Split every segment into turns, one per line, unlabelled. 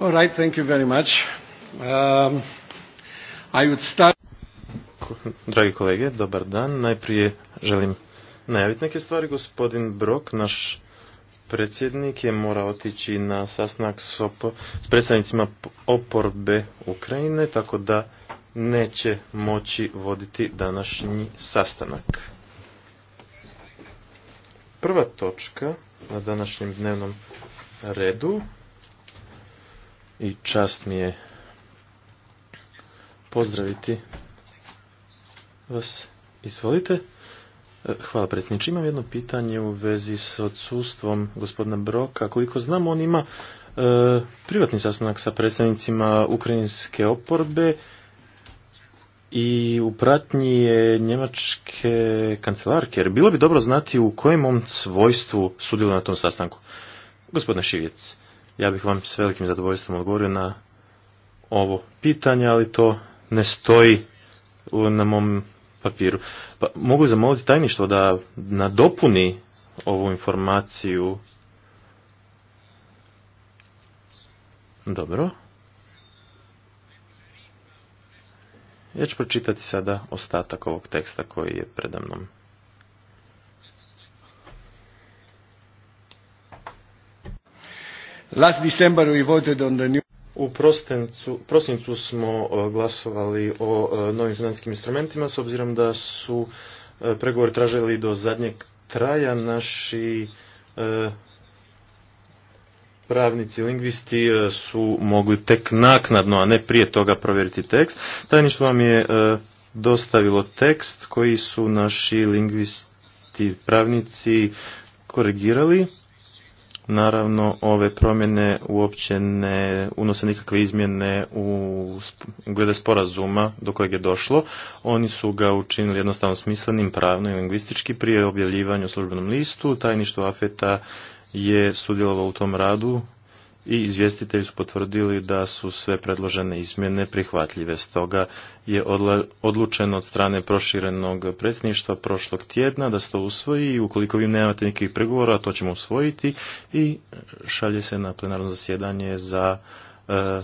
All right, thank you very much. Um, I would start... Dragi kolege, dobar dan. Najprije želim najaviti neke stvari. Gospodin Brok, naš predsjednik, je morao otići na sasnak s, opo s predstavnicima oporbe Ukrajine, tako da neće moći voditi današnji sastanak. Prva točka na današnjem dnevnom redu i čast mi je pozdraviti vas. Izvolite. E, hvala predsjedniče. Imam jedno pitanje u vezi s odsustvom gospodina Broka. Koliko znam, on ima e, privatni sastanak sa predstavnicima ukrajinske oporbe i u pratnji je njemačke kancelarke. Jer bilo bi dobro znati u kojem on svojstvu sudjeluje na tom sastanku. Gospodine Šivjec, ja bih vam s velikim zadovoljstvom odgovorio na ovo pitanje, ali to ne stoji na mom papiru. Pa, mogu zamoliti tajništvo da nadopuni ovu informaciju. Dobro. Ja ću pročitati sada ostatak ovog teksta koji je predamnom. Last December we voted U prosincu, smo e, glasovali o e, novim financijskim instrumentima s obzirom da su e, pregovori tražili do zadnjeg traja naši pravnici, lingvisti su mogli tek naknadno, a ne prije toga provjeriti tekst. Tajništvo vam je dostavilo tekst koji su naši lingvisti, pravnici korigirali Naravno, ove promjene uopće ne unose nikakve izmjene u glede sporazuma do kojeg je došlo. Oni su ga učinili jednostavno smislenim, pravno i lingvistički prije objavljivanja u službenom listu. Tajništvo AFETA je sudjelovalo u tom radu i izvjestitelji su potvrdili da su sve predložene izmjene prihvatljive. Stoga je odlučeno od strane proširenog predsjedništva prošlog tjedna da se to usvoji i ukoliko vi nemate nekih pregovora to ćemo usvojiti i šalje se na plenarno zasjedanje za e,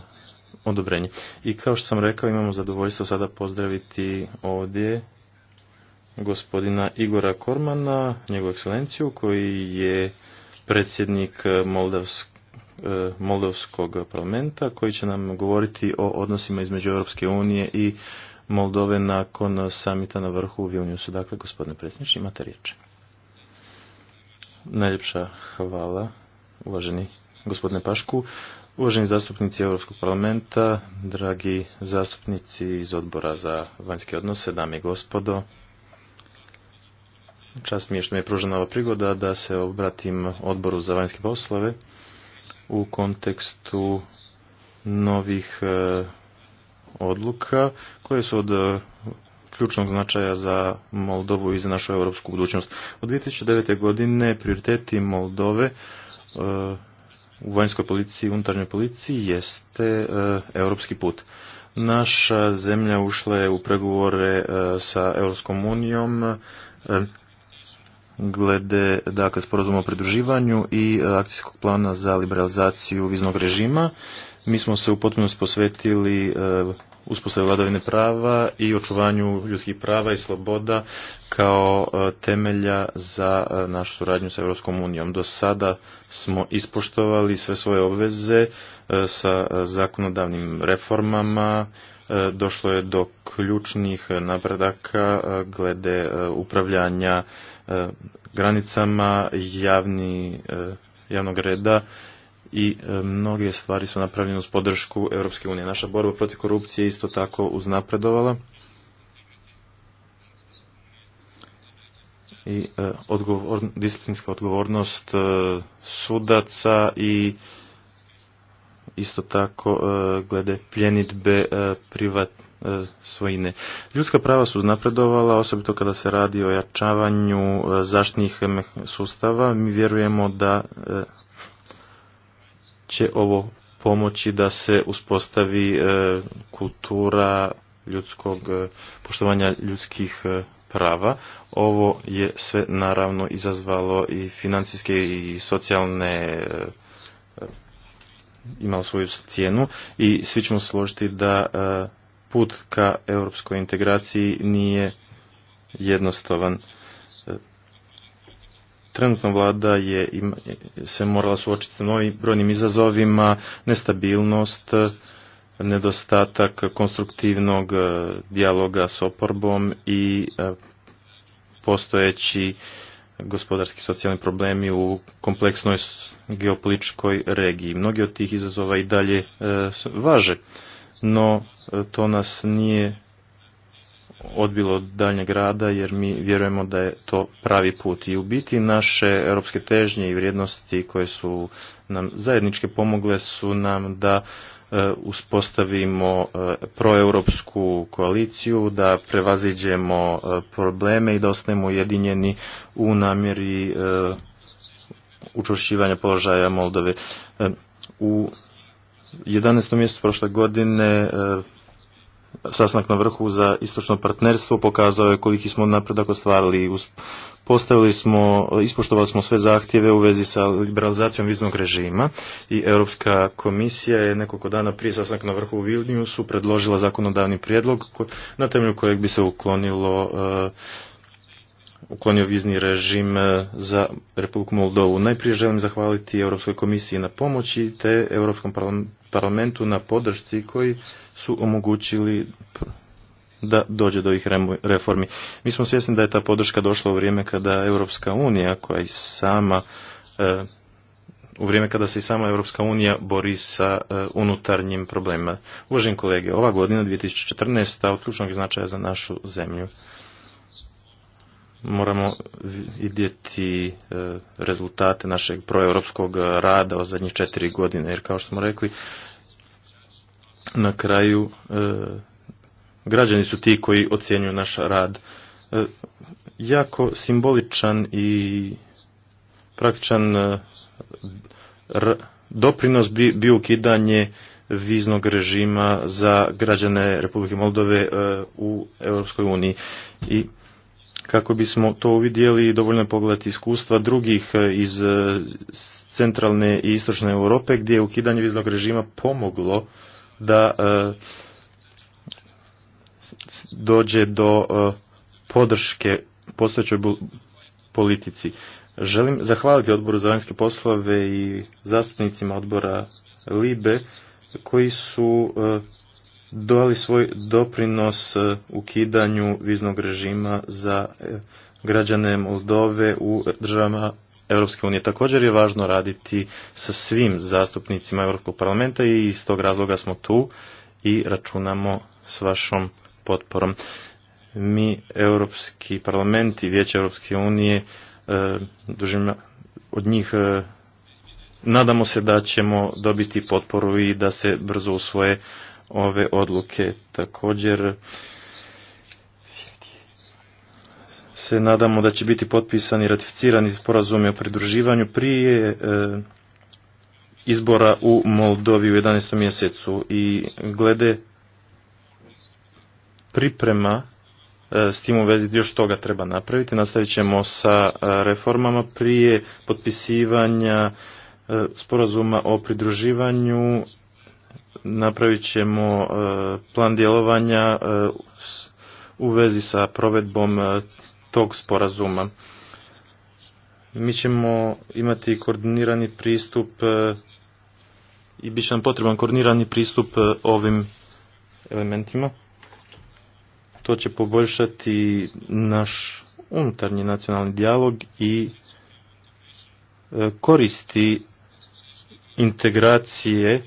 odobrenje. I kao što sam rekao imamo zadovoljstvo sada pozdraviti ovdje gospodina Igora Kormana, njegovu ekscelenciju koji je predsjednik Moldavskog E, Moldovskog parlamenta koji će nam govoriti o odnosima između Europske unije i Moldove nakon samita na vrhu u Vilniusu. Dakle, gospodine predsjedniče, imate riječ. Najljepša hvala, uvaženi gospodine Pašku. Uvaženi zastupnici Europskog parlamenta, dragi zastupnici iz odbora za vanjske odnose, dame i gospodo, čast mi je što mi je pružena ova prigoda da se obratim odboru za vanjske poslove u kontekstu novih e, odluka koje su od e, ključnog značaja za Moldovu i za našu europsku budućnost. Od 2009. godine prioriteti Moldove e, u vanjskoj policiji i unutarnjoj policiji jeste europski put. Naša zemlja ušla je u pregovore sa Europskom unijom glede dakle, sporozuma o pridruživanju i e, akcijskog plana za liberalizaciju viznog režima. Mi smo se u potpunosti posvetili e, uspostavi vladavine prava i očuvanju ljudskih prava i sloboda kao e, temelja za našu suradnju sa Europskom unijom. Do sada smo ispoštovali sve svoje obveze sa zakonodavnim reformama, došlo je do ključnih napredaka glede upravljanja E, granicama javni, e, javnog reda i e, mnoge stvari su napravljene uz podršku Europske unije. Naša borba protiv korupcije je isto tako uznapredovala. i odgovor, disciplinska odgovornost sudaca i isto tako glede pljenitbe privatnih E, svojine. Ljudska prava su napredovala, osobito kada se radi o jačavanju e, zaštitnih sustava. Mi vjerujemo da e, će ovo pomoći da se uspostavi kultura ljudskog poštovanja ljudskih prava. Ovo je sve naravno izazvalo i financijske i socijalne imalo svoju cijenu i svi ćemo složiti da put ka europskoj integraciji nije jednostavan. Trenutno vlada je se morala suočiti sa novim brojnim izazovima, nestabilnost, nedostatak konstruktivnog e, dijaloga s oporbom i e, postojeći gospodarski socijalni problemi u kompleksnoj geopolitičkoj regiji. Mnogi od tih izazova i dalje e, važe no e, to nas nije odbilo od daljnjeg rada jer mi vjerujemo da je to pravi put. I u biti naše europske težnje i vrijednosti koje su nam zajedničke pomogle su nam da e, uspostavimo e, proeuropsku koaliciju, da prevaziđemo probleme i da ostajemo ujedinjeni u namjeri učvršćivanja položaja Moldove. U 11. mjestu prošle godine e, sastanak na vrhu za istočno partnerstvo pokazao je koliki smo napredak ostvarili. Postavili smo, ispoštovali smo sve zahtjeve u vezi sa liberalizacijom viznog režima i Europska komisija je nekoliko dana prije sasnak na vrhu u Vilniusu predložila zakonodavni prijedlog na temelju kojeg bi se uklonilo e, uklonio vizni režim e, za Republiku Moldovu. Najprije želim zahvaliti Europskoj komisiji na pomoći te Europskom parlamentu na podršci koji su omogućili da dođe do ih reformi. Mi smo svjesni da je ta podrška došla u vrijeme kada Europska unija koja i sama e, u vrijeme kada se i sama Europska unija bori sa e, unutarnjim problemima. Uvaženi kolege, ova godina 2014. od ključnog značaja za našu zemlju moramo vidjeti e, rezultate našeg proeuropskog rada o zadnjih četiri godine, jer kao što smo rekli, na kraju e, građani su ti koji ocjenjuju naš rad. E, jako simboličan i praktičan doprinos bi bio ukidanje viznog režima za građane Republike Moldove u Europskoj uniji. I kako bismo to uvidjeli dovoljno je pogledati iskustva drugih e, iz e, centralne i istočne Europe gdje je ukidanje viznog režima pomoglo da e, dođe do podrške postojećoj politici. Želim zahvaliti odboru za vanjske poslove i zastupnicima odbora Libe koji su dali svoj doprinos e, ukidanju viznog režima za e, građane Moldove u državama Europske unije. Također je važno raditi sa svim zastupnicima Europskog parlamenta i iz tog razloga smo tu i računamo s vašom potporom. Mi, Europski parlament i Vijeće Europske unije, e, od njih nadamo se da ćemo dobiti potporu i da se brzo usvoje ove odluke. Također se nadamo da će biti potpisani i ratificirani sporazumi o pridruživanju prije e, izbora u Moldovi u 11. mjesecu i glede priprema e, s tim u vezi još toga treba napraviti. Nastavit ćemo sa e, reformama prije potpisivanja sporazuma o pridruživanju napravit ćemo e, plan djelovanja e, u vezi sa provedbom e, tog sporazuma. Mi ćemo imati koordinirani pristup i bit će nam potreban koordinirani pristup ovim elementima. To će poboljšati naš unutarnji nacionalni dijalog i koristi integracije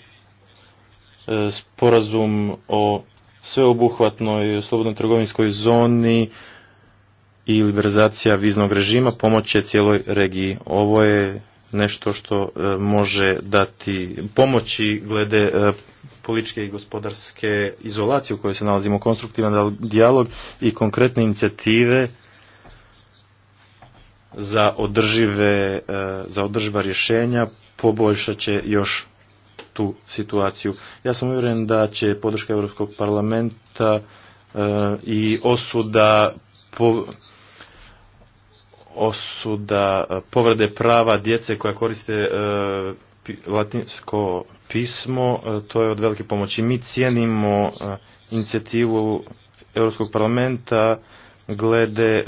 E, sporazum o sveobuhvatnoj slobodnoj trgovinskoj zoni i liberalizacija viznog režima pomoće cijeloj regiji. Ovo je nešto što e, može dati pomoći glede e, političke i gospodarske izolacije u kojoj se nalazimo, konstruktivan dijalog i konkretne inicijative za održive, za održiva rješenja poboljšat će još tu situaciju. Ja sam uvjeren da će podrška Europskog parlamenta e, i osuda osuda e, povrede prava djece koja koriste e, latinsko pismo, to je od velike pomoći. Mi cijenimo inicijativu Europskog parlamenta glede e,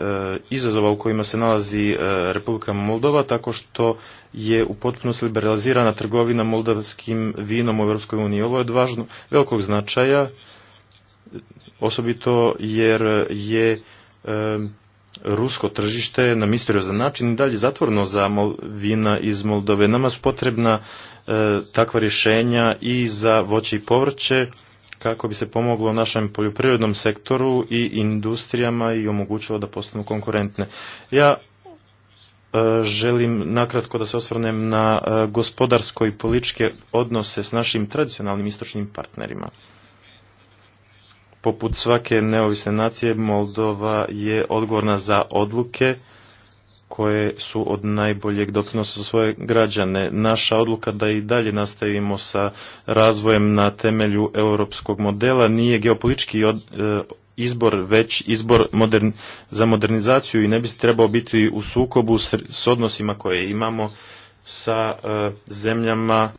izazova u kojima se nalazi e, Republika Moldova tako što je u potpunosti liberalizirana trgovina moldavskim vinom u Europskoj uniji. Ovo je od važno, velikog značaja, osobito jer je e, rusko tržište na misteriozan način i dalje zatvorno za vina iz Moldove. Nama su potrebna takva rješenja i za voće i povrće, kako bi se pomoglo našem poljoprivrednom sektoru i industrijama i omogućilo da postanu konkurentne. Ja e, želim nakratko da se osvrnem na e, gospodarsko i političke odnose s našim tradicionalnim istočnim partnerima. Poput svake neovisne nacije, Moldova je odgovorna za odluke koje su od najboljeg doprinosa za svoje građane. Naša odluka da i dalje nastavimo sa razvojem na temelju europskog modela nije geopolitički e, izbor već izbor za modernizaciju i ne bi se trebao biti u sukobu s, odnosima koje imamo sa e, zemljama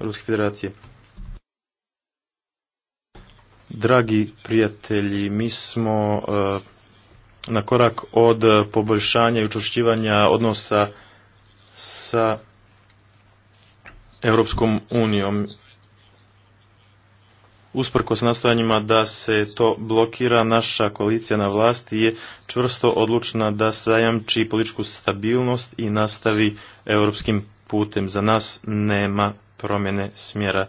Ruske federacije. Dragi prijatelji, mi smo e, na korak od poboljšanja i učvršćivanja odnosa sa Europskom unijom. Usprkos nastojanjima da se to blokira, naša koalicija na vlasti je čvrsto odlučna da zajamči političku stabilnost i nastavi europskim putem. Za nas nema promjene smjera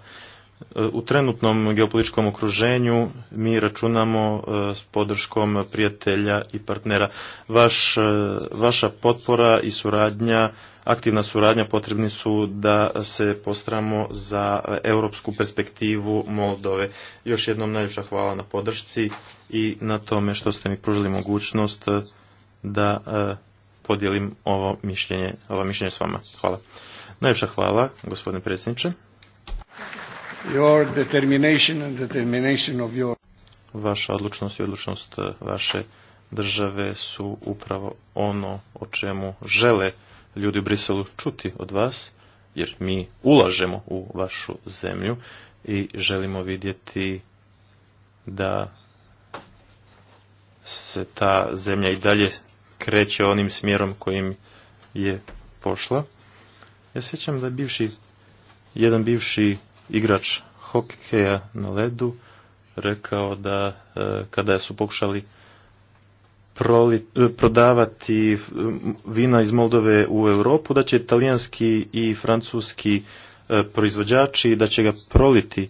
u trenutnom geopolitičkom okruženju mi računamo e, s podrškom prijatelja i partnera. Vaš, e, vaša potpora i suradnja, aktivna suradnja potrebni su da se postramo za europsku perspektivu Moldove. Još jednom najljepša hvala na podršci i na tome što ste mi pružili mogućnost e, da podijelim ovo mišljenje, ovo mišljenje s vama. Hvala. Najljepša hvala, gospodine predsjedniče
your determination and determination of your...
Vaša odlučnost i odlučnost eh, vaše države su upravo ono o čemu žele ljudi u Briselu čuti od vas, jer mi ulažemo u vašu zemlju i želimo vidjeti da se ta zemlja i dalje kreće onim smjerom kojim je pošla. Ja sjećam da je bivši, jedan bivši igrač hokeja na ledu rekao da e, kada su pokušali e, prodavati e, vina iz Moldove u Europu, da će talijanski i francuski proizvođači da će ga proliti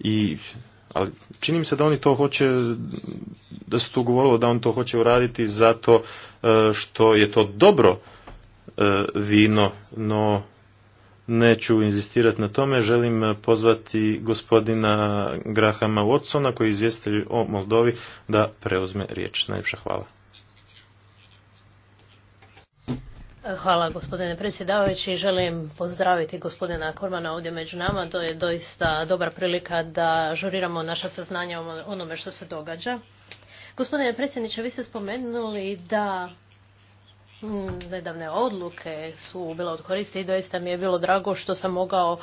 i ali čini mi se da oni to hoće da se tu govorilo da on to hoće uraditi zato što je to dobro vino no neću inzistirati na tome. Želim eh, pozvati gospodina Grahama Watsona koji je izvjestitelj o Moldovi da preuzme riječ. Najljepša hvala.
Hvala gospodine predsjedavajući. Želim pozdraviti gospodina Kormana ovdje među nama. To je doista dobra prilika da žuriramo naša saznanja o onome što se događa. Gospodine predsjedniče, vi ste spomenuli da Mm, nedavne odluke su bile od koriste i doista mi je bilo drago što sam mogao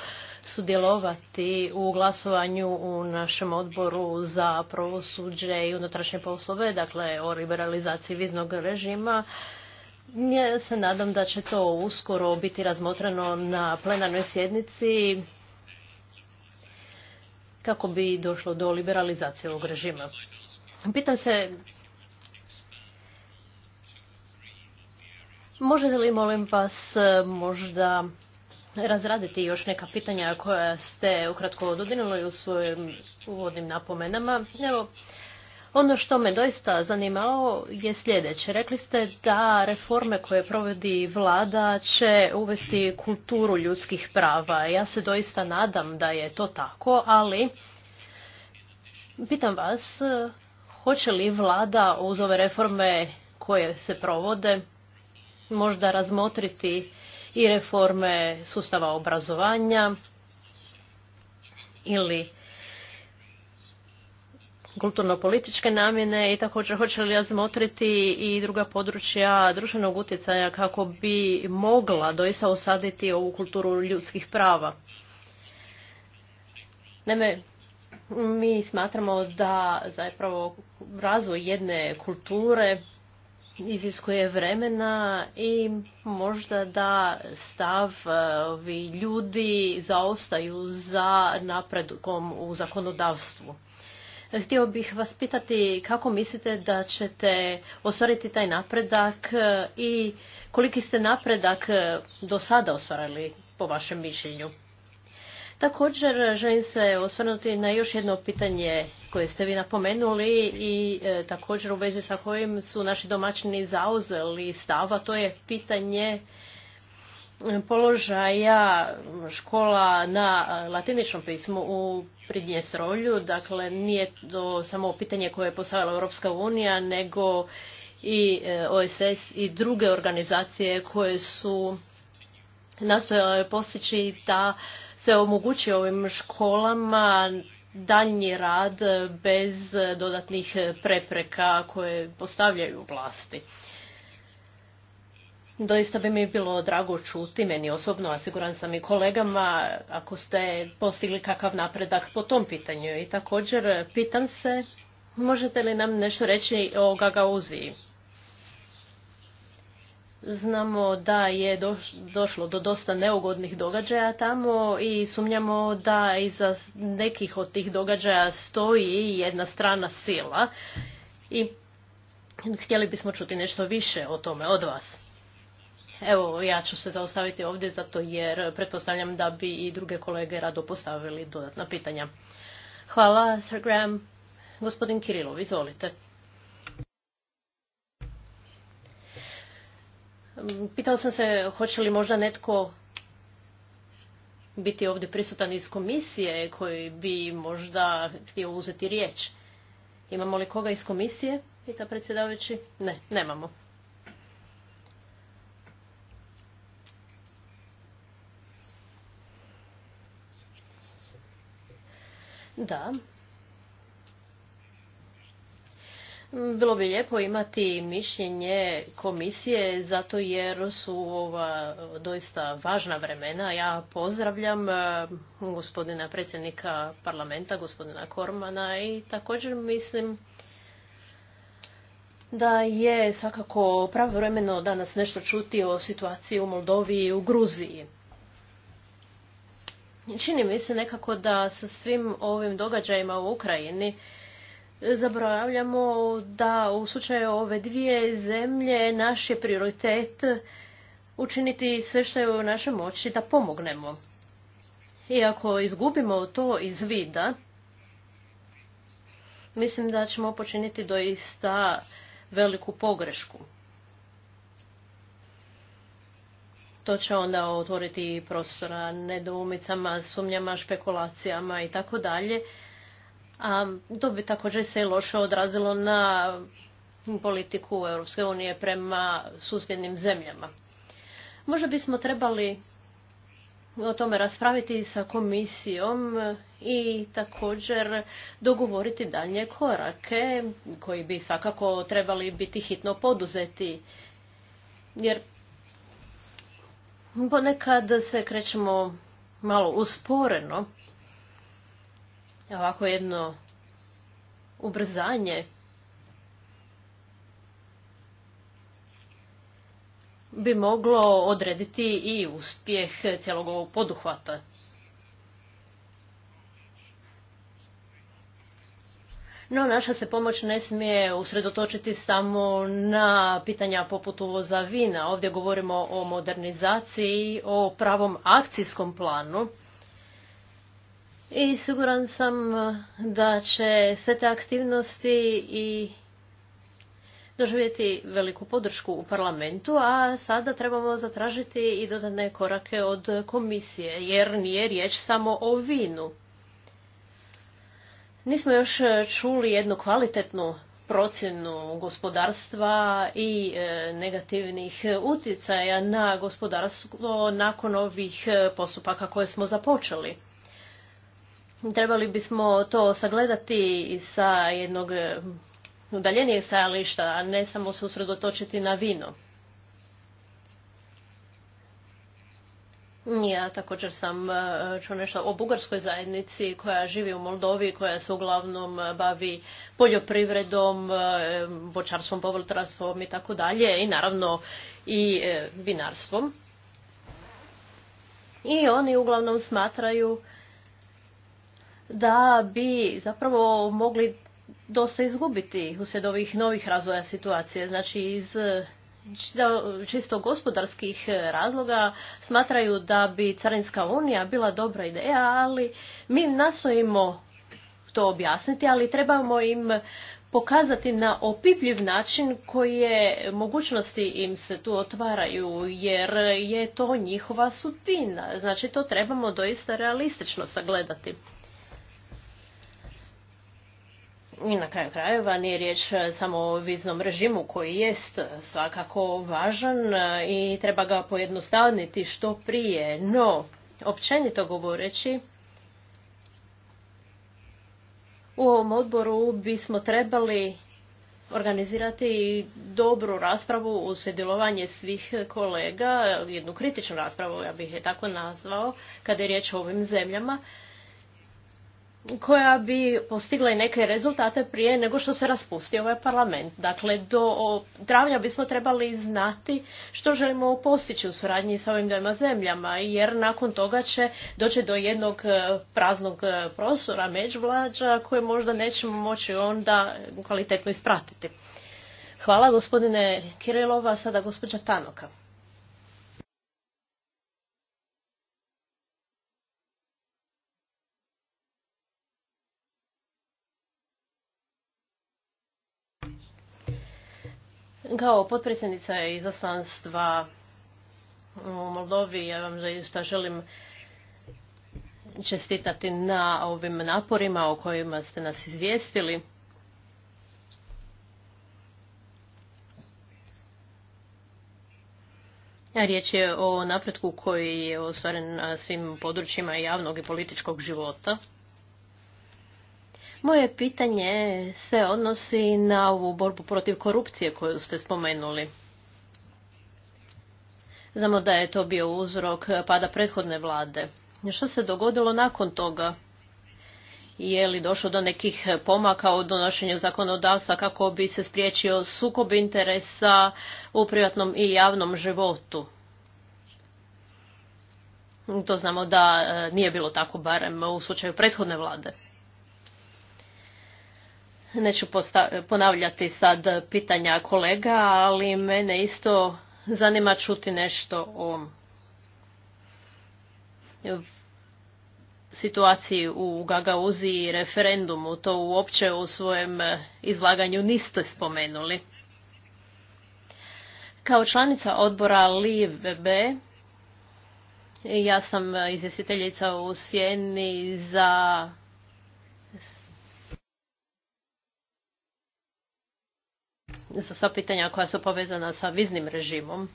sudjelovati u glasovanju u našem odboru za pravosuđe i unutrašnje poslove, dakle o liberalizaciji viznog režima. Ja se nadam da će to uskoro biti razmotreno na plenarnoj sjednici kako bi došlo do liberalizacije ovog režima. Pitam se Možete li, molim vas, e, možda razraditi još neka pitanja koja ste ukratko odudinili u svojim uvodnim napomenama? Evo, ono što me doista zanimalo je sljedeće. Rekli ste da reforme koje provodi vlada će uvesti kulturu ljudskih prava. Ja se doista nadam da je to tako, ali pitam vas, e, hoće li vlada uz ove reforme koje se provode možda razmotriti i reforme sustava obrazovanja ili kulturno-političke namjene i također hoće li razmotriti i druga područja društvenog utjecaja kako bi mogla doista osaditi ovu kulturu ljudskih prava. Naime, mi smatramo da zapravo razvoj jedne kulture iziskuje vremena i možda da stav e, ovi ljudi zaostaju za napredkom u zakonodavstvu. Htio bih vas pitati kako mislite da ćete ostvariti taj napredak e, i koliki ste napredak e, do sada ostvarili po vašem mišljenju. Također želim se osvrnuti na još jedno pitanje koje ste vi napomenuli i e, također u vezi sa kojim su naši domaćini zauzeli stava, to je pitanje e, položaja škola na latiničnom pismu u Pridnjestrolju. Dakle, nije to samo pitanje koje je postavila Europska unija, nego i e, OSS i druge organizacije koje su nastojale postići da se omogući ovim školama daljnji rad bez dodatnih prepreka koje postavljaju vlasti. Doista bi mi bilo drago čuti, meni osobno, a siguran sam i kolegama, ako ste postigli kakav napredak po tom pitanju. I također, pitam se, možete li nam nešto reći o Gagauziji? Znamo da je došlo do dosta neugodnih događaja tamo i sumnjamo da iza nekih od tih događaja stoji jedna strana sila i htjeli bismo čuti nešto više o tome od vas. Evo, ja ću se zaustaviti ovdje zato jer pretpostavljam da bi i druge kolege rado postavili dodatna pitanja. Hvala, Sir Graham. Gospodin Kirilov, izvolite. Pitao sam se hoće li možda netko biti ovdje prisutan iz komisije koji bi možda htio uzeti riječ. Imamo li koga iz komisije? Pita predsjedavajući. Ne, nemamo. Da, Mm, bilo bi lijepo imati mišljenje komisije zato jer su ova doista važna vremena. Ja pozdravljam e, gospodina predsjednika parlamenta, gospodina Kormana i također mislim da je svakako pravovremeno danas nešto čuti o situaciji u Moldoviji i u Gruziji. Čini mi se nekako da sa svim ovim događajima u Ukrajini zaboravljamo da u slučaju ove dvije zemlje naš je prioritet učiniti sve što je u našoj moći da pomognemo. I ako izgubimo to iz vida, mislim da ćemo počiniti doista veliku pogrešku. To će onda otvoriti prostora nedoumicama, sumnjama, špekulacijama i tako dalje. A to bi također se loše odrazilo na politiku Europske unije prema susjednim zemljama. Možda bismo trebali o tome raspraviti sa komisijom i također dogovoriti daljnje korake koji bi svakako trebali biti hitno poduzeti. Jer ponekad se krećemo malo usporeno ovako jedno ubrzanje bi moglo odrediti i uspjeh cijelog ovog poduhvata. No, naša se pomoć ne smije usredotočiti samo na pitanja poput uvoza vina. Ovdje govorimo o modernizaciji, o pravom akcijskom planu i siguran sam eh, da će sve te aktivnosti i doživjeti veliku podršku u parlamentu, a sada trebamo zatražiti i dodatne korake od komisije, jer nije riječ samo o vinu. Nismo još eh, čuli jednu kvalitetnu procjenu gospodarstva i eh, negativnih utjecaja na gospodarstvo nakon ovih postupaka koje smo započeli. Trebali bismo to sagledati sa jednog e, udaljenijeg stajališta, a ne samo se usredotočiti na vino. Ja također sam e, čuo nešto o bugarskoj zajednici koja živi u Moldovi, koja se uglavnom e, bavi poljoprivredom, bočarstvom, povrtarstvom i tako dalje i naravno i vinarstvom. I oni uglavnom smatraju da bi zapravo mogli dosta izgubiti uslijed ovih novih razvoja situacije. Znači iz čisto gospodarskih razloga smatraju da bi Carinska unija bila dobra ideja, ali mi nastojimo to objasniti, ali trebamo im pokazati na opipljiv način koje mogućnosti im se tu otvaraju, jer je to njihova sudbina. Znači to trebamo doista realistično sagledati. I na kraju krajeva nije riječ e, samo o viznom režimu koji jest e, svakako važan e, i treba ga pojednostavniti što prije. No, općenito govoreći, u ovom odboru bismo trebali organizirati dobru raspravu u sudjelovanje svih kolega, jednu kritičnu raspravu, ja bih je tako nazvao, kada je riječ o ovim zemljama, koja bi postigla i neke rezultate prije nego što se raspusti ovaj parlament. Dakle, do travnja bismo trebali znati što želimo postići u suradnji sa ovim dvema zemljama, jer nakon toga će doći do jednog e, praznog e, prostora, međvlađa koje možda nećemo moći onda kvalitetno ispratiti. Hvala gospodine Kirilova, sada gospođa Tanoka. Kao potpredsjednica izaslanstva u Moldovi, ja vam zaista želim čestitati na ovim naporima o kojima ste nas izvijestili. Riječ je o napretku koji je ostvaren na svim područjima javnog i političkog života. Moje pitanje se odnosi na ovu borbu protiv korupcije koju ste spomenuli. Znamo da je to bio uzrok pada prethodne vlade. Što se dogodilo nakon toga? Je li došlo do nekih pomaka u donošenju zakonodavstva kako bi se spriječio sukob interesa u privatnom i javnom životu? To znamo da e, nije bilo tako barem u slučaju prethodne vlade. Neću ponavljati sad pitanja kolega, ali mene isto zanima čuti nešto o situaciji u Gagauzi i referendumu. To uopće u svojem izlaganju niste spomenuli. Kao članica odbora LIVB, ja sam izvjestiteljica u Sjeni za za sva pitanja koja su povezana sa viznim režimom.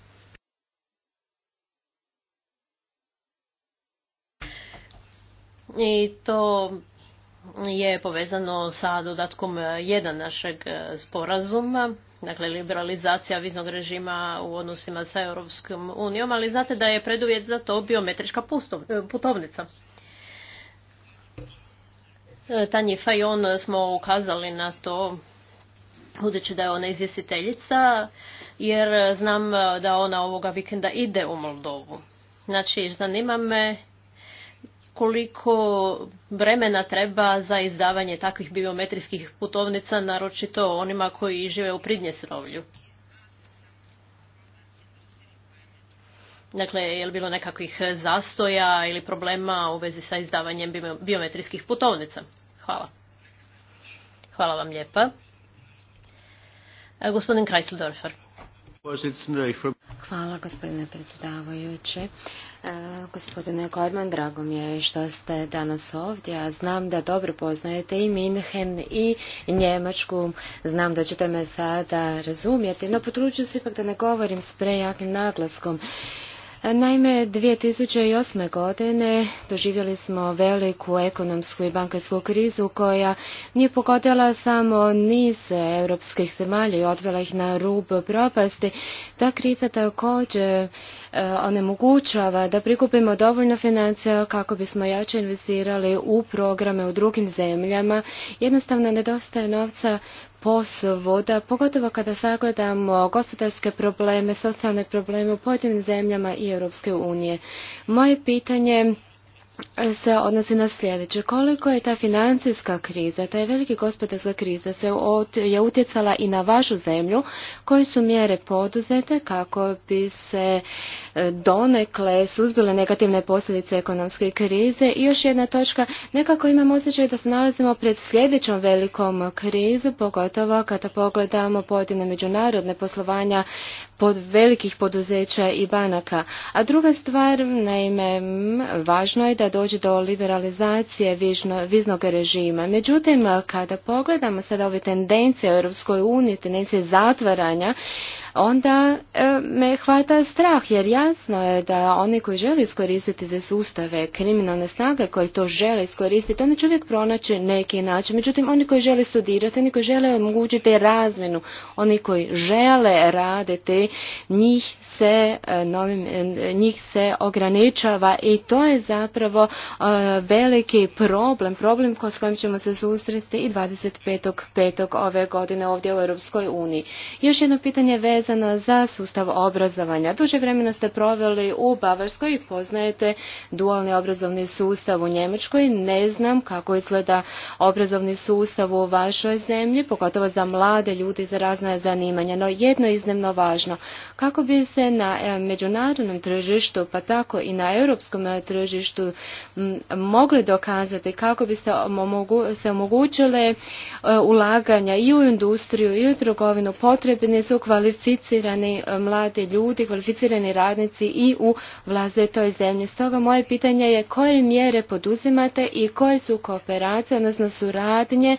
I to je povezano sa dodatkom jedan našeg sporazuma, dakle liberalizacija viznog režima u odnosima sa Europskom unijom, ali znate da je preduvjet za to biometrička putovnica. Tanji Fajon smo ukazali na to budući da je ona izvjestiteljica, jer znam e, da ona ovoga vikenda ide u Moldovu. Znači, zanima me koliko vremena treba za izdavanje takvih biometrijskih putovnica, naročito onima koji žive u Pridnjesrovlju. Dakle, je li bilo nekakvih zastoja ili problema u vezi sa izdavanjem biometrijskih putovnica? Hvala. Hvala vam lijepa. E, Hvala gospodine predsjedavajući.
E, gospodine Gorman, drago mi je što ste danas ovdje. Ja znam da dobro poznajete i Minhen i Njemačku. Znam da ćete me sada razumjeti, no potručujem se ipak da ne govorim s prejakim naglaskom Naime, 2008. godine doživjeli smo veliku ekonomsku i bankarsku krizu koja nije pogodila samo niz europskih zemalja i odvela ih na rub propasti. Ta kriza također e, onemogućava da prikupimo dovoljno financija kako bismo jače investirali u programe u drugim zemljama. Jednostavno nedostaje novca voda pogotovo kada sagledamo gospodarske probleme, socijalne probleme u pojedinim zemljama i Europske unije. Moje pitanje se odnosi na sljedeće. Koliko je ta financijska kriza, ta je velika gospodarska kriza se je utjecala i na vašu zemlju, koje su mjere poduzete kako bi se e, donekle suzbile negativne posljedice ekonomske krize. I još jedna točka, nekako imam osjećaj da se nalazimo pred sljedećom velikom krizu, pogotovo kada pogledamo pojedine međunarodne poslovanja pod velikih poduzeća i banaka. A druga stvar, naime, važno je da dođe do liberalizacije vižno, viznog režima. Međutim, kada pogledamo sada ove tendencije u Europskoj tendencije zatvaranja, onda e, me hvata strah, jer jasno je da oni koji žele iskoristiti te sustave, kriminalne snage koji to žele iskoristiti, oni će uvijek pronaći neki način. Međutim, oni koji žele studirati, oni koji žele omogućiti razmjenu, oni koji žele raditi, njih se e, novim, e, njih se ograničava i to je zapravo e, veliki problem, problem s kojim ćemo se susresti i 25.5. ove godine ovdje u Europskoj uniji. Još jedno pitanje vezano za sustav obrazovanja. Duže vremena ste proveli u Bavarskoj i poznajete dualni obrazovni sustav u Njemačkoj. Ne znam kako izgleda obrazovni sustav u vašoj zemlji, pogotovo za mlade ljudi, za razna zanimanja, no jedno je iznimno važno. Kako bi se se na e, međunarodnom tržištu, pa tako i na europskom e, tržištu mogli dokazati kako bi se, omogućile e, ulaganja i u industriju i u trgovinu. Potrebni su kvalificirani mladi ljudi, kvalificirani radnici i u vlastitoj zemlji. Stoga moje pitanje je koje mjere poduzimate i koje su kooperacije, odnosno suradnje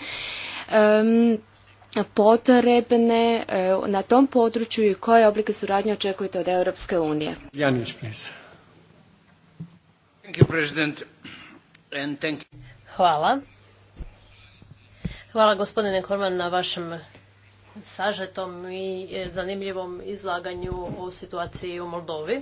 potrebne e, na tom području i koje oblike suradnje očekujete od Europske unije?
Hvala. Hvala gospodine Korman na vašem sažetom i e, zanimljivom izlaganju o situaciji u Moldovi.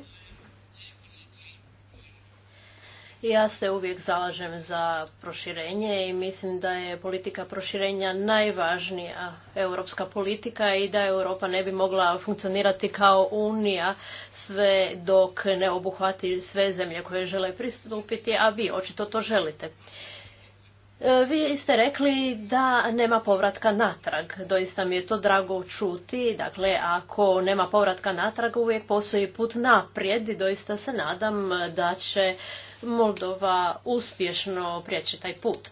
Ja se uvijek zalažem za proširenje i mislim da je politika proširenja najvažnija europska politika i da Europa ne bi mogla funkcionirati kao unija sve dok ne obuhvati sve zemlje koje žele pristupiti, a vi očito to želite. E, vi ste rekli da nema povratka natrag. Doista mi je to drago čuti. Dakle, ako nema povratka natrag, uvijek postoji put naprijed i doista se nadam da će Moldova uspješno prijeći taj put.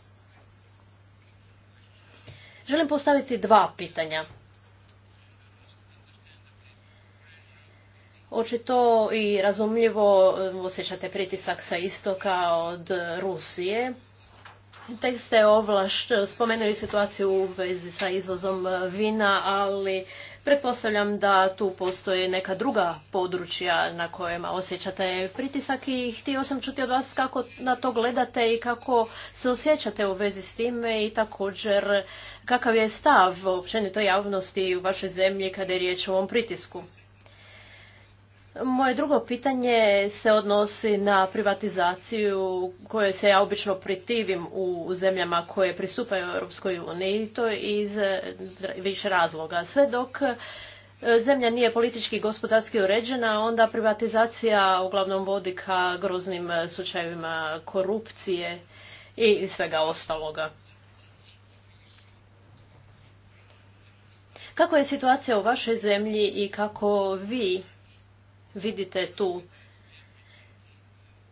Želim postaviti dva pitanja. Očito i razumljivo um, osjećate pritisak sa istoka od Rusije. Tek ste ovlaš spomenuli situaciju u vezi sa izvozom vina, ali Pretpostavljam da tu postoje neka druga područja na kojima osjećate pritisak i htio sam čuti od vas kako na to gledate i kako se osjećate u vezi s time i također kakav je stav općenito javnosti u vašoj zemlji kada je riječ o ovom pritisku. Moje drugo pitanje se odnosi na privatizaciju koju se ja obično pritivim u zemljama koje pristupaju Europskoj uniji, to iz više razloga. Sve dok e, zemlja nije politički i gospodarski uređena, onda privatizacija uglavnom vodi ka groznim e, slučajevima korupcije i svega ostaloga. Kako je situacija u vašoj zemlji i kako vi vidite tu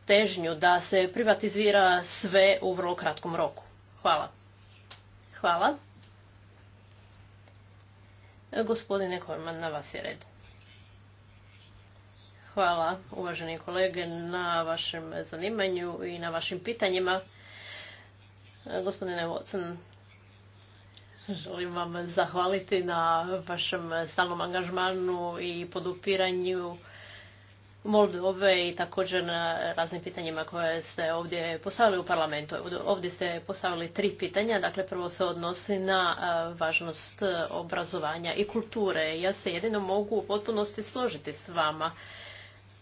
težnju da se privatizira sve u vrlo kratkom roku? Hvala. Hvala. Gospodine Korman, na vas je red. Hvala, uvaženi kolege, na vašem zanimanju i na vašim pitanjima. Gospodine Watson, želim vam zahvaliti na vašem stalnom angažmanu i podupiranju Moldove i također na raznim pitanjima koje ste ovdje postavili u parlamentu. Ovdje ste postavili tri pitanja, dakle prvo se odnosi na važnost obrazovanja i kulture. Ja se jedino mogu u potpunosti složiti s vama.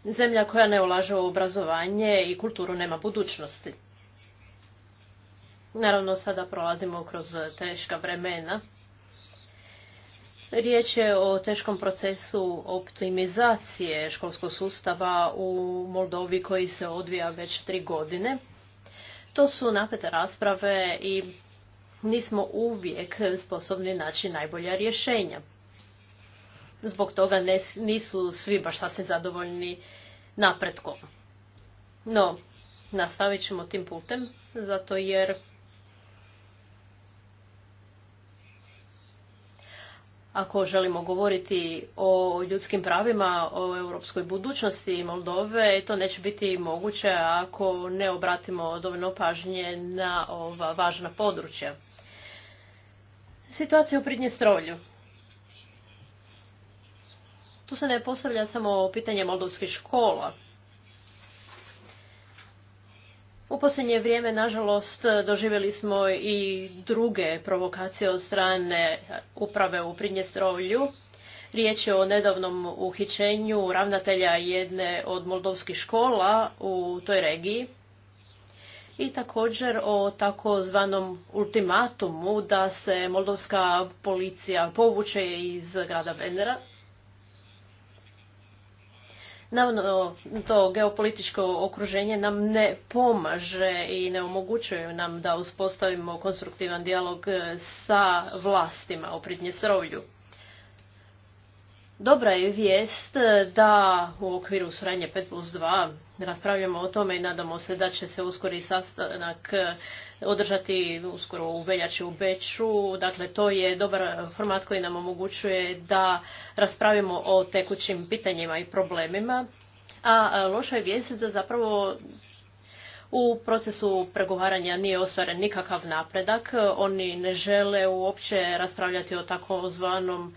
Zemlja koja ne ulaže u obrazovanje i kulturu nema budućnosti. Naravno, sada prolazimo kroz teška vremena Riječ je o teškom procesu optimizacije školskog sustava u Moldovi koji se odvija već tri godine. To su napete rasprave i nismo uvijek sposobni naći najbolja rješenja. Zbog toga nisu svi baš sasvim zadovoljni napretkom. No, nastavit ćemo tim putem, zato jer Ako želimo govoriti o ljudskim pravima, o europskoj budućnosti Moldove, to neće biti moguće ako ne obratimo dovoljno pažnje na ova važna područja. Situacija u Pridnjestrovlju. Tu se ne postavlja samo pitanje moldovskih škola. U posljednje vrijeme, nažalost, doživjeli smo i druge provokacije od strane uprave u Pridnjestrovlju. Riječ je o nedavnom uhićenju ravnatelja jedne od moldovskih škola u toj regiji i također o takozvanom ultimatumu da se moldovska policija povuče iz grada Venera. Naravno, to geopolitičko okruženje nam ne pomaže i ne omogućuje nam da uspostavimo konstruktivan dijalog e, sa vlastima o Pridnjesrovlju. Dobra je vijest e, da u okviru suradnje 5 plus 2 raspravljamo o tome i nadamo se da će se uskori sastanak e, održati uskoro u veljači u Beču. Dakle, to je dobar format koji nam omogućuje da raspravimo o tekućim pitanjima i problemima. A loša je vijest da zapravo u procesu pregovaranja nije ostvaren nikakav napredak. Oni ne žele uopće raspravljati o takozvanom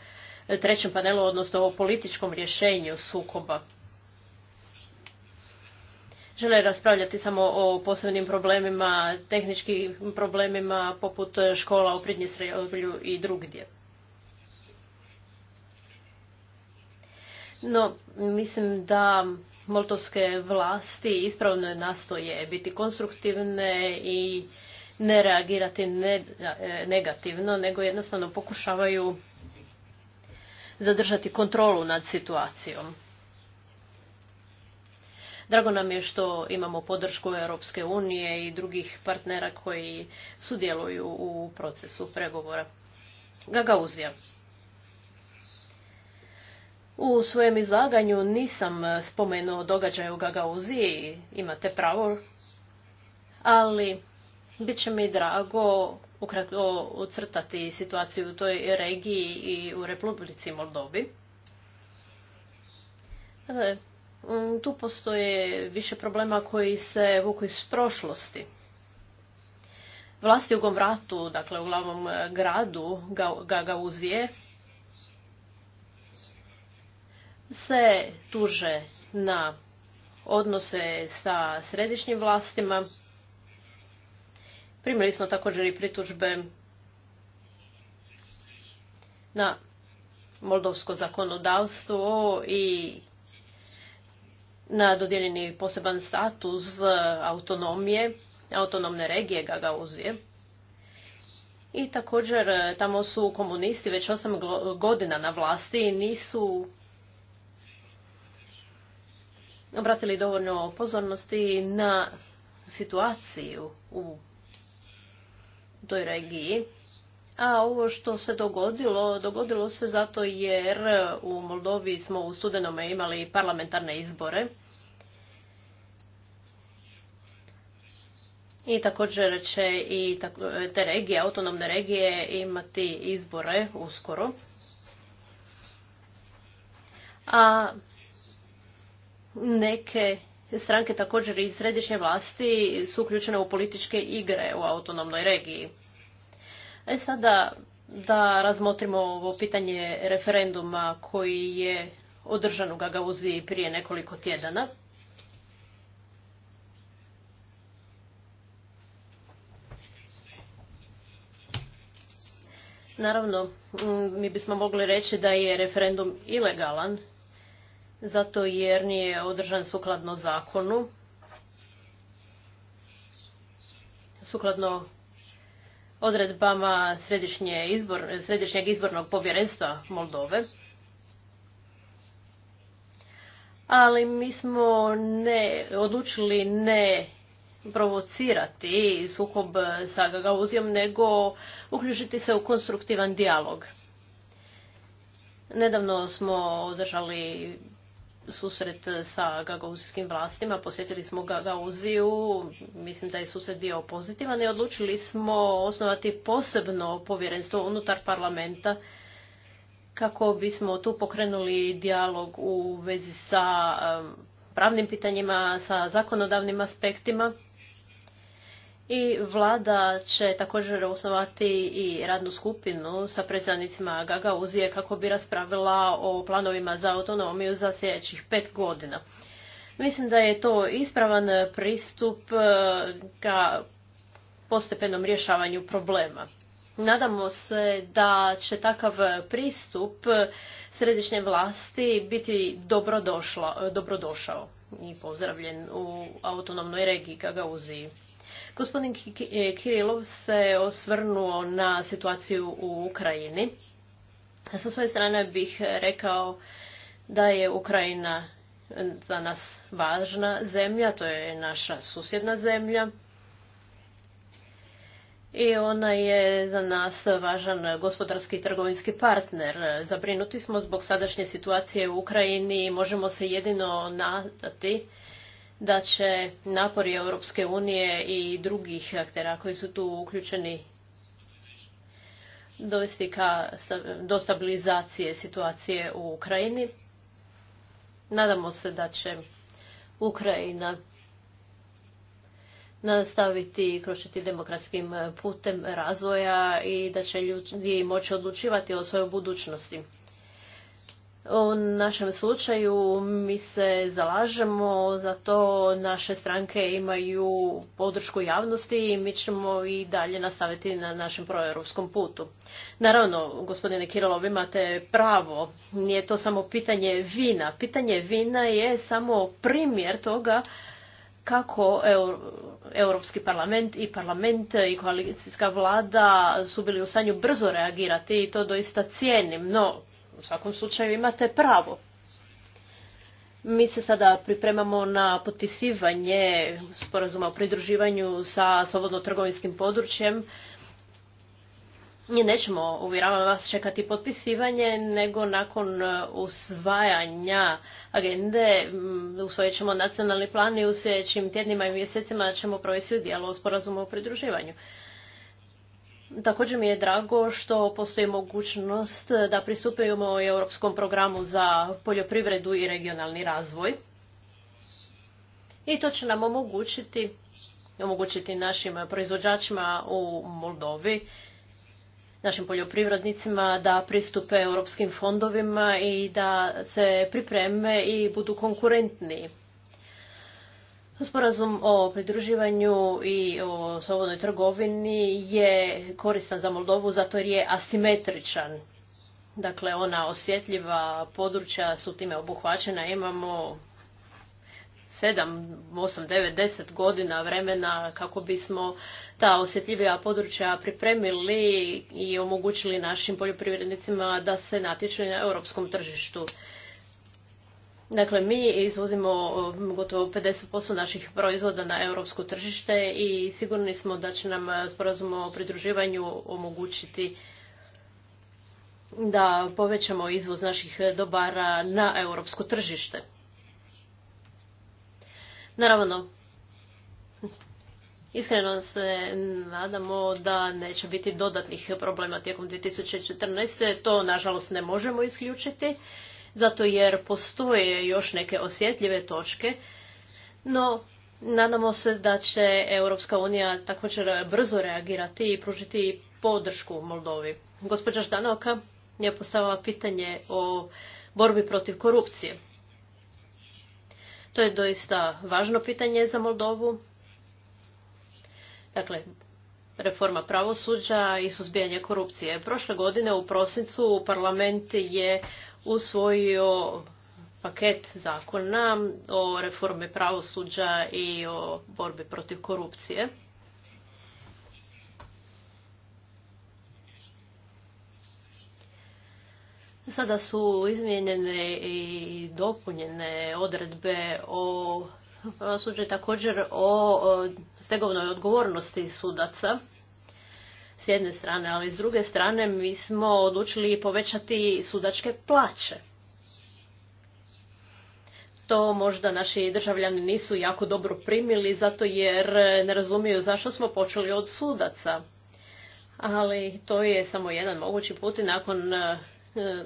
trećem panelu, odnosno o političkom rješenju sukoba žele raspravljati samo o posebnim problemima, tehničkim problemima poput škola u Pridnjestri, i drugdje. No, mislim da moltovske vlasti ispravno nastoje biti konstruktivne i ne reagirati e, negativno, nego jednostavno pokušavaju zadržati kontrolu nad situacijom. Drago nam je što imamo podršku Europske unije i drugih partnera koji sudjeluju u procesu pregovora. Gagauzija. U svojem izlaganju nisam spomenuo događaje u Gagauziji, imate pravo, ali bit će mi drago ukratko ucrtati situaciju u toj regiji i u Republici Moldovi. Dakle, Mm, tu postoje više problema koji se vuku iz prošlosti. Vlasti u Gomratu, dakle u glavnom e, gradu Gagauzije, se tuže na odnose sa središnjim vlastima. Primili smo također i pritužbe na moldovsko zakonodavstvo i na dodijeljeni poseban status autonomije, autonomne regije Gagauzije. I također tamo su komunisti već osam godina na vlasti i nisu obratili dovoljno pozornosti na situaciju u toj regiji a ovo što se dogodilo, dogodilo se zato jer u Moldovi smo u studenome imali parlamentarne izbore. I također će i te regije, autonomne regije imati izbore uskoro. A neke stranke također i središnje vlasti su uključene u političke igre u autonomnoj regiji. E sada da razmotrimo ovo pitanje referenduma koji je održan u Gagauziji prije nekoliko tjedana. Naravno, mm, mi bismo mogli reći da je referendum ilegalan, zato jer nije održan sukladno zakonu, sukladno odredbama Središnjeg izbornog povjerenstva Moldove. Ali mi smo ne, odlučili ne provocirati sukob sa Gagauzijom, nego uključiti se u konstruktivan dijalog. Nedavno smo održali susret sa gagauzijskim vlastima. Posjetili smo Gagauziju, mislim da je susret bio pozitivan i odlučili smo osnovati posebno povjerenstvo unutar parlamenta kako bismo tu pokrenuli dijalog u vezi sa um, pravnim pitanjima, sa zakonodavnim aspektima i vlada će također osnovati i radnu skupinu sa predstavnicima Gagauzije kako bi raspravila o planovima za autonomiju za sljedećih pet godina. Mislim da je to ispravan pristup e, ka postepenom rješavanju problema. Nadamo se da će takav pristup središnje vlasti biti dobrodošao i pozdravljen u autonomnoj regiji Gagauziji. Gospodin e, Kirilov se osvrnuo na situaciju u Ukrajini. Sa svoje strane bih rekao da je Ukrajina za nas važna zemlja, to je naša susjedna zemlja. I ona je za nas važan gospodarski i trgovinski partner. Zabrinuti smo zbog sadašnje situacije u Ukrajini i možemo se jedino nadati da će napori Europske unije i drugih aktera koji su tu uključeni dovesti ka, do stabilizacije situacije u Ukrajini. Nadamo se da će Ukrajina nastaviti kročiti demokratskim putem razvoja i da će ljudi moći odlučivati o svojoj budućnosti. U našem slučaju mi se zalažemo za to, naše stranke imaju podršku javnosti i mi ćemo i dalje nastaviti na našem proeuropskom putu. Naravno, gospodine vi imate pravo, nije to samo pitanje vina. Pitanje vina je samo primjer toga kako Europski parlament i parlament i koalicijska vlada su bili u stanju brzo reagirati i to doista cijenim, no u svakom slučaju imate pravo. Mi se sada pripremamo na potpisivanje sporazuma o pridruživanju sa slobodno trgovinskim područjem. Nećemo, uvjeravam vas, čekati potpisivanje, nego nakon usvajanja agende mm, usvojit ćemo nacionalni plan i u sljedećim tjednima i mjesecima ćemo provesti u o sporazumu o pridruživanju. Također mi je drago što postoji mogućnost da pristupimo Europskom programu za poljoprivredu i regionalni razvoj. I to će nam omogućiti, omogućiti našim proizvođačima u Moldovi, našim poljoprivrednicima da pristupe europskim fondovima i da se pripreme i budu konkurentniji. Sporazum o pridruživanju i o slobodnoj trgovini je koristan za Moldovu zato jer je asimetričan. Dakle, ona osjetljiva područja su time obuhvaćena. Imamo 7, 8, 9, 10 godina vremena kako bismo ta osjetljivija područja pripremili i omogućili našim poljoprivrednicima da se natječu na europskom tržištu. Dakle, mi izvozimo um, gotovo 50% naših proizvoda na europsko tržište i sigurni smo da će nam uh, sporazum o pridruživanju omogućiti da povećamo izvoz naših uh, dobara na europsko tržište. Naravno, Iskreno se nadamo da neće biti dodatnih problema tijekom 2014. To, nažalost, ne možemo isključiti zato jer postoje još neke osjetljive točke, no nadamo se da će Europska unija također brzo reagirati i pružiti podršku Moldovi. Gospođa Ždanoka je postavila pitanje o borbi protiv korupcije. To je doista važno pitanje za Moldovu. Dakle, reforma pravosuđa i suzbijanje korupcije. Prošle godine u prosincu parlament je usvojio paket zakona o reforme pravosuđa i o borbi protiv korupcije. Sada su izmijenjene i dopunjene odredbe o suđe također o stegovnoj odgovornosti sudaca s jedne strane, ali s druge strane mi smo odlučili povećati sudačke plaće. To možda naši državljani nisu jako dobro primili, zato jer ne razumiju zašto smo počeli od sudaca. Ali to je samo jedan mogući put i nakon e,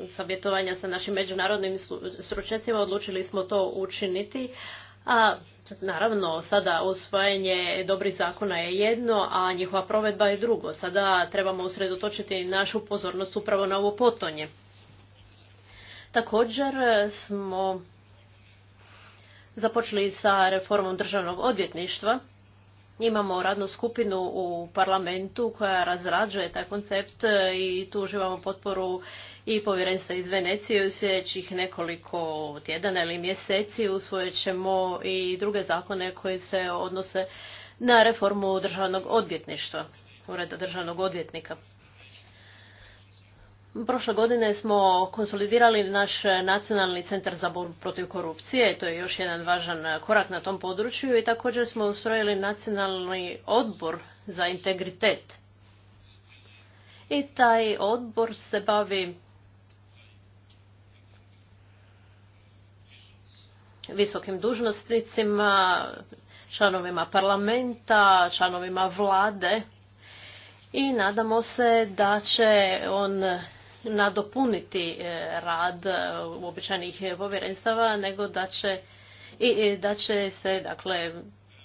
savjetovanja sa našim međunarodnim stručnjacima odlučili smo to učiniti. A Naravno, sada osvajanje dobrih zakona je jedno, a njihova provedba je drugo. Sada trebamo usredotočiti našu pozornost upravo na ovo potonje. Također smo započeli sa reformom državnog odvjetništva. Imamo radnu skupinu u parlamentu koja razrađuje taj koncept i tu uživamo potporu i povjerenstva iz Venecije u sljedećih nekoliko tjedana ili mjeseci usvojit ćemo i druge zakone koji se odnose na reformu državnog odvjetništva, ureda državnog odvjetnika. Prošle godine smo konsolidirali naš nacionalni centar za borbu protiv korupcije, to je još jedan važan korak na tom području i također smo ustrojili nacionalni odbor za integritet. I taj odbor se bavi visokim dužnostnicima, članovima parlamenta, članovima vlade i nadamo se da će on nadopuniti e, rad e, uobičajenih povjerenstava, nego da će, i, e, da će se dakle,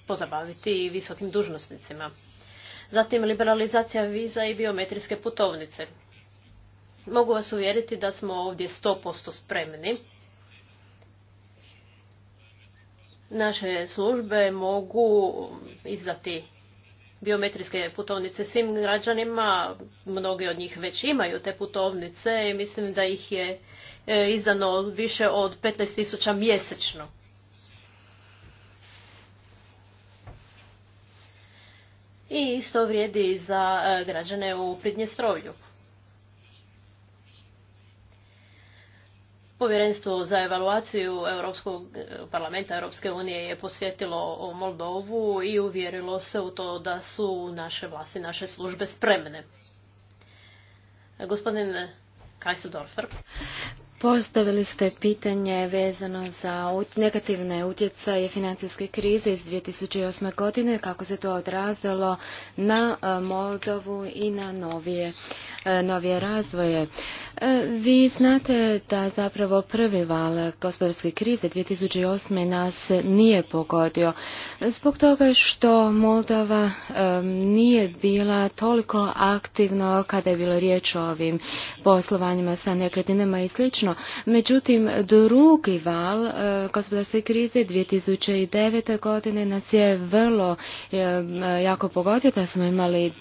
pozabaviti visokim dužnostnicima. Zatim liberalizacija viza i biometrijske putovnice. Mogu vas uvjeriti da smo ovdje 100% spremni Naše službe mogu izdati biometrijske putovnice svim građanima, mnogi od njih već imaju te putovnice i mislim da ih je e, izdano više od 15.000 mjesečno. I isto vrijedi za e, građane u Pridnjestrovlju. Povjerenstvo za evaluaciju Europskog eh, parlamenta Europske unije je posjetilo Moldovu i uvjerilo se u to da su naše vlasti, naše službe spremne. Gospodin Kajsdorfer.
Postavili ste pitanje vezano za negativne utjecaje financijske krize iz 2008. godine, kako se to odrazilo na eh, Moldovu i na novije E, novije razvoje. E, vi znate da zapravo prvi val gospodarske krize 2008. nas nije pogodio zbog toga što Moldova e, nije bila toliko aktivno kada je bilo riječ o ovim poslovanjima sa nekretninama i slično. Međutim, drugi val gospodarske krize 2009. godine nas je vrlo jako pogodio da smo imali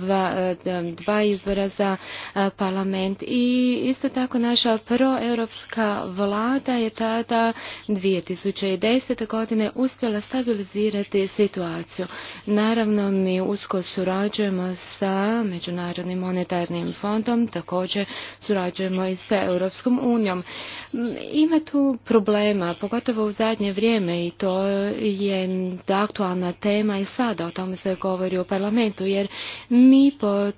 dva, dva izbora za E, parlament. I isto tako naša proeuropska vlada je tada 2010. godine uspjela stabilizirati situaciju. Naravno, mi usko surađujemo sa Međunarodnim monetarnim fondom, također surađujemo i sa Europskom unijom. Mm, ima tu problema, pogotovo u zadnje vrijeme i to je aktualna tema i sada o tome se govori u parlamentu, jer mi pod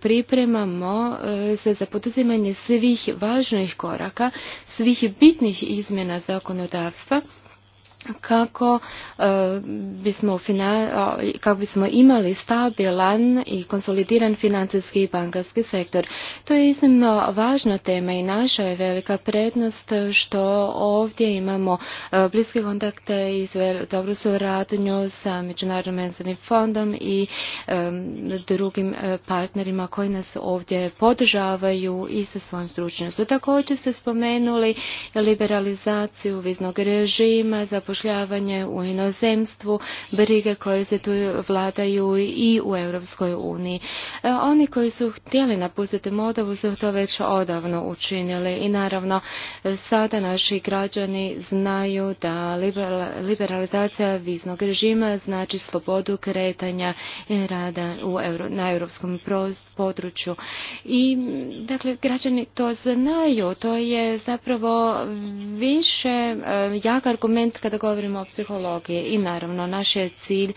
pripremom pripremamo e, se za poduzimanje svih važnih koraka, svih bitnih izmjena zakonodavstva kako e, bismo, kako bismo imali stabilan i konsolidiran financijski i bankarski sektor. To je iznimno važna tema i naša je velika prednost što ovdje imamo e, bliske kontakte i dobru suradnju sa Međunarodnim fondom i drugim e, partnerima koji nas ovdje podržavaju i sa svojom stručnost. Također ste spomenuli liberalizaciju viznog režima, za u inozemstvu, brige koje se tu vladaju i u Europskoj uniji. E, oni koji su htjeli napustiti Moldavu su to već odavno učinili i naravno e, sada naši građani znaju da liberalizacija viznog režima znači slobodu kretanja i rada na europskom području. I dakle građani to znaju, to je zapravo više e, jak argument kada govorimo o psihologiji i naravno naš je cilj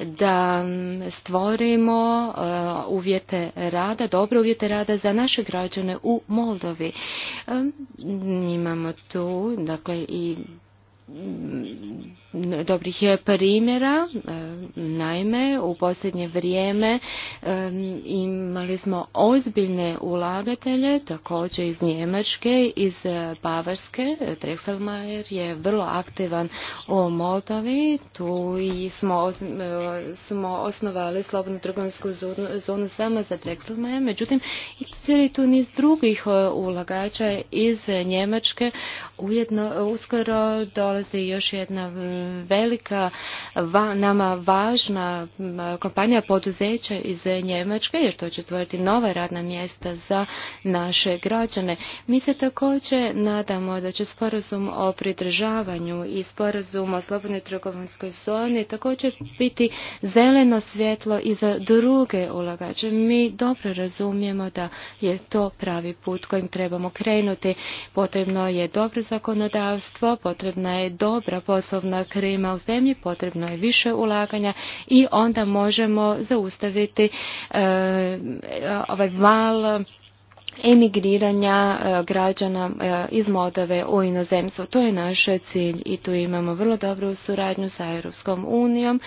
da stvorimo e, uvjete rada, dobre uvjete rada za naše građane u Moldovi. E, imamo tu dakle i dobrih primjera. E, naime, u posljednje vrijeme e, imali smo ozbiljne ulagatelje, također iz Njemačke, iz e, Bavarske. Drexelmeier je vrlo aktivan u Moldavi. Tu smo, osnovali slobodnu trgovinsku zonu samo za Drexelmeier. Međutim, i tu cijeli tu niz drugih ulagača iz Njemačke. Ujedno, uskoro dolazi još jedna velika nama važna kompanija poduzeća iz Njemačke jer to će stvoriti nova radna mjesta za naše građane. Mi se također nadamo da će sporazum o pridržavanju i sporazum o slobodnoj trgovinskoj zoni također biti zeleno svjetlo i za druge ulagače. Mi dobro razumijemo da je to pravi put kojim trebamo krenuti. Potrebno je dobro zakonodavstvo, potrebna je dobra poslovna Krima u zemlji, potrebno je više ulaganja i onda možemo zaustaviti e, ovaj val emigriranja e, građana e, iz Moldave u inozemstvo. To je naš cilj i tu imamo vrlo dobru suradnju sa Europskom unijom.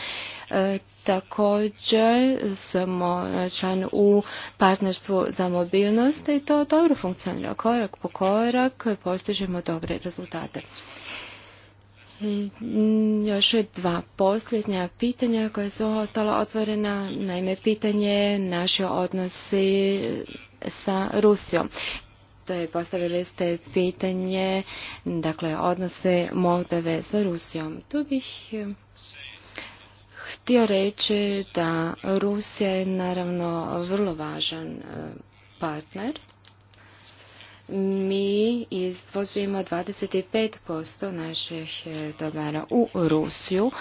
također smo član u partnerstvu za mobilnost i to dobro funkcionira. Korak po korak postižemo dobre rezultate. Mm, još dva posljednja pitanja koja su ostala otvorena, naime pitanje naše odnosi sa Rusijom. To je postavili ste pitanje, dakle, odnose Moldave sa Rusijom. Tu bih eh, htio reći da Rusija je naravno vrlo važan eh, partner mi izvozimo 25% naših e, dobara u Rusiju,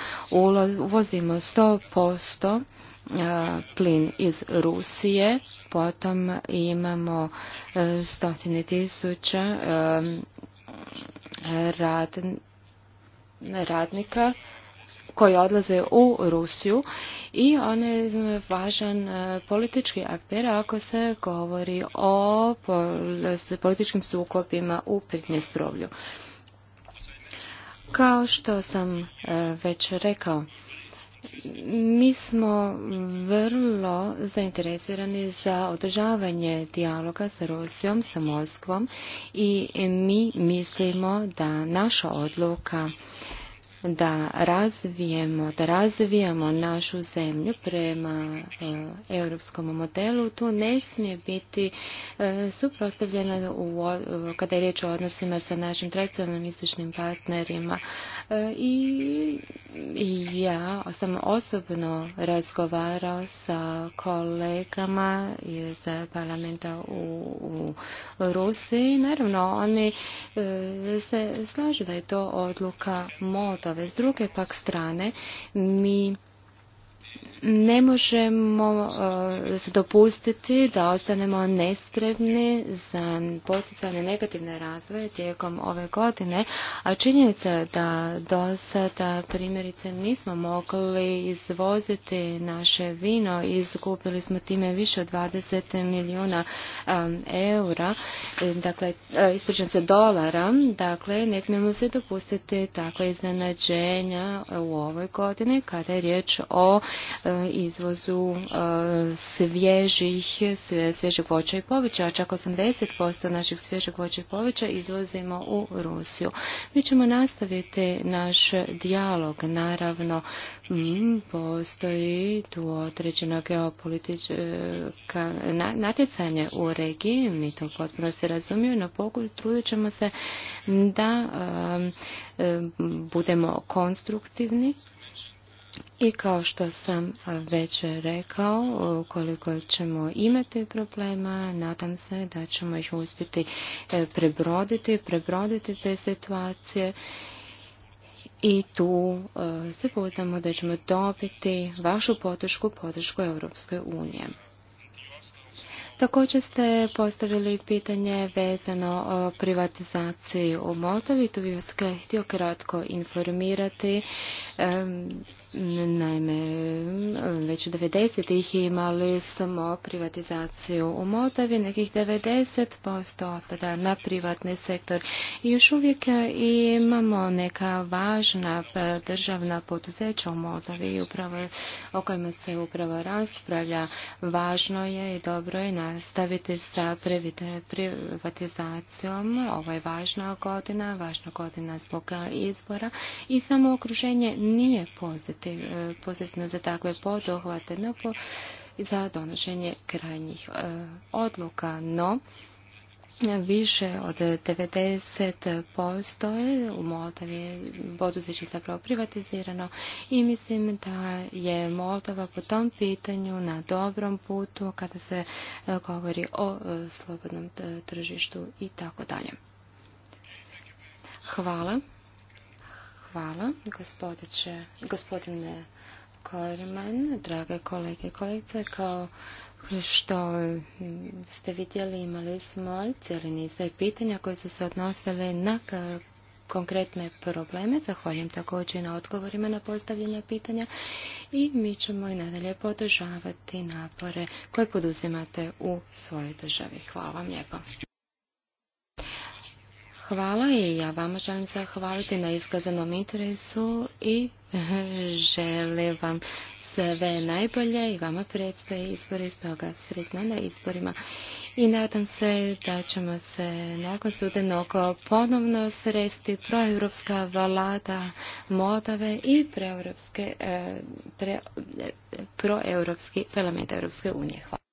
uvozimo 100% e, plin iz Rusije, potom imamo e, stotine tisuća radnika koji odlaze u Rusiju i on je važan e, politički akter ako se govori o političkim sukobima u Pridnjestrovlju. Kao što sam e, već rekao, mi smo vrlo zainteresirani za održavanje dijaloga sa Rusijom, sa Moskvom i mi mislimo da naša odluka da razvijemo, da razvijamo našu zemlju prema e, europskom modelu, tu ne smije biti e, u, kada je riječ o odnosima sa našim tradicionalnim istočnim partnerima. E, I ja sam osobno razgovarao sa kolegama iz parlamenta u, u Rusiji. Naravno, oni e, se slažu da je to odluka moda izazove. S druge pak strane mi ne možemo e, se dopustiti da ostanemo nespremni za poticanje negativne razvoje tijekom ove godine, a činjenica da do sada primjerice nismo mogli izvoziti naše vino i izgubili smo time više od 20 milijuna eura, e, dakle e, ispričam se dolara, dakle ne smijemo se dopustiti takve iznenađenja u ovoj godini kada je riječ o E, izvozu e, svježih, svježeg voća i povrća, a čak 80% naših svježeg voća i povrća izvozimo u Rusiju. Mi ćemo nastaviti naš dijalog, naravno postoji tu određeno geopolitička natjecanje u regiji, mi to potpuno se razumiju, no pokud trudit ćemo se da e, budemo konstruktivni i kao što sam već rekao, koliko ćemo imati problema, nadam se da ćemo ih uspjeti e, prebroditi, prebroditi te situacije i tu e, se poznamo da ćemo dobiti vašu podršku, podršku Europske unije. Također ste postavili pitanje vezano o privatizaciji u Moldavi. Tu bih vas htio kratko informirati. Naime, već 90-ih imali smo privatizaciju u Moldavi, nekih 90% otpada na privatni sektor i još uvijek imamo neka važna državna poduzeća u Moldavi upravo, o kojima se upravo raspravlja. Važno je i dobro je nastaviti sa privatizacijom. Ovo je važna godina, važna godina zbog izbora i samo okruženje nije pozitivno biti e, za takve poduhvate, no za donošenje krajnjih e, odluka. No, više od 90% je u Moldavi poduzeći zapravo privatizirano i mislim da je Moldava po tom pitanju na dobrom putu kada se e, govori o slobodnom tržištu i tako dalje. Hvala. Hvala, gospodine Koriman, drage kolege i kolegice, kao što ste vidjeli imali smo cijeli niz pitanja koje su se odnosile na konkretne probleme. Zahvaljujem također i na odgovorima na postavljanje pitanja i mi ćemo i nadalje podržavati napore koje poduzimate u svojoj državi. Hvala vam lijepo. Hvala i ja vama želim zahvaliti na iskazanom interesu i žele vam sve najbolje i vama predstoje izbori, toga sretna na izborima. I nadam se da ćemo se nakon studenog ponovno sresti proeuropska vlada modave i eh, eh, proevropski parlament Europske unije. Hvala.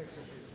Hvala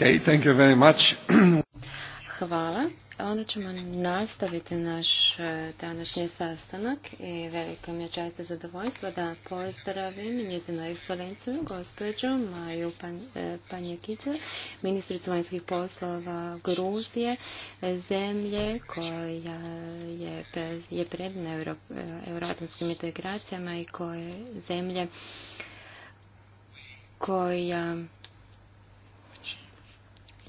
Okay, thank you very much. Hvala. Onda ćemo nastaviti naš eh, današnji sastanak i veliko mi je čast zadovoljstvo da pozdravim njezinu ekscelenciju, gospođu Maju eh, Panjekića, ministricu vanjskih poslova Gruzije, zemlje koja je, predna euro, eh, integracijama i koje zemlje koja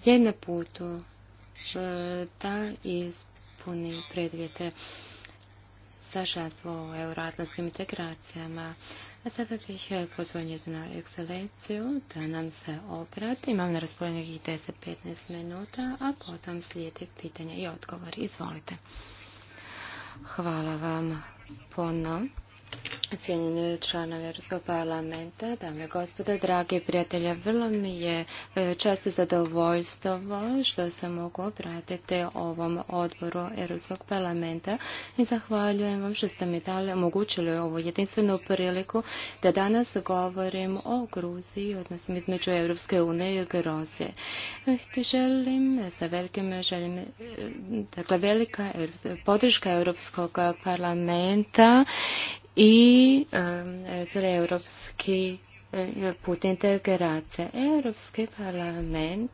je na putu e, da ispuni predvjete za članstvo u euroatlantskim integracijama. A sada bih e, pozvao njezinu ekscelenciju da nam se obrati. Imam na raspolaganju nekih 10-15 minuta, a potom slijedi pitanje i odgovor. Izvolite. Hvala vam ponovno. Cijenjeni članovi Europskog parlamenta, dame i gospodo, dragi prijatelje, vrlo mi je e, čast zadovoljstvo što se mogu obratiti ovom odboru Europskog parlamenta i zahvaljujem vam što ste mi dali omogućili ovu jedinstvenu priliku da danas govorim o Gruziji, odnosno između Europske unije i Grozije. E, želim sa velikim želim, e, dakle velika podrška Europskog parlamenta i cijeli europski eh, put integracije. Europski parlament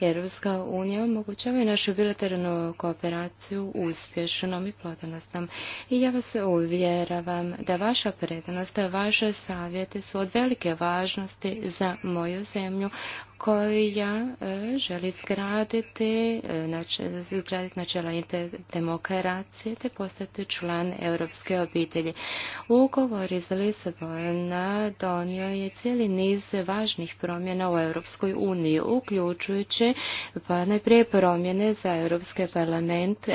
i Europska unija omogućavaju našu bilateralnu kooperaciju uspješnom i plodanostom. I ja vas uvjeravam da vaša predanost, vaše savjete su od velike važnosti za moju zemlju koja e, želi zgraditi, e, zgraditi načela demokracije te postati član europske obitelji. Ugovor iz Lisabona donio je cijeli niz važnih promjena u Europskoj uniji, uključujući pa najprije promjene za europske parlament,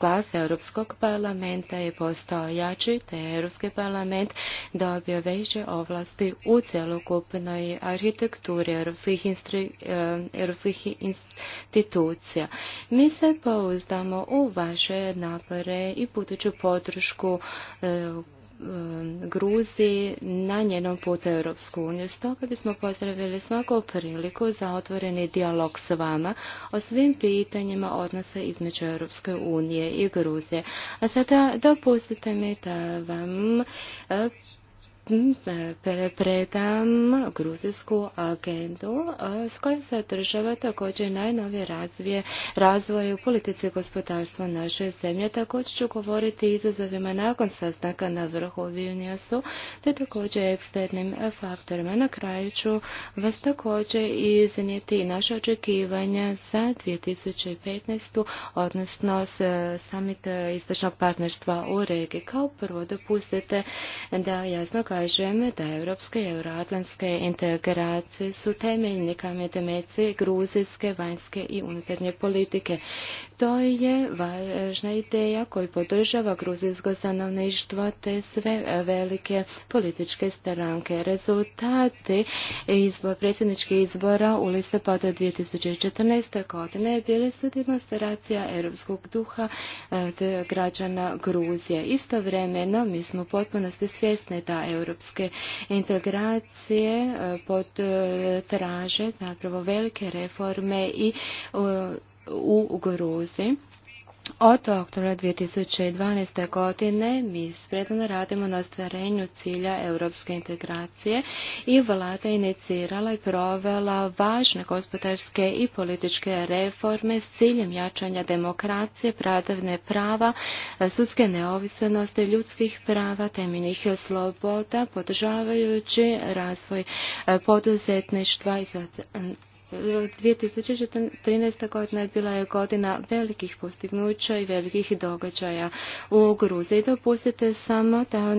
glas Europskog parlamenta je postao jači, te Europski parlament dobio veće ovlasti u cjelokupnoj arhitekturi europskih instrumenta, E, europskih institucija. Mi se pouzdamo u vaše napore i putuću podršku e, e, Gruziji na njenom putu Europsku uniju. Stoga bismo pozdravili svaku priliku za otvoreni dijalog s vama o svim pitanjima odnosa između Europske unije i Gruzije. A sada dopustite mi da vam predam gruzijsku agendu s kojim se država također najnovije razvije razvoje u politici i gospodarstva naše zemlje. Također ću govoriti izazovima nakon sastanka na vrhu u te također eksternim faktorima. Na kraju ću vas također iznijeti naše očekivanja za 2015. odnosno s summit istočnog partnerstva u regiji. Kao prvo dopustite da jasno kažem da europske i euroatlantske integracije su temeljni kamen gruzijske, vanjske i unutarnje politike. To je važna ideja koju podržava gruzijsko stanovništvo te sve velike političke stranke. Rezultati izbor, predsjedničkih izbora u listopadu 2014. godine bili su demonstracija europskog duha eh, građana Gruzije. Istovremeno mi smo potpunosti svjesni da europske integracije e, traže zapravo velike reforme i e, u Gruzi od oktobra 2012. godine mi spredano radimo na ostvarenju cilja europske integracije i vlada inicirala i provela važne gospodarske i političke reforme s ciljem jačanja demokracije, pradavne prava, sudske neovisnosti, ljudskih prava, temeljnih sloboda, podržavajući razvoj poduzetništva i 2013. godina je bila je godina velikih postignuća i velikih događaja u Gruziji. Dopustite samo da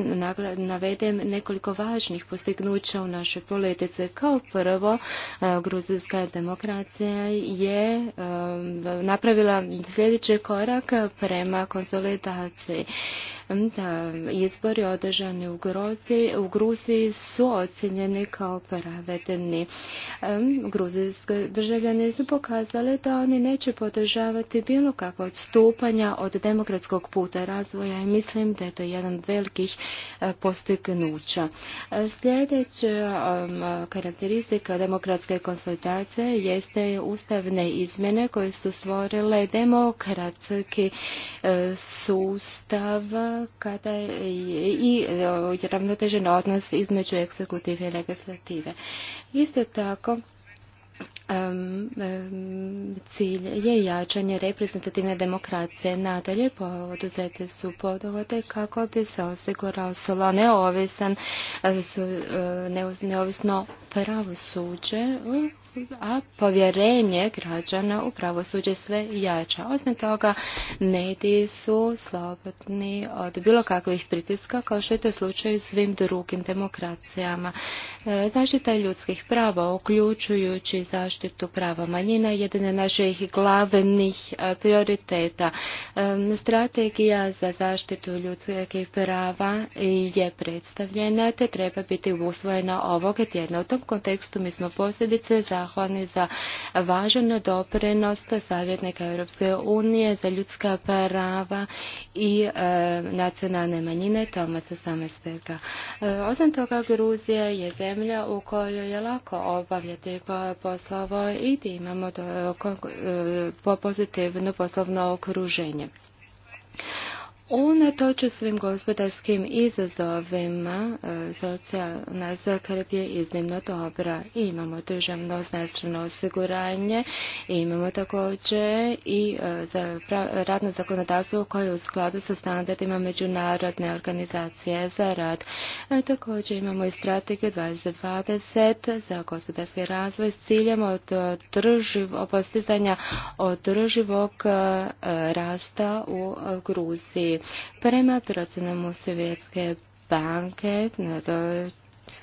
navedem nekoliko važnih postignuća u našoj politici. Kao prvo, e, gruzijska demokracija je e, napravila sljedeći korak prema konsolidaciji da izbori održani u, Grozi, u Gruziji su ocjenjeni kao pravedeni. Gruzijske državljani su pokazali da oni neće podržavati bilo kakva odstupanja od demokratskog puta razvoja i mislim da je to jedan od velikih e, postignuća. E, sljedeća karakteristika demokratske konsultacije jeste ustavne izmjene koje su stvorile demokratski e, sustav kada i e, ravnotežen odnos između eksekutive i legislative. Isto tako, cilj je jačanje reprezentativne demokracije. Nadalje, poduzete su podovode kako bi se osigurao solo neovisan, e, e, neovisno pravo suđe u a povjerenje građana u pravosuđe sve jača. Osim toga, mediji su slobodni od bilo kakvih pritiska, kao što je to slučaj u svim drugim demokracijama. E, zaštita ljudskih prava, uključujući zaštitu prava manjina, jedan od naših glavnih e, prioriteta. E, strategija za zaštitu ljudskih prava je predstavljena te treba biti usvojena ovog tjedna. U tom kontekstu mi smo posebice za zahvalni za važan doprinost savjetnika Europske unije za ljudska prava i e, nacionalne manjine Tomasa samesperga e, Osim toga, Gruzija je zemlja u kojoj je lako obavljati poslovo i gdje imamo e, pozitivno poslovno okruženje. Unatoč svim gospodarskim izazovima, e, socijalna zakrb je iznimno dobra. Imamo državno znanstveno osiguranje, imamo također i e, radno zakonodavstvo koje je u skladu sa standardima Međunarodne organizacije za rad. E, također imamo i strategiju 2020 za gospodarski razvoj s ciljem od postizanja održivog rasta u Gruziji. Prema procenama Svjetske banke, na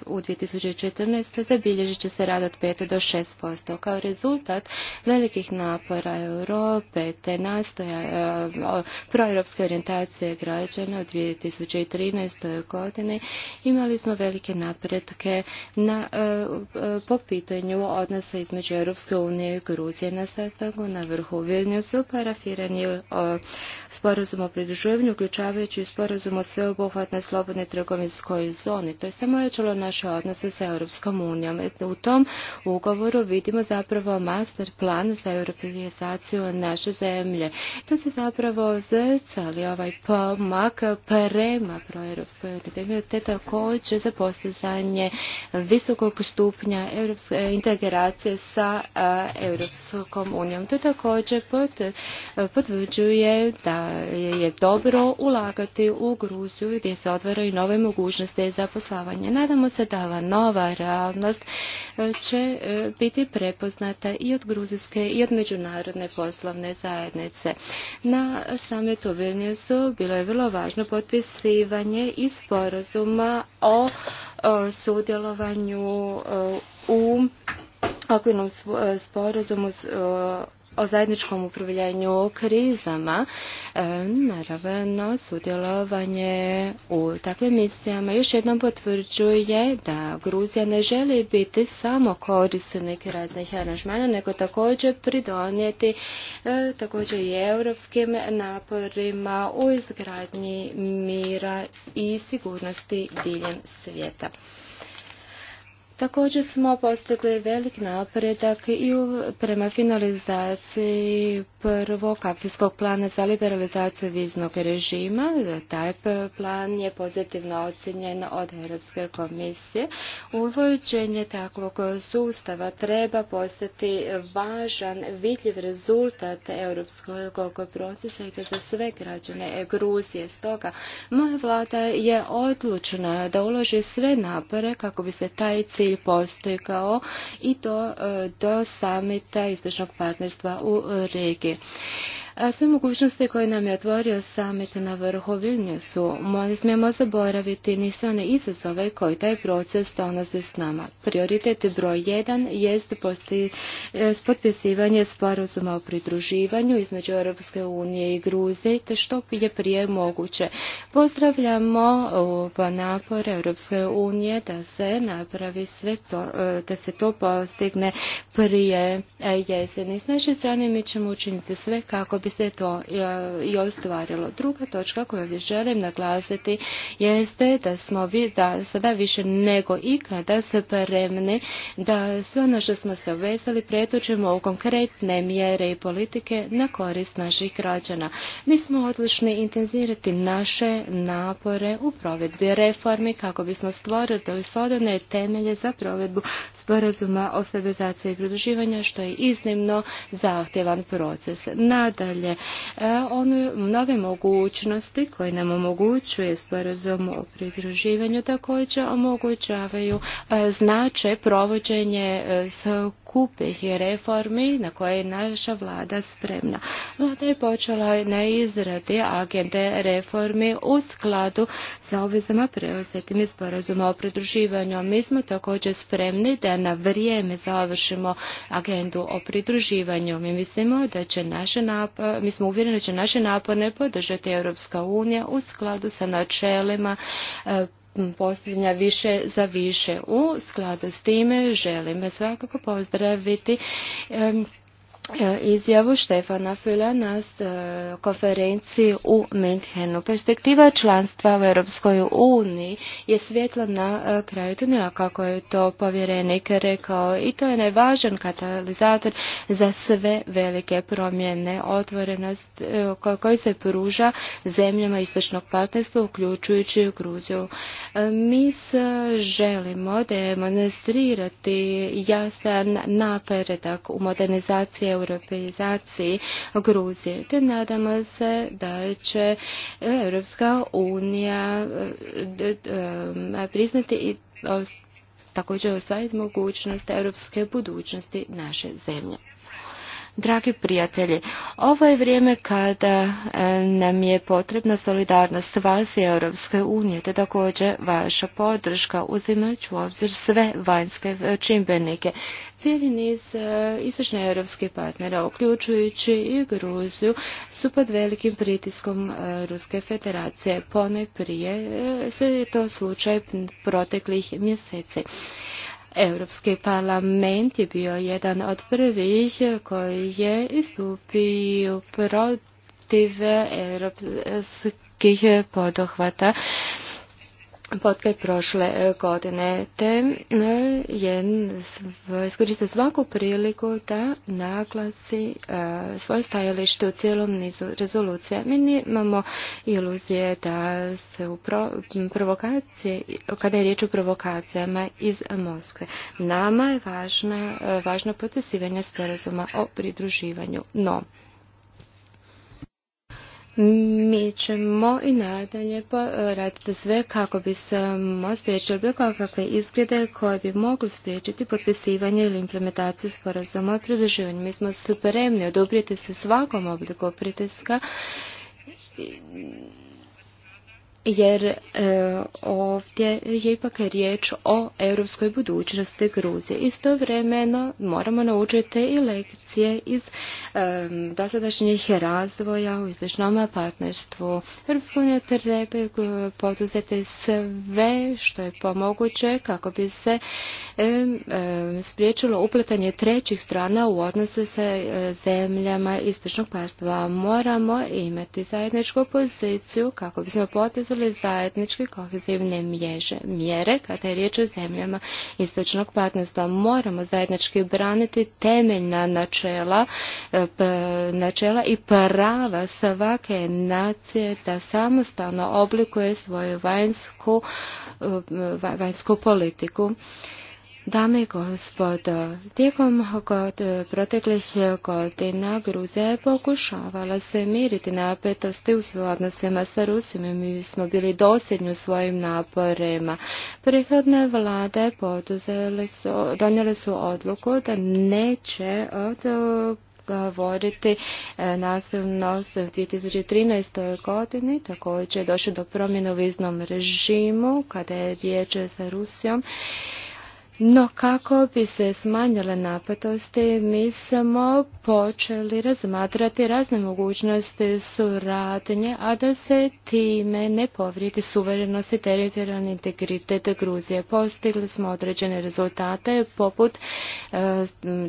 u 2014. zabilježit će se rad od 5 do 6%. Kao rezultat velikih napora Europe te nastoja e, proeuropske orijentacije građana u 2013. godini imali smo velike napretke na, e, e, po pitanju odnosa između Europske unije i Gruzije na sastanku na vrhu Vilniusu parafiran je o pridruživanju uključavajući sporazum o sveobuhvatnoj slobodnoj trgovinskoj zoni. To je samo naše odnose sa Europskom unijom. E, u tom ugovoru vidimo zapravo master plan za europeizaciju naše zemlje. To se zapravo zrcali ovaj pomak prema proeuropskoj epidemiji, te također za postizanje visokog stupnja integracije sa Europskom unijom. To također potvrđuje da je dobro ulagati u Gruziju gdje se otvaraju nove mogućnosti za poslavanje. Nadamo mu se dala nova realnost e, će e, biti prepoznata i od gruzijske i od međunarodne poslovne zajednice. Na samitu u Vilniusu bilo je vrlo važno potpisivanje i sporazuma o, sudjelovanju e, u okvirnom sporazumu o zajedničkom upravljanju krizama. E, naravno, sudjelovanje u takvim misijama još jednom potvrđuje da Gruzija ne želi biti samo korisnik raznih aranžmana, nego također pridonijeti e, također i europskim naporima u izgradnji mira i sigurnosti diljem svijeta. Također smo postigli velik napredak i prema finalizaciji prvog akcijskog plana za liberalizaciju viznog režima. Taj plan je pozitivno ocjenjen od Europske komisije. Uvođenje takvog sustava treba postati važan, vidljiv rezultat europskog procesa i to za sve građane Gruzije. Stoga, moja vlada je odlučna da uloži sve napore kako bi se taj cilj postaje postigao i to e, do samita istočnog partnerstva u regiji. Sve mogućnosti koje nam je otvorio samit na vrhu Vilniusu, ne smijemo zaboraviti ni sve one izazove koje taj proces donosi s nama. Prioritet broj jedan jest e, potpisivanje sporazuma o pridruživanju između Europske unije i Gruzije, te što je prije moguće. Pozdravljamo napore Europske unije da se napravi sve to, e, da se to postigne prije e, jeseni. S naše strane mi ćemo učiniti sve kako bi se to e, i ostvarilo. Druga točka koju ovdje želim naglasiti jeste da smo vi, da sada više nego ikada spremni da sve ono što smo se obvezali pretočimo u konkretne mjere i politike na korist naših građana. Mi smo odlični intenzirati naše napore u provedbi reformi kako bismo stvorili sodane temelje za provedbu sporazuma o stabilizaciji i produživanju što je iznimno zahtjevan proces. Nadam E, one nove mogućnosti koje nam omogućuje sporazum o pridruživanju također omogućavaju e, znače provođenje e, skupih reformi na koje je naša vlada spremna. Vlada je počela na izradi agende reformi u skladu sa obvezama preuzetim iz sporazuma o pridruživanju. Mi smo također spremni da na vrijeme završimo agendu o pridruživanju. Mi mislimo da će naše napad E, mi smo uvjereni da će naše napore podržati Europska unija u skladu sa načelima e, posljednja više za više. U skladu s time želim svakako pozdraviti E, izjavu Štefana Fila na e, konferenciji u Minthenu. Perspektiva članstva u Europskoj uniji je svjetla na e, kraju tunela, kako je to povjerenik rekao, i to je najvažan katalizator za sve velike promjene, otvorenost koji se pruža zemljama istočnog partnerstva, uključujući Gruziju. Mi želimo demonstrirati jasan napredak u modernizaciji europeizaciji Gruzije. Te nadamo se da će e, Europska unija e, e, priznati i također ostvariti mogućnost europske budućnosti naše zemlje. Dragi prijatelji, ovo je vrijeme kada e, nam je potrebna solidarnost vas i Europske unije, te također vaša podrška uzimajući u obzir sve vanjske e, čimbenike. Cijeli niz e, istočne europskih partnera, uključujući i Gruziju, su pod velikim pritiskom Ruske federacije. Pone prije se je to slučaj proteklih mjeseci. Europski parlament je bio jedan od prvih koji je istupio protiv europskih podohvata Potkaj prošle eh, godine, te eh, je iskoristio svaku priliku da naglasi eh, svoje stajalište u cijelom nizu rezolucija. Mi nemamo iluzije da se u provokacije, kada je riječ o provokacijama iz Moskve, nama je važno, važno potpisivanje sporazuma o pridruživanju. No, mi ćemo i nadalje raditi sve kako se spriječili bilo kakve izglede koje bi mogli spriječiti potpisivanje ili implementaciju sporazuma o pridruživanju. Mi smo spremni odobriti se svakom obliku pritiska jer e, ovdje je ipak riječ o europskoj budućnosti Gruzije. Istovremeno moramo naučiti i lekcije iz e, dosadašnjih razvoja u izličnom partnerstvu. Europska unija treba poduzeti sve što je pomoguće kako bi se e, spriječilo upletanje trećih strana u odnose sa zemljama istočnog partnerstva. Moramo imati zajedničku poziciju kako bismo potezali li zajedničke kohezivne mjere kada je riječ o zemljama istočnog partnerstva. Moramo zajednički braniti temeljna načela, e, načela i prava svake nacije da samostalno oblikuje svoju vanjsku e, politiku. Dame i gospodo, tijekom god, proteklih godina Gruzija je pokušavala se miriti napetosti u svojim odnosima sa Rusijom mi smo bili dosljedni u svojim naporima. Prihodne vlade su, donijele su odluku da neće od govoriti e, nasilno u 2013. godini. Također je došlo do promjene u viznom režimu kada je riječ sa Rusijom no kako bi se smanjile napetosti, mi smo počeli razmatrati razne mogućnosti suradnje, a da se time ne povrijedi suverenost i teritorijalni integritet Gruzije. Postigli smo određene rezultate poput e,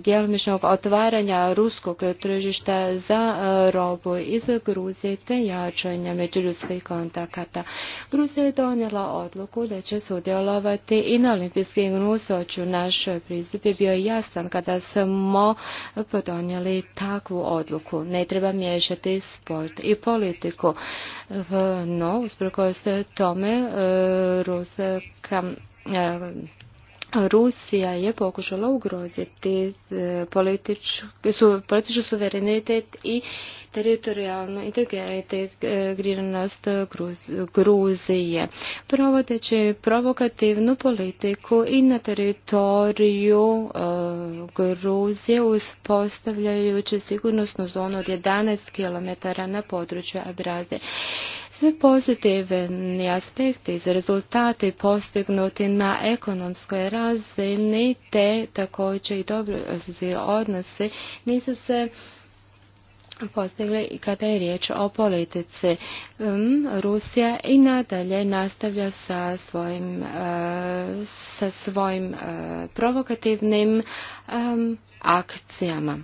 djelomičnog otvaranja ruskog tržišta za e, robu iz Gruzije te jačanja međuljudskih kontakata. Gruzija je donijela odluku da će sudjelovati i na olimpijskim Rusom u Naš pristup je bio jasan kada smo podonijeli takvu odluku. Ne treba miješati sport i politiku. No, usprkos tome, e, Ruska e, Rusija je pokušala ugroziti e, politički, su, politički suverenitet i teritorijalnu integriranost e, Gruzije, provodeći provokativnu politiku i na teritoriju e, Gruzije uspostavljajući sigurnosnu zonu od 11 km na području Abraze. Sve pozitivni aspekti i rezultate postignuti na ekonomskoj razini te također i dobro odnose nisu se postigli i kada je riječ o politici. Mm, Rusija i nadalje nastavlja sa svojim, e, sa svojim e, provokativnim e, akcijama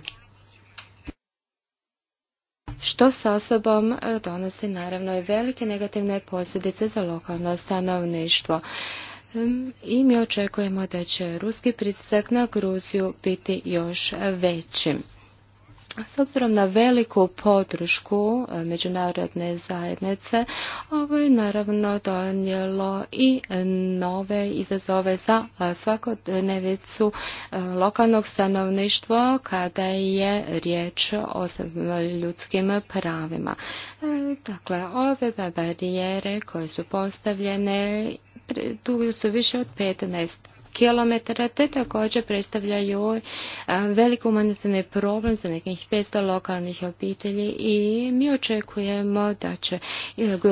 što sa osobom donosi naravno i velike negativne posljedice za lokalno stanovništvo. Mm, I mi očekujemo da će ruski pritisak na Gruziju biti još veći. S obzirom na veliku podršku e, međunarodne zajednice, ovo je naravno donijelo i nove izazove za e, svakodnevicu e, lokalnog stanovništva kada je riječ o ljudskim pravima. Dakle, ove barijere koje su postavljene tu su više od 15 kilometara, te također predstavljaju e, veliku humanitarni problem za nekih 500 lokalnih obitelji i mi očekujemo da će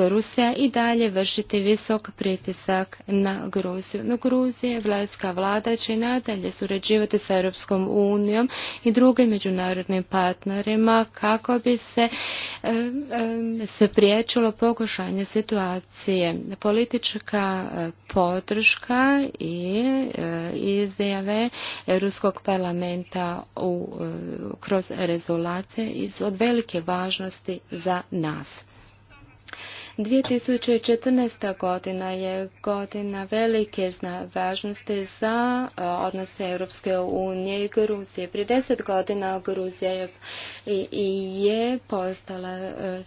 Rusija i dalje vršiti visok pritisak na Gruziju. No Gruzije, vlaska vlada će i nadalje surađivati sa Europskom unijom i drugim međunarodnim partnerima kako bi se e, e, spriječilo pokušanje situacije. Politička podrška i Eh, izjave eh, Ruskog parlamenta u, eh, kroz rezolacije iz od velike važnosti za nas. 2014. godina je godina velike važnosti za e, odnose Europske unije i Gruzije. Prije deset godina Gruzija je, i, je postala, e,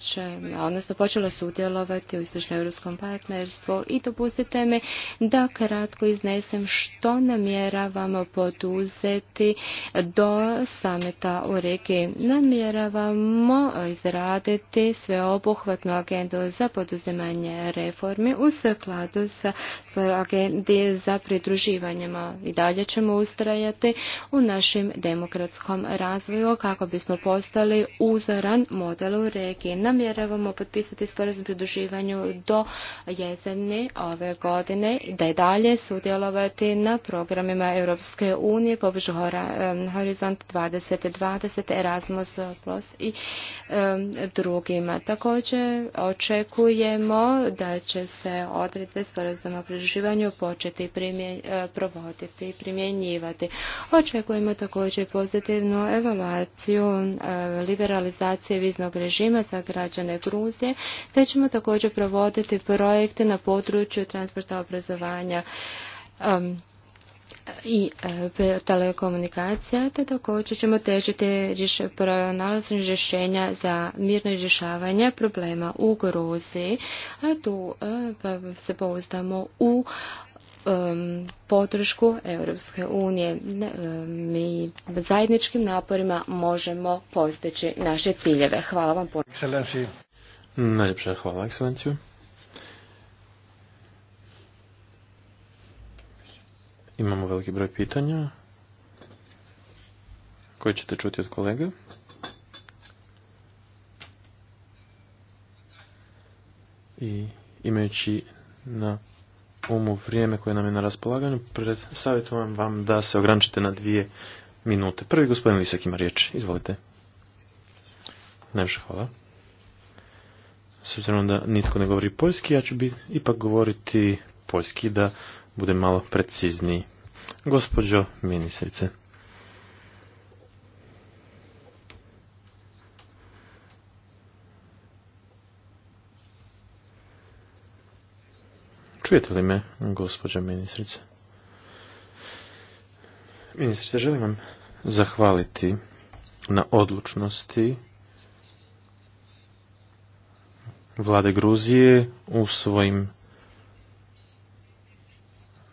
odnosno počela sudjelovati u Europskom partnerstvu i dopustite me da kratko iznesem što namjeravamo poduzeti do sameta u regiji. Namjeravamo izraditi sveobuhvatnu agendu za poduzemanje reformi u skladu sa agendi za pridruživanjima. I dalje ćemo ustrajati u našem demokratskom razvoju kako bismo postali uzoran model u regiji. Namjeravamo potpisati sporazum pridruživanju do jeseni ove godine da je dalje sudjelovati na programima Europske unije pobožu Horizont 2020, Erasmus Plus i drugima. Također očekujem očekujemo da će se odredbe sporazuma o pridruživanju početi e, provoditi i primjenjivati. Očekujemo također pozitivnu evaluaciju e, liberalizacije viznog režima za građane Gruzije, te ćemo također provoditi projekte na području transporta obrazovanja i e, telekomunikacija, te također ćemo težiti pronalazenju rješenja za mirno rješavanje problema u Gruziji, a tu e, pa se pouzdamo u e, podršku Europske unije. Mi zajedničkim naporima možemo postići naše ciljeve. Hvala vam
puno. hvala, ekscelenciju. Imamo veliki broj pitanja koje ćete čuti od kolega. I imajući na umu vrijeme koje nam je na raspolaganju, savjetujem vam da se ograničite na dvije minute. Prvi gospodin Lisak ima riječ. Izvolite. Najviše hvala. S obzirom da nitko ne govori poljski, ja ću bi ipak govoriti poljski da bude malo precizniji. Gospođo ministrice. Čujete li me, gospođa ministrice? Ministrice, želim vam zahvaliti na odlučnosti vlade Gruzije u svojim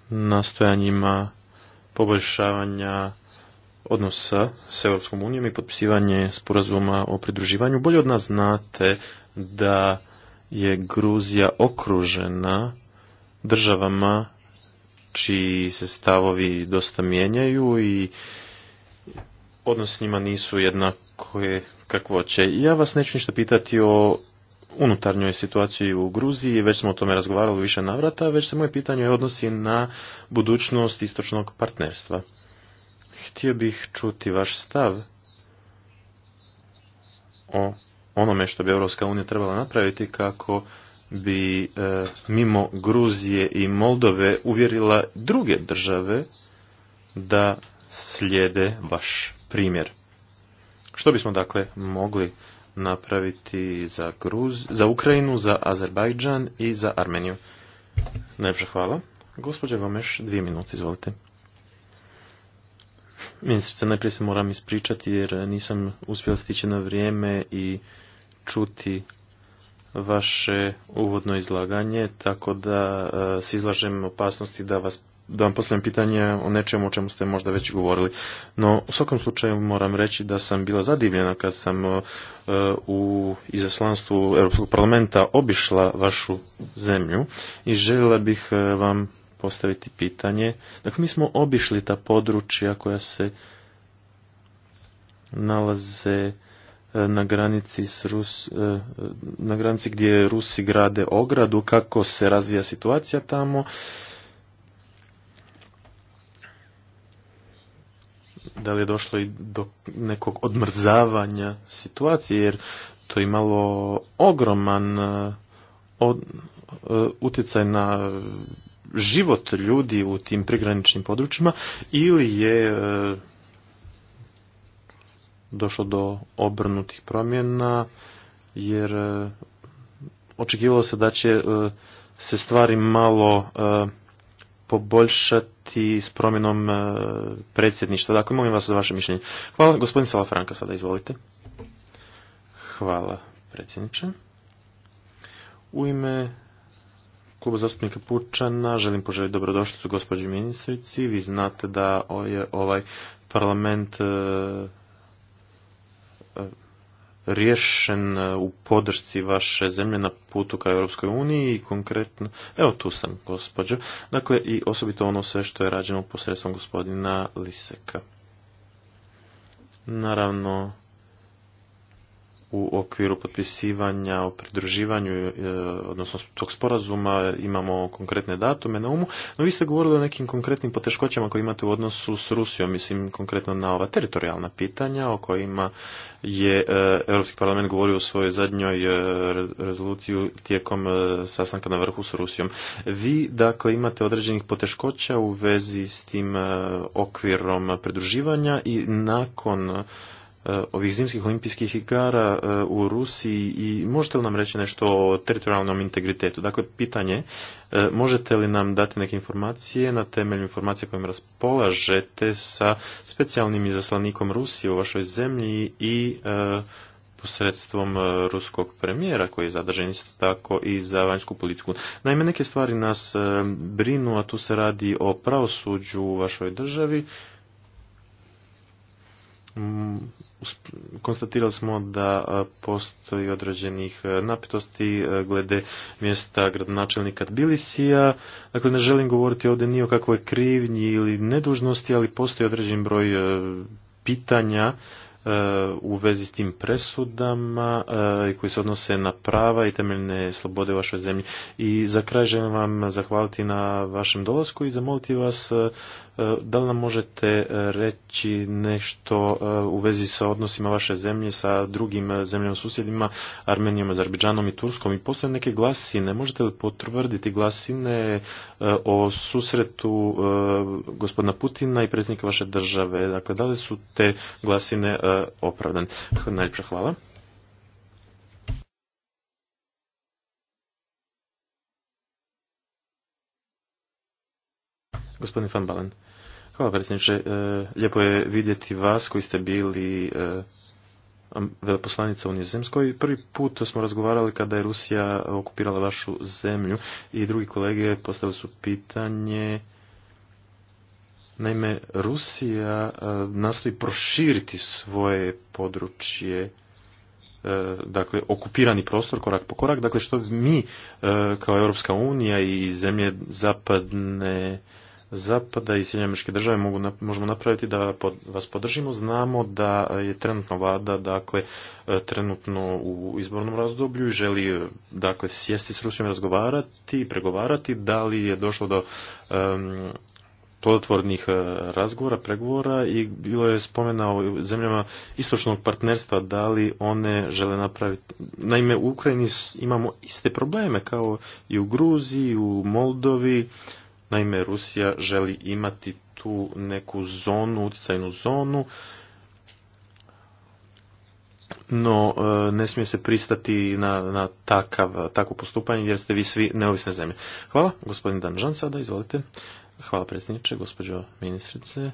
nastojanjima poboljšavanja odnosa s Europskom unijom i potpisivanje sporazuma o pridruživanju. Bolje od nas znate da je Gruzija okružena državama čiji se stavovi dosta mijenjaju i odnos s njima nisu jednako će. Ja vas neću ništa pitati o unutarnjoj situaciji u Gruziji, već smo o tome razgovarali više navrata, već se moje pitanje odnosi na budućnost istočnog partnerstva. Htio bih čuti vaš stav o onome što bi Europska unija trebala napraviti kako bi e, mimo Gruzije i Moldove uvjerila druge države da slijede vaš primjer. Što bismo dakle mogli napraviti za, Gruz, za Ukrajinu, za Azerbajdžan i za Armeniju. Najpša hvala. Gospođa još dvije minute, izvolite. Ministrice, najprije se moram ispričati jer nisam uspjela stići na vrijeme i čuti vaše uvodno izlaganje, tako da e, se izlažem opasnosti da vas da vam postavljam pitanje o nečemu o čemu ste možda već govorili. No, u svakom slučaju moram reći da sam bila zadivljena kad sam e, u izaslanstvu Europskog parlamenta obišla vašu zemlju i željela bih e, vam postaviti pitanje. Dakle, mi smo obišli ta područja koja se nalaze e, na granici s Rus, na granici gdje Rusi grade ogradu, kako se razvija situacija tamo da li je došlo i do nekog odmrzavanja situacije, jer to je imalo ogroman e, e, utjecaj na život ljudi u tim prigraničnim područjima ili je e, došlo do obrnutih promjena jer očekivalo se da će se stvari malo poboljšati s promjenom e, predsjedništva. Dakle, molim vas za vaše mišljenje. Hvala. Gospodin Salafranka sada, izvolite. Hvala, predsjedniče. U ime Kluba zastupnika Pučana želim poželiti dobrodošlicu gospođi ministrici. Vi znate da je ovaj parlament e, rješen e, u podršci vaše zemlje na putu ka Europskoj uniji i konkretno, evo tu sam gospođo, dakle i osobito ono sve što je rađeno posredstvom gospodina Liseka. Naravno, u okviru potpisivanja o pridruživanju, e, odnosno tog sporazuma, imamo konkretne datume na umu, no vi ste govorili o nekim konkretnim poteškoćama koje imate u odnosu s Rusijom, mislim konkretno na ova teritorijalna pitanja o kojima je e, Europski parlament govorio u svojoj zadnjoj e, rezoluciji tijekom sastanka na vrhu s Rusijom. Vi, dakle, imate određenih poteškoća u vezi s tim okvirom pridruživanja i nakon E, ovih zimskih olimpijskih igara e, u Rusiji i možete li nam reći nešto o teritorijalnom integritetu? Dakle, pitanje, e, možete li nam dati neke informacije na temelju informacija kojim raspolažete sa specijalnim izaslanikom Rusije u vašoj zemlji i posredstvom ruskog premijera koji je zadržen isto tako i za vanjsku politiku. Naime, neke stvari nas brinu, a tu se radi o pravosuđu u vašoj državi konstatirali smo da postoji određenih napetosti glede mjesta gradonačelnika Tbilisija. Dakle, ne želim govoriti ovdje ni o kakvoj krivnji ili nedužnosti, ali postoji određen broj pitanja u vezi s tim presudama koji se odnose na prava i temeljne slobode u vašoj zemlji. I za kraj želim vam zahvaliti na vašem dolasku i zamoliti vas E, da li nam možete e, reći nešto e, u vezi sa odnosima vaše zemlje sa drugim zemljama susjedima, Armenijom, Azerbeđanom i Turskom? I postoje neke glasine, možete li potvrditi glasine o susretu gospodina Putina i predsjednika vaše države? Dakle, da li su te glasine opravdane? Najljepša hvala. Gospodin Van Balen. Hvala predsjedniče. E, lijepo je vidjeti vas koji ste bili e, veleposlanica u Nizozemskoj. Prvi put smo razgovarali kada je Rusija okupirala vašu zemlju i drugi kolege postavili su pitanje Naime, Rusija e, nastoji proširiti svoje područje dakle okupirani prostor korak po korak, dakle što mi kao Europska unija i zemlje zapadne Zapada i SAD države mogu, možemo napraviti da vas podržimo. Znamo da je trenutno vlada dakle, e, trenutno u izbornom razdoblju i želi e, dakle, sjesti s Rusijom razgovarati i pregovarati. Da li je došlo do um, plodotvornih e, razgovora, pregovora i bilo je spomena o zemljama istočnog partnerstva, da li one žele napraviti. Naime, u Ukrajini imamo iste probleme kao i u Gruziji, u Moldovi, Naime, Rusija želi imati tu neku zonu, utjecajnu zonu, no e, ne smije se pristati na, na takav, takvo postupanje jer ste vi svi neovisne zemlje. Hvala, gospodin Danžan, sada izvolite. Hvala predsjedniče, gospođo ministrice,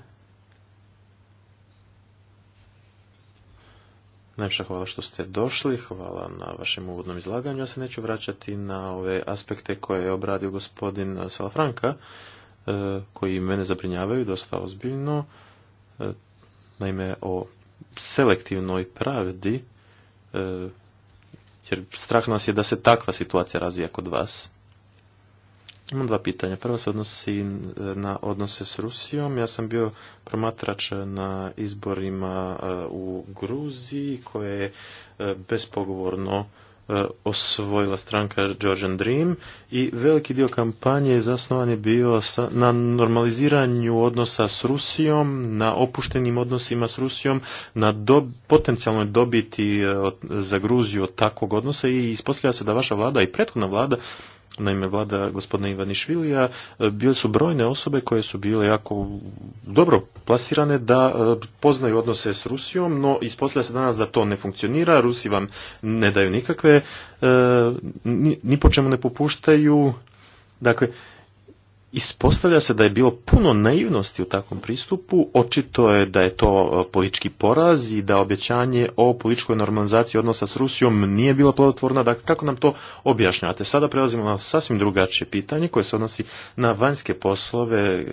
Najpša hvala što ste došli, hvala na vašem uvodnom izlaganju. Ja se neću vraćati na ove aspekte koje je obradio gospodin Salafranka, e, koji mene zabrinjavaju dosta ozbiljno. E, naime, o selektivnoj pravdi, e, jer strah nas je da se takva situacija razvija kod vas. Imam dva pitanja. Prvo se odnosi e, na odnose s Rusijom. Ja sam bio promatrač na izborima e, u Gruziji koje je e, bespogovorno osvojila stranka Georgian Dream i veliki dio kampanje zasnovan je bio na normaliziranju odnosa s Rusijom, na opuštenim odnosima s Rusijom, na do, potencijalnoj dobiti za Gruziju od takvog odnosa i ispostavlja se da vaša vlada i prethodna vlada naime vlada gospodina Ivanišvilija, e, bile su brojne osobe koje su bile jako dobro plasirane da e, poznaju odnose s Rusijom, no ispostavlja se danas da to ne funkcionira, Rusi vam ne daju nikakve, e, ni po čemu ne popuštaju, dakle Ispostavlja se da je bilo puno naivnosti u takvom pristupu, očito je da je to e, politički poraz i da obećanje o političkoj normalizaciji odnosa s Rusijom nije bilo plodotvorno, dakle kako nam to objašnjavate. Sada prelazimo na sasvim drugačije pitanje koje se odnosi na vanjske poslove e,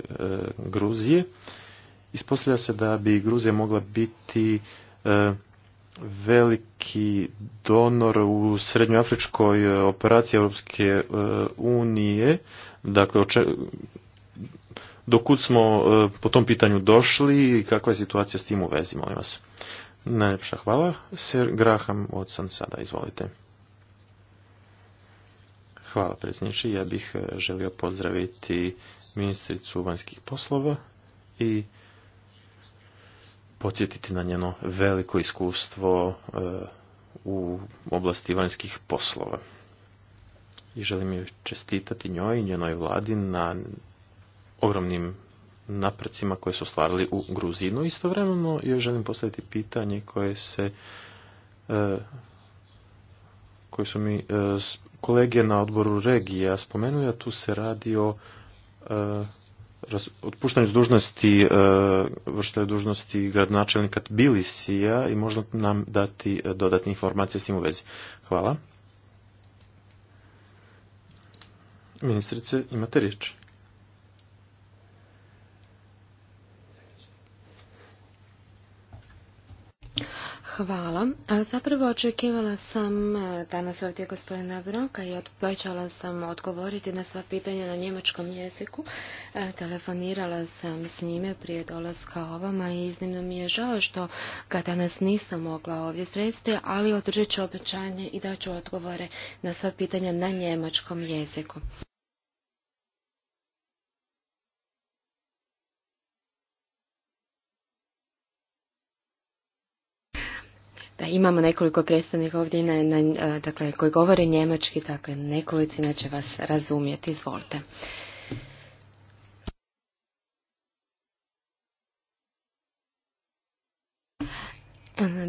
Gruzije. Ispostavlja se da bi Gruzija mogla biti e, velik neki donor u srednjoafričkoj e, operaciji Europske e, unije. Dakle, dokud smo e, po tom pitanju došli i kakva je situacija s tim u vezi, molim vas. Najljepša hvala. Sir Graham Watson, sada izvolite. Hvala predsjedniče. Ja bih želio pozdraviti ministricu vanjskih poslova i podsjetiti na njeno veliko iskustvo eh, u oblasti vanjskih poslova. I želim joj čestitati njoj i njenoj vladi na ogromnim naprecima koje su stvarili u Gruzinu. istovremeno joj želim postaviti pitanje koje se eh, koje su mi eh, kolege na odboru regija spomenuli, a tu se radi o otpuštanju dužnosti e, vršitelju dužnosti gradonačelnika Tbilisija i možda nam dati e, dodatne informacije s tim u vezi. Hvala. Ministrice, imate riječ.
Hvala. Zapravo očekivala sam e, danas ovdje gospodina Broka i obećala sam odgovoriti na sva pitanja na njemačkom jeziku. E, telefonirala sam s njime prije dolaska ovama i iznimno mi je žao što ga danas nisam mogla ovdje sresti, ali održit ću obećanje i daću odgovore na sva pitanja na njemačkom jeziku. Imamo nekoliko predstavnika ovdje na, na, e, dakle, koji govore njemački, dakle nekolici neće vas razumjeti. Izvolite.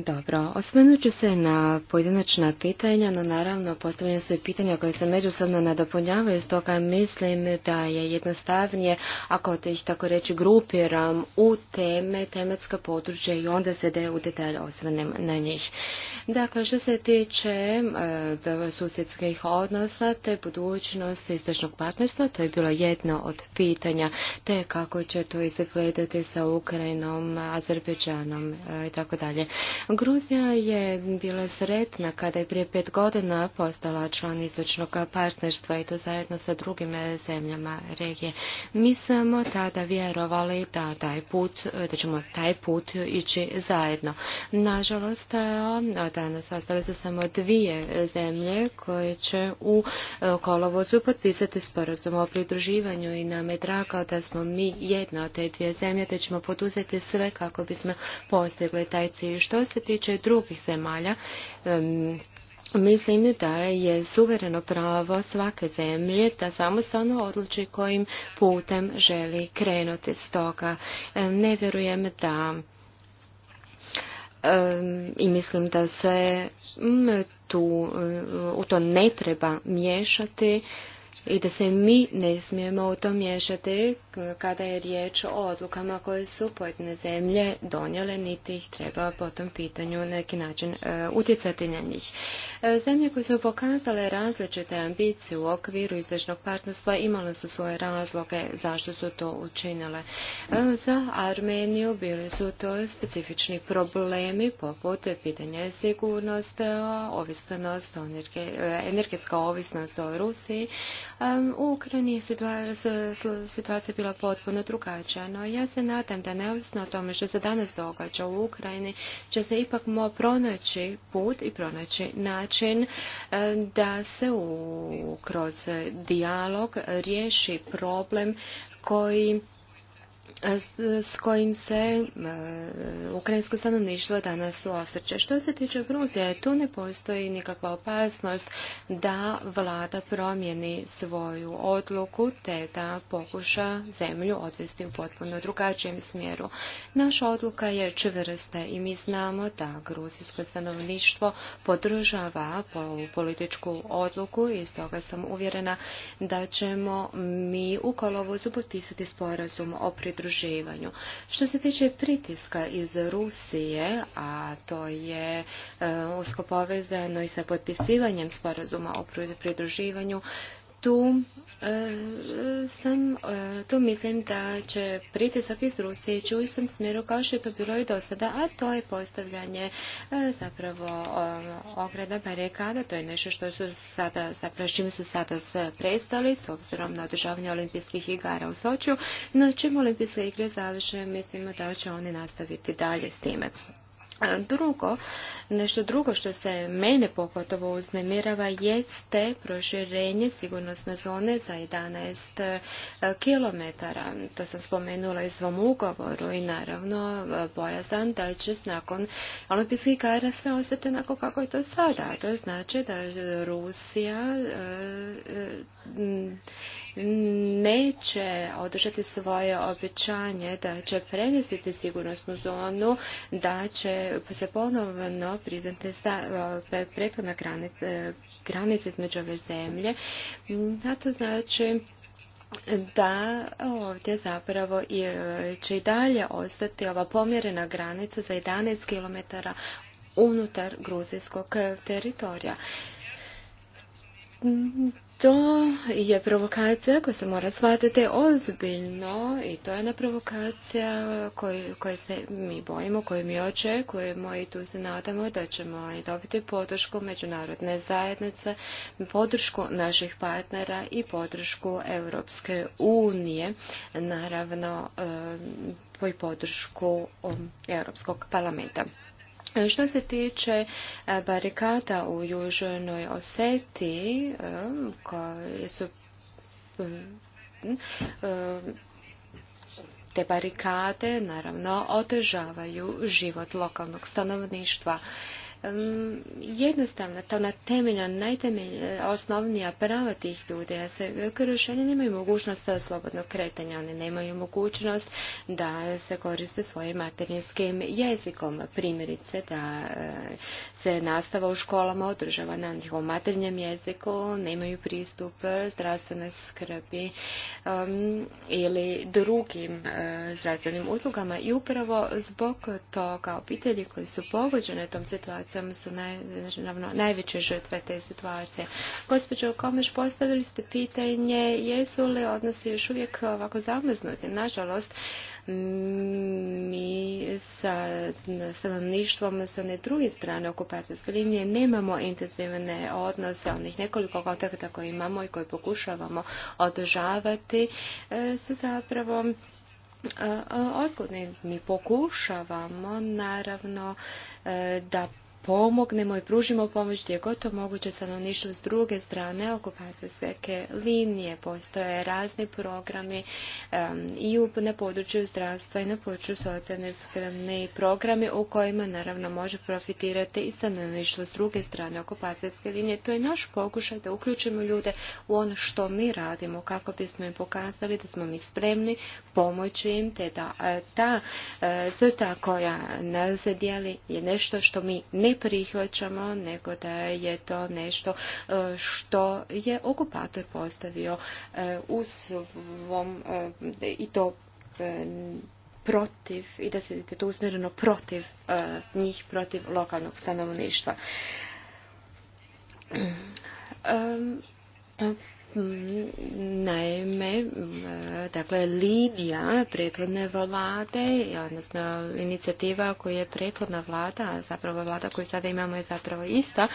Dobro, osmenut se na pojedinačna pitanja, no naravno postavljaju se pitanja koje se međusobno nadopunjavaju, stoga mislim da je jednostavnije, ako te ih tako reći grupiram u teme, tematska područja i onda se de u detalj osvrnem na njih. Dakle, što se tiče e, susjedskih odnosa te budućnosti istočnog partnerstva, to je bilo jedno od pitanja, te kako će to izgledati sa Ukrajinom, Azerbeđanom e, i tako dalje. Gruzija je bila sretna kada je prije pet godina postala član istočnog partnerstva i to zajedno sa drugim zemljama regije. Mi smo tada vjerovali da, taj put, da ćemo taj put ići zajedno. Nažalost, danas ostale su samo dvije zemlje koje će u e, kolovozu potpisati sporazum o pridruživanju i nam je drago da smo mi jedna od te dvije zemlje, te ćemo poduzeti sve kako bismo postigli taj cilj što se tiče drugih zemalja, Mislim da je suvereno pravo svake zemlje da samostalno odluči kojim putem želi krenuti. Stoga ne vjerujem da i mislim da se tu u to ne treba miješati i da se mi ne smijemo u to miješati kada je riječ o odlukama koje su pojedine zemlje donijele, niti ih treba po tom pitanju na neki način e, utjecati na njih. E, zemlje koje su pokazale različite ambicije u okviru istražnog partnerstva imale su svoje razloge zašto su to učinile. E, za Armeniju bili su to specifični problemi poput pitanja sigurnost, ovisnost, energetska ovisnost o Rusiji, u Ukrajini je situacija bila potpuno drugačija, no ja se nadam da neovisno o tome što se danas događa u Ukrajini, će se ipak mo pronaći put i pronaći način da se kroz dijalog riješi problem koji s kojim se e, ukrajinsko stanovništvo danas osjeća. Što se tiče Gruzije, tu ne postoji nikakva opasnost da vlada promijeni svoju odluku te da pokuša zemlju odvesti u potpuno drugačijem smjeru. Naša odluka je čvrsta i mi znamo da gruzijsko stanovništvo podržava političku odluku i stoga sam uvjerena da ćemo mi u kolovozu potpisati sporazum o pridruženju što se tiče pritiska iz Rusije, a to je e, usko povezano i sa potpisivanjem sporazuma o pridruživanju, tu e, sam, e, tu mislim da će pritisak iz Rusije ići u istom smjeru kao što je to bilo i do sada, a to je postavljanje e, zapravo ograda barikada, to je nešto što su sada, zapravo čim su sada prestali s obzirom na održavanje olimpijskih igara u Sočiju, no čim olimpijske igre završe mislimo da će oni nastaviti dalje s time. Drugo, nešto drugo što se mene pogotovo uznemirava jeste proširenje sigurnosne zone za 11 e, km. To sam spomenula i svom ugovoru i naravno e, bojazan da će nakon olimpijskih igara sve ostati onako kako je to sada. To znači da Rusija e, neće održati svoje obećanje da će premjestiti sigurnosnu zonu, da će se ponovno priznati prethodna e, granica između ove zemlje. A to znači da ovdje zapravo e, će i dalje ostati ova pomjerena granica za 11 km unutar gruzijskog e, teritorija to je provokacija koja se mora shvatiti ozbiljno i to je ona provokacija koju, koje se mi bojimo, koju mi očekujemo i tu se nadamo da ćemo i dobiti podršku međunarodne zajednice, podršku naših partnera i podršku Europske unije, naravno e, i podršku um, Europskog parlamenta. Što se tiče e, barikada u Južnoj Oseti, e, koje su e, te barikade naravno otežavaju život lokalnog stanovništva jednostavna, ta na temeljna, najtemeljna, osnovnija prava tih ljudi, a se krušenje nemaju mogućnost slobodnog kretanja, oni nemaju mogućnost da se koriste svojim materinskim jezikom, primjerice da e, se nastava u školama održava na njihovom maternjem jeziku, nemaju pristup zdravstvenoj skrbi ili drugim e, zdravstvenim uslugama i upravo zbog toga obitelji koji su pogođene tom situacijom djecom su najveće žrtve te situacije. Gospođo Komeš, postavili ste pitanje jesu li odnosi još uvijek ovako zamrznuti. Nažalost, mi sa stanovništvom sa ne druge strane okupacijske linije nemamo intenzivne odnose, onih nekoliko kontakta koje imamo i koje pokušavamo održavati e, su zapravo e, e, oskudni. Mi pokušavamo naravno da pomognemo i pružimo pomoć gdje god to moguće stanovništvo s druge strane okupacijske linije. Postoje razni programi i na području zdravstva i na području socijalne skrne i programe u kojima naravno može profitirati i stanovništvo s druge strane okupacijske linije. To je naš pokušaj da uključimo ljude u ono što mi radimo kako bismo im pokazali da smo mi spremni pomoći im te da e, ta e, crta koja nas dijeli je nešto što mi ne prihvaćamo, nego da je to nešto e, što je okupator postavio e, u svom e, i to protiv i da se to usmjereno protiv njih, protiv lokalnog stanovništva. Naime, e, dakle, linija prethodne vlade, odnosno inicijativa koju je prethodna vlada, zapravo vlada koju sada imamo je zapravo ista,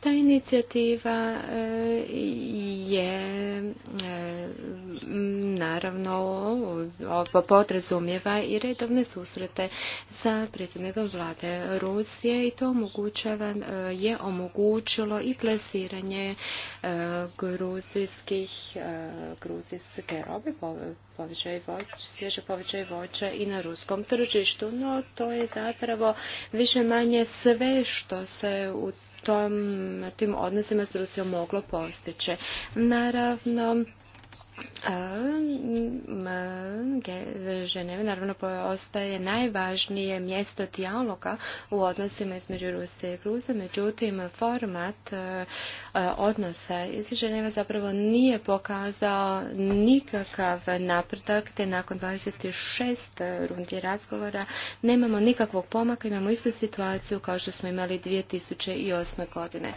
ta inicijativa e, je e, naravno podrazumijeva i redovne susrete sa predsjednikom vlade Rusije i to omogućava, je omogućilo i plasiranje gruzijske gruzijskih, e, gruzijske robe, povećaj svježe povećaj voća i na ruskom tržištu. No, to je zapravo više manje sve što se u tom, tim odnosima s Rusijom moglo postići. Naravno, Ženeva naravno ostaje najvažnije mjesto dijaloga u odnosima između Rusije i Gruze, međutim format e, e, odnosa iz Ženeva zapravo nije pokazao nikakav napredak, te nakon 26 rundi razgovora nemamo nikakvog pomaka, imamo istu situaciju kao što smo imali 2008. godine.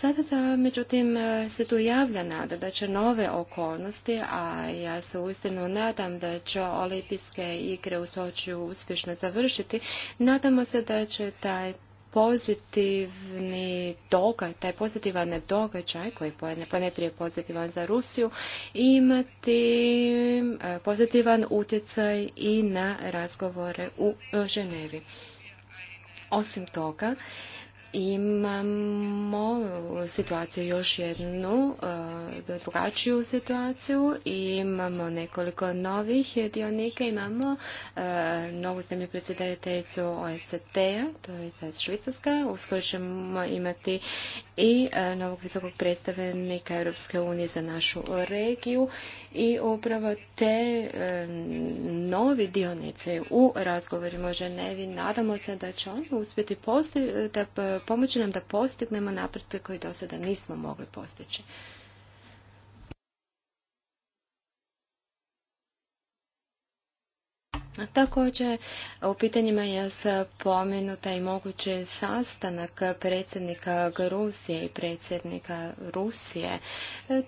Sada da, međutim, e, se tu javlja nada da će nove okolnosti, a ja se uistinu nadam da će olimpijske igre u Sočiju uspješno završiti, nadamo se da će taj pozitivni događaj, taj pozitivan događaj koji je poneprije pozitivan za Rusiju, imati e, pozitivan utjecaj i na razgovore u e, Ženevi. Osim toga, imamo situaciju još jednu, e, drugačiju situaciju. Imamo nekoliko novih dionika. Imamo e, novu zemlju predsjedateljicu oecd a to je sad Švicarska. Uskoro ćemo imati i e, novog visokog predstavnika Europske unije za našu regiju i upravo te e, novi dionice u razgovorima o Ženevi nadamo se da će oni uspjeti da pomoći nam da postignemo napretke koje do sada nismo mogli postići. Također, u pitanjima je spomenuta i mogući sastanak predsjednika Gruzije i predsjednika Rusije.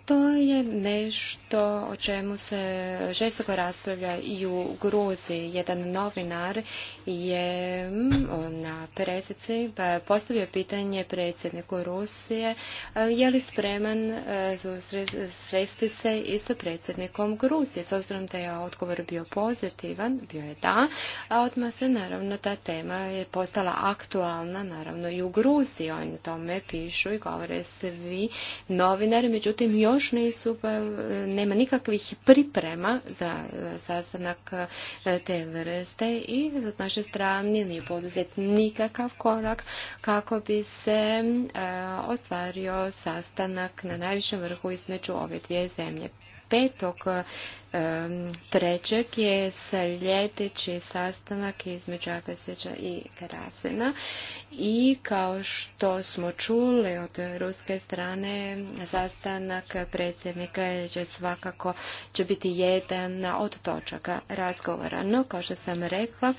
To je nešto o čemu se žestoko raspravlja i u Gruziji. Jedan novinar je mm, na presici pa postavio pitanje predsjedniku Rusije je li spreman e, sresti se i sa predsjednikom Gruzije. S obzirom da je odgovor bio pozitivan, je da, a odmah se naravno ta tema je postala aktualna, naravno i u Gruziji, oni tome pišu i govore svi novinari, međutim još nisu, pa, nema nikakvih priprema za e, sastanak e, te vrste i od naše strane nije poduzet nikakav korak kako bi se e, ostvario sastanak na najvišem vrhu između ove dvije zemlje. E, trećeg je sljedeći sastanak između Afasića i Karasina i kao što smo čuli od ruske strane sastanak predsjednika će svakako će biti jedan od točaka razgovora. No, kao što sam rekla,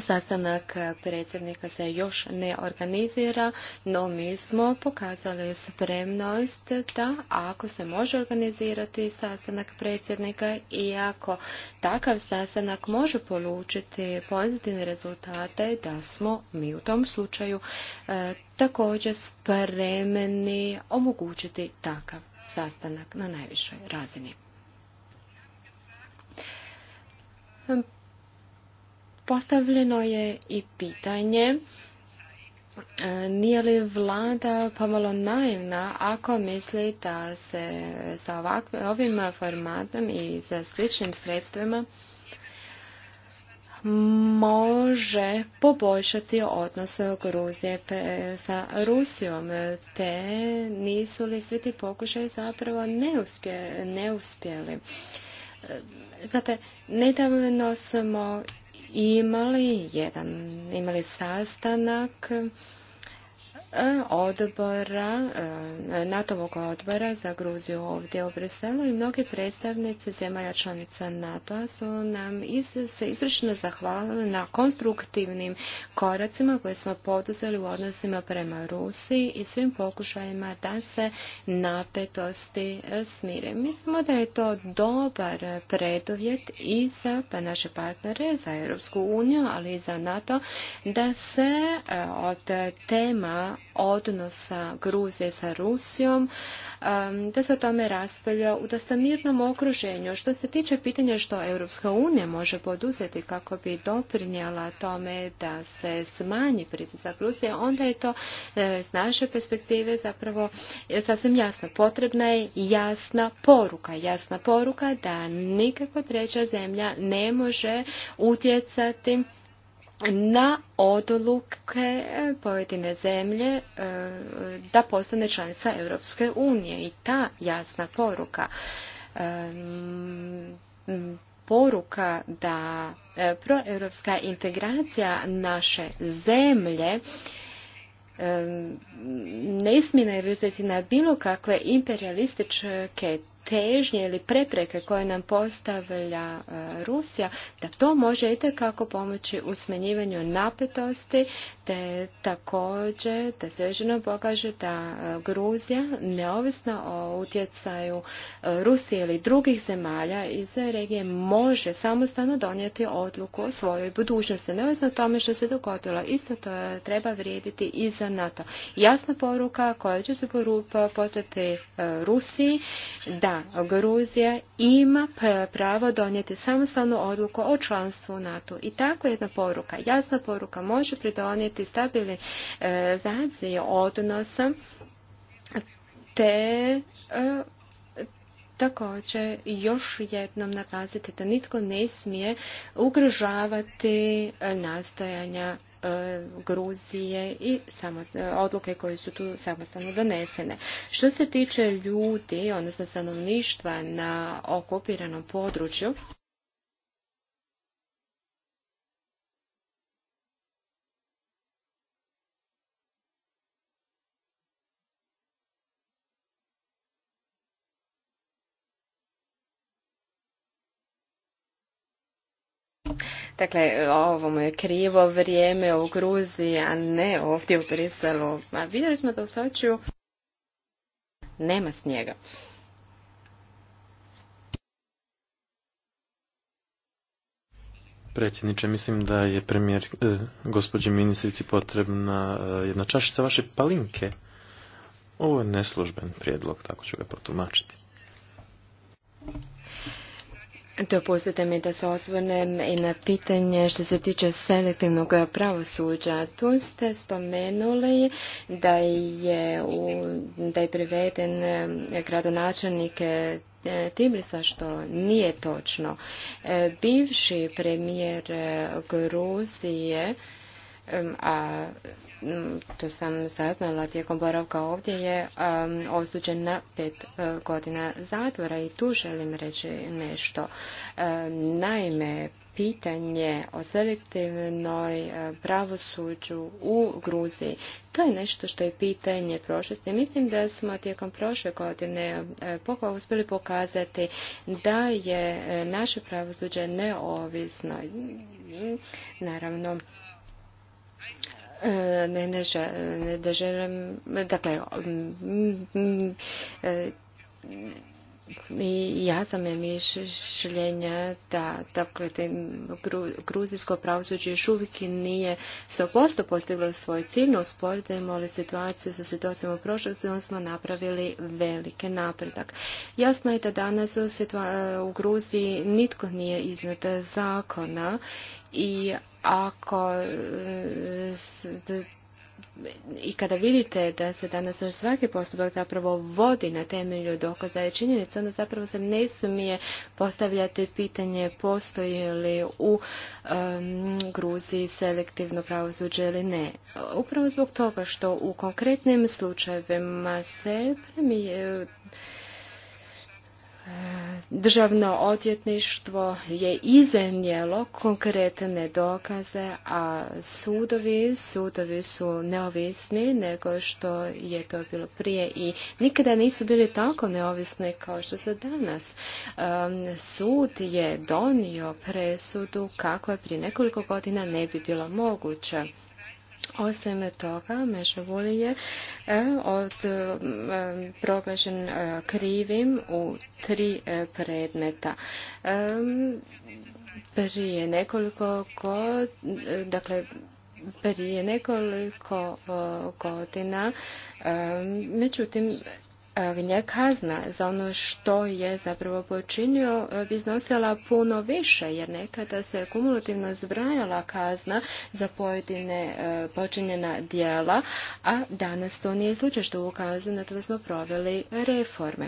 Sastanak predsjednika se još ne organizira, no mi smo pokazali spremnost da ako se može organizirati sastanak predsjednika i ako takav sastanak može polučiti pozitivne rezultate, da smo mi u tom slučaju e, također spremni omogućiti takav sastanak na najvišoj razini. Postavljeno je i pitanje e, nije li vlada pomalo naivna ako misli da se sa ovim formatom i sa sličnim sredstvima može poboljšati odnos Gruzije sa Rusijom, te nisu li svi ti pokušaji zapravo neuspjeli. Znate, nedavno smo imali jedan imali sastanak odbora, e, nato odbora za Gruziju ovdje u Briselu i mnoge predstavnici zemalja članica NATO-a su nam se izrečno zahvalili na konstruktivnim koracima koje smo poduzeli u odnosima prema Rusiji i svim pokušajima da se napetosti e, smire. Mislimo da je to dobar preduvjet i za naše partnere, za Europsku uniju, ali i za NATO, da se e, od tema odnosa Gruzije sa Rusijom, da se o tome raspravlja u dosta mirnom okruženju. Što se tiče pitanja što Europska unija može poduzeti kako bi doprinjela tome da se smanji pritisak Rusije, onda je to e, s naše perspektive zapravo sasvim jasno. Potrebna je jasna poruka. Jasna poruka da nikakva treća zemlja ne može utjecati na odluke pojedine zemlje e, da postane članica Europske unije. I ta jasna poruka, e, poruka da e, proeuropska integracija naše zemlje ne smije narizati na bilo kakve imperialističke težnje ili prepreke koje nam postavlja e, Rusija, da to može itekako pomoći u smanjivanju napetosti, te također da se ženo pokaže da e, Gruzija, neovisno o utjecaju e, Rusije ili drugih zemalja iz regije, može samostalno donijeti odluku o svojoj budućnosti. Neovisno o tome što se dogodilo, isto to treba vrijediti i za NATO. Jasna poruka koja će se poslati Rusiji da Gruzija ima pravo donijeti samostalnu odluku o članstvu u NATO. I tako jedna poruka, jasna poruka, može pridonijeti stabilizaciji e, odnosa te e, također još jednom naglasiti da nitko ne smije ugrožavati e, nastojanja E, Gruzije i e, odluke koje su tu samostalno donesene. Što se tiče ljudi, odnosno stanovništva na okupiranom području, Dakle, ovo mu je krivo vrijeme u Gruziji, a ne ovdje u Briselu. A vidjeli smo da u Sočiju nema snijega.
Predsjedniče, mislim da je premijer, eh, ministrici potrebna eh, jedna čašica vaše palinke. Ovo je neslužben prijedlog, tako ću ga protumačiti.
Dopustite mi da se osvrnem i na pitanje što se tiče selektivnog pravosuđa. Tu ste spomenuli da je, u, da je priveden eh, gradonačelnik eh, Tiblisa, što nije točno. Eh, bivši premijer Gruzije a to sam saznala tijekom boravka ovdje je osuđen na pet e, godina zatvora i tu želim reći nešto. Naime, pitanje o selektivnoj e, pravosuđu u Gruziji. To je nešto što je pitanje prošlosti. Mislim da smo tijekom prošle godine e, uspjeli pokazati da je naše pravosuđe neovisno. Naravno, E, ne, ne, ne želim, dakle, mm, mm, e, i ja sam je mišljenja da dakle, te gruzijsko pravosuđe još uvijek nije 100% postiglo svoj cilj, no usporedimo li situaciju sa situacijom u prošlosti, on smo napravili velike napredak. Jasno je da danas u, u Gruziji nitko nije iznad zakona i ako e, i kada vidite da se danas svaki postupak zapravo vodi na temelju dokaza i činjenica, onda zapravo se ne smije postavljati pitanje postoji li u Gruziji selektivno pravosuđe ili ne. Upravo zbog toga što u konkretnim slučajevima se premije Državno odvjetništvo je izenjelo konkretne dokaze, a sudovi, sudovi su neovisni nego što je to bilo prije i nikada nisu bili tako neovisni kao što su danas. sud je donio presudu kako je prije nekoliko godina ne bi bilo moguće. Osim toga, Mešavuli je e, od, e, proglašen e, krivim u tri predmeta. Prije nekoliko dakle, prije nekoliko godina, međutim, gnje kazna za ono što je zapravo počinio e, bi iznosila puno više, jer nekada se kumulativno zbrajala kazna za pojedine e, počinjena dijela, a danas to nije slučaj što ukazuje na to da smo proveli reforme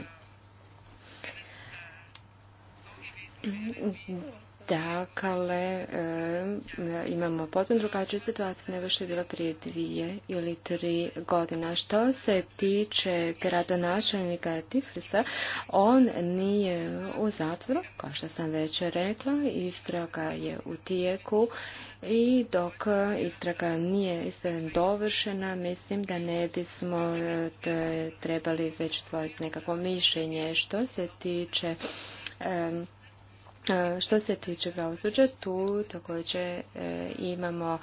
Dakle, eh, imamo potpuno drugačiju situaciju nego što je bila prije dvije ili tri godina. Što se tiče gradonačelnika Tifrisa, on nije u zatvoru, kao što sam već rekla, istraga je u tijeku i dok istraga nije dovršena, mislim da ne bismo eh, trebali već otvoriti nekako mišljenje. Što se tiče E, što se tiče pravosuđa, tu također e, imamo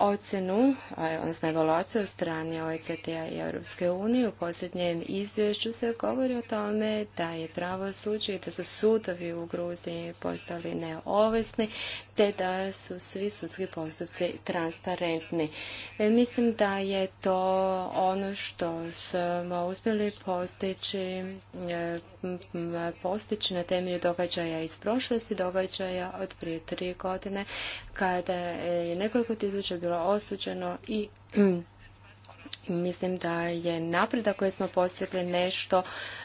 ocjenu, odnosno evaluaciju od strane OECD-a i Europske unije. U posljednjem izvješću se govori o tome da je pravo suđe i da su sudovi u Gruziji postali neovisni, te da su svi sudski postupci transparentni. E, mislim da je to ono što smo uspjeli postići, e, postići na temelju događaja iz prošlosti, događaja od prije tri godine kada je nekoliko tisuća bilo osuđeno i mislim da je napredak koji smo postigli nešto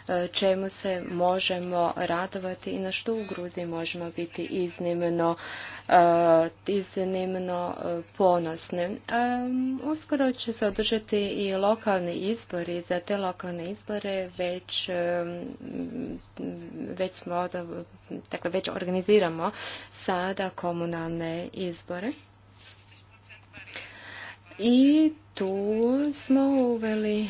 e, čemu se možemo radovati i na što u Gruziji možemo biti iznimno, e, iznimno e, ponosni. Uskoro će se održati i lokalni izbori. Za te lokalne izbore već, već smo, dakle, već organiziramo sada komunalne izbore. I tu smo uveli e,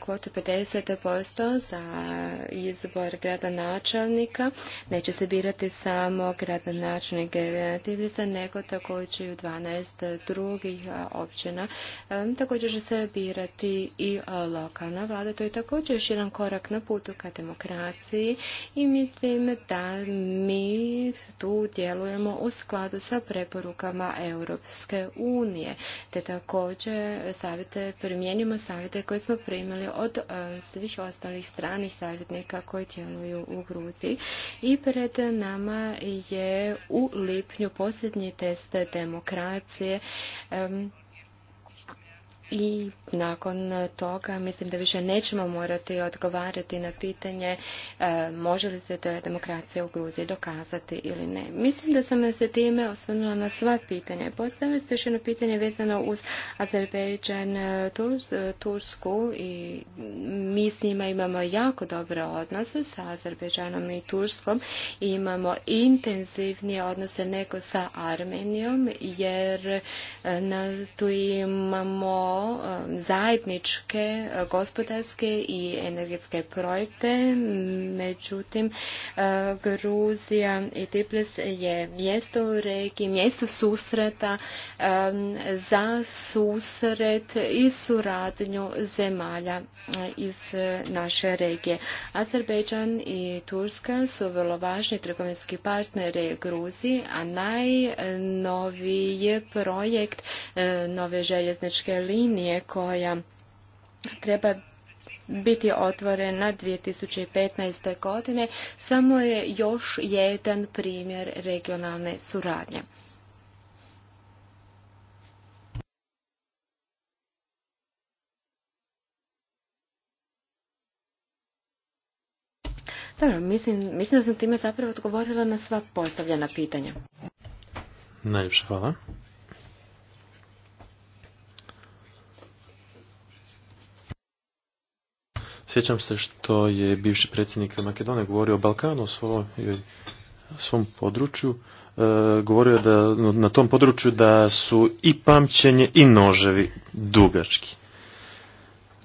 kvotu 50% za izbor grada načelnika. Neće se birati samo gradonačelnik Tivlisa, nego također i u 12 drugih e, općina. E, također će se birati i lokalna vlada. To je također još jedan korak na putu ka demokraciji i mislim da mi tu djelujemo u skladu sa preporukama Europske unije, te također savjete, primijenimo savjete koje smo primili od e, svih ostalih stranih savjetnika koji djeluju u Gruziji. I pred nama je u lipnju posljednji test demokracije i nakon toga mislim da više nećemo morati odgovarati na pitanje e, može li se da demokracija u Gruziji dokazati ili ne. Mislim da sam se time osvrnula na sva pitanja. Postavili ste još jedno pitanje vezano uz Azerbejdžan, e, e, Tursku i mi s njima imamo jako dobre odnose sa Azerbejdžanom i Turskom i imamo intenzivnije odnose nego sa Armenijom jer na, tu imamo zajedničke e, gospodarske i energetske projekte. Međutim, e, Gruzija i Tiples je mjesto u regiji, mjesto susreta za susret i suradnju zemalja e, iz naše regije. Azerbejdžan i Turska su vrlo važni trgovinski partneri Gruziji, a najnoviji projekt nove željezničke linije linije koja treba biti otvorena 2015. godine samo je još jedan primjer regionalne suradnje. Dobro, mislim, mislim da sam time zapravo odgovorila na sva postavljena pitanja.
Najljepša hvala. Sjećam se što je bivši predsjednik Makedonije govorio o Balkanu, o svojoj svom području e, govorio da na tom području da su i pamćenje i noževi dugački.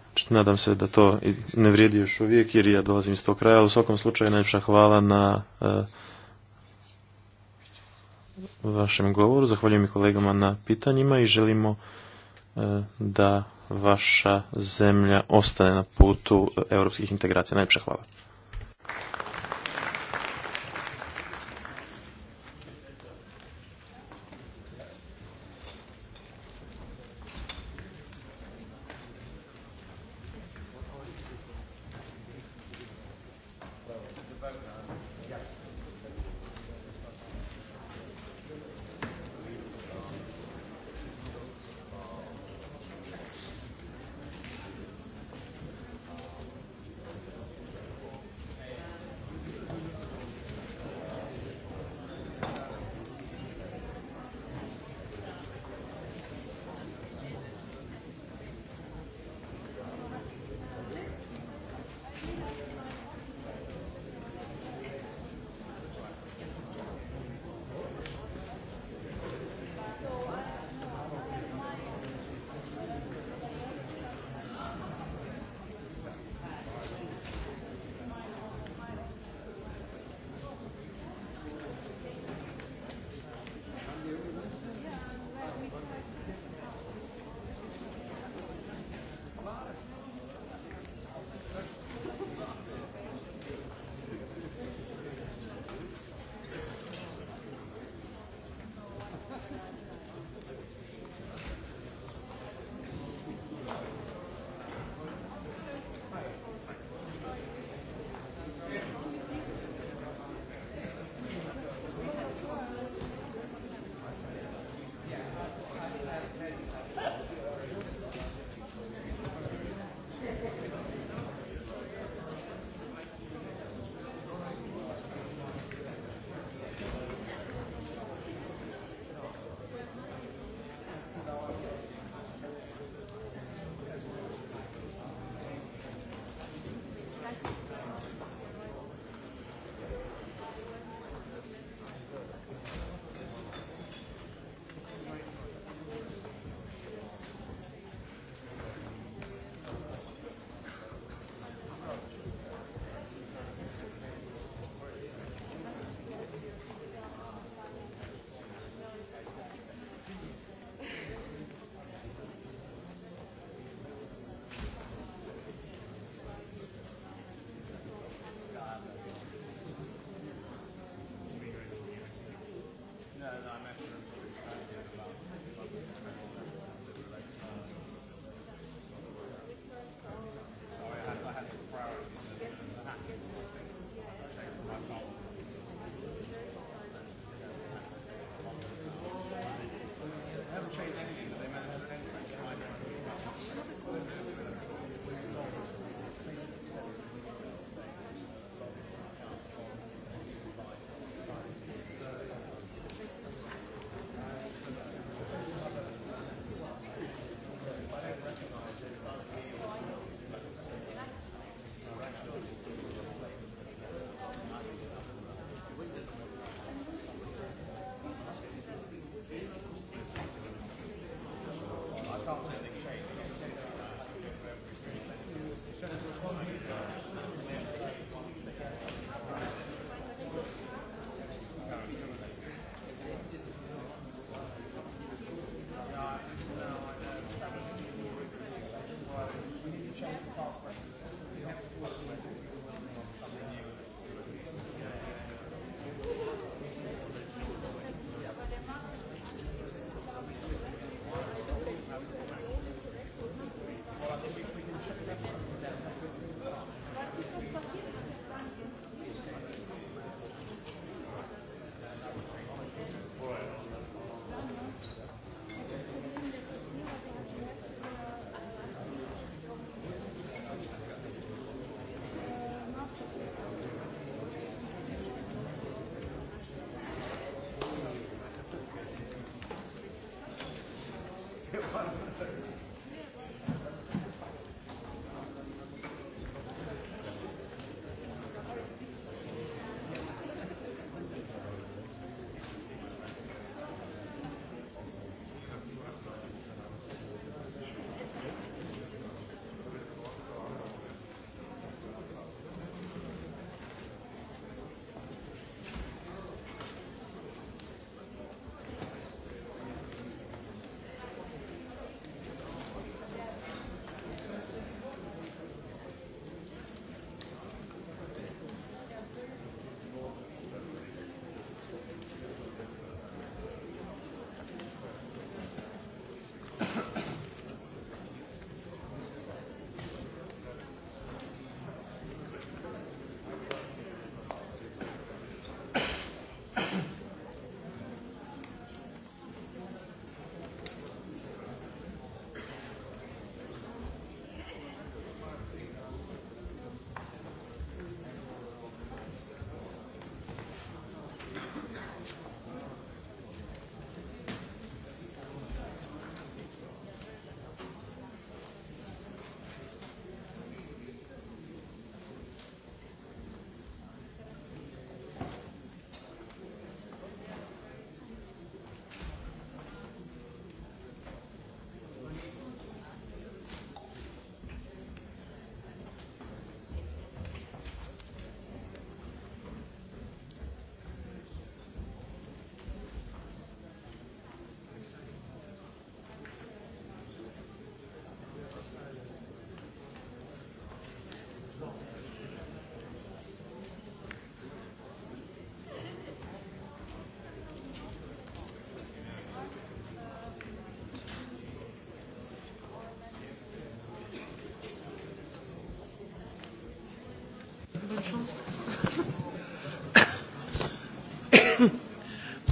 Znači, nadam se da to ne vrijedi još uvijek jer ja dolazim iz tog kraja, ali u svakom slučaju najljepša hvala na e, vašem govoru. Zahvaljujem i kolegama na pitanjima i želimo e, da vaša zemlja ostane na putu europskih integracija. Najprije hvala.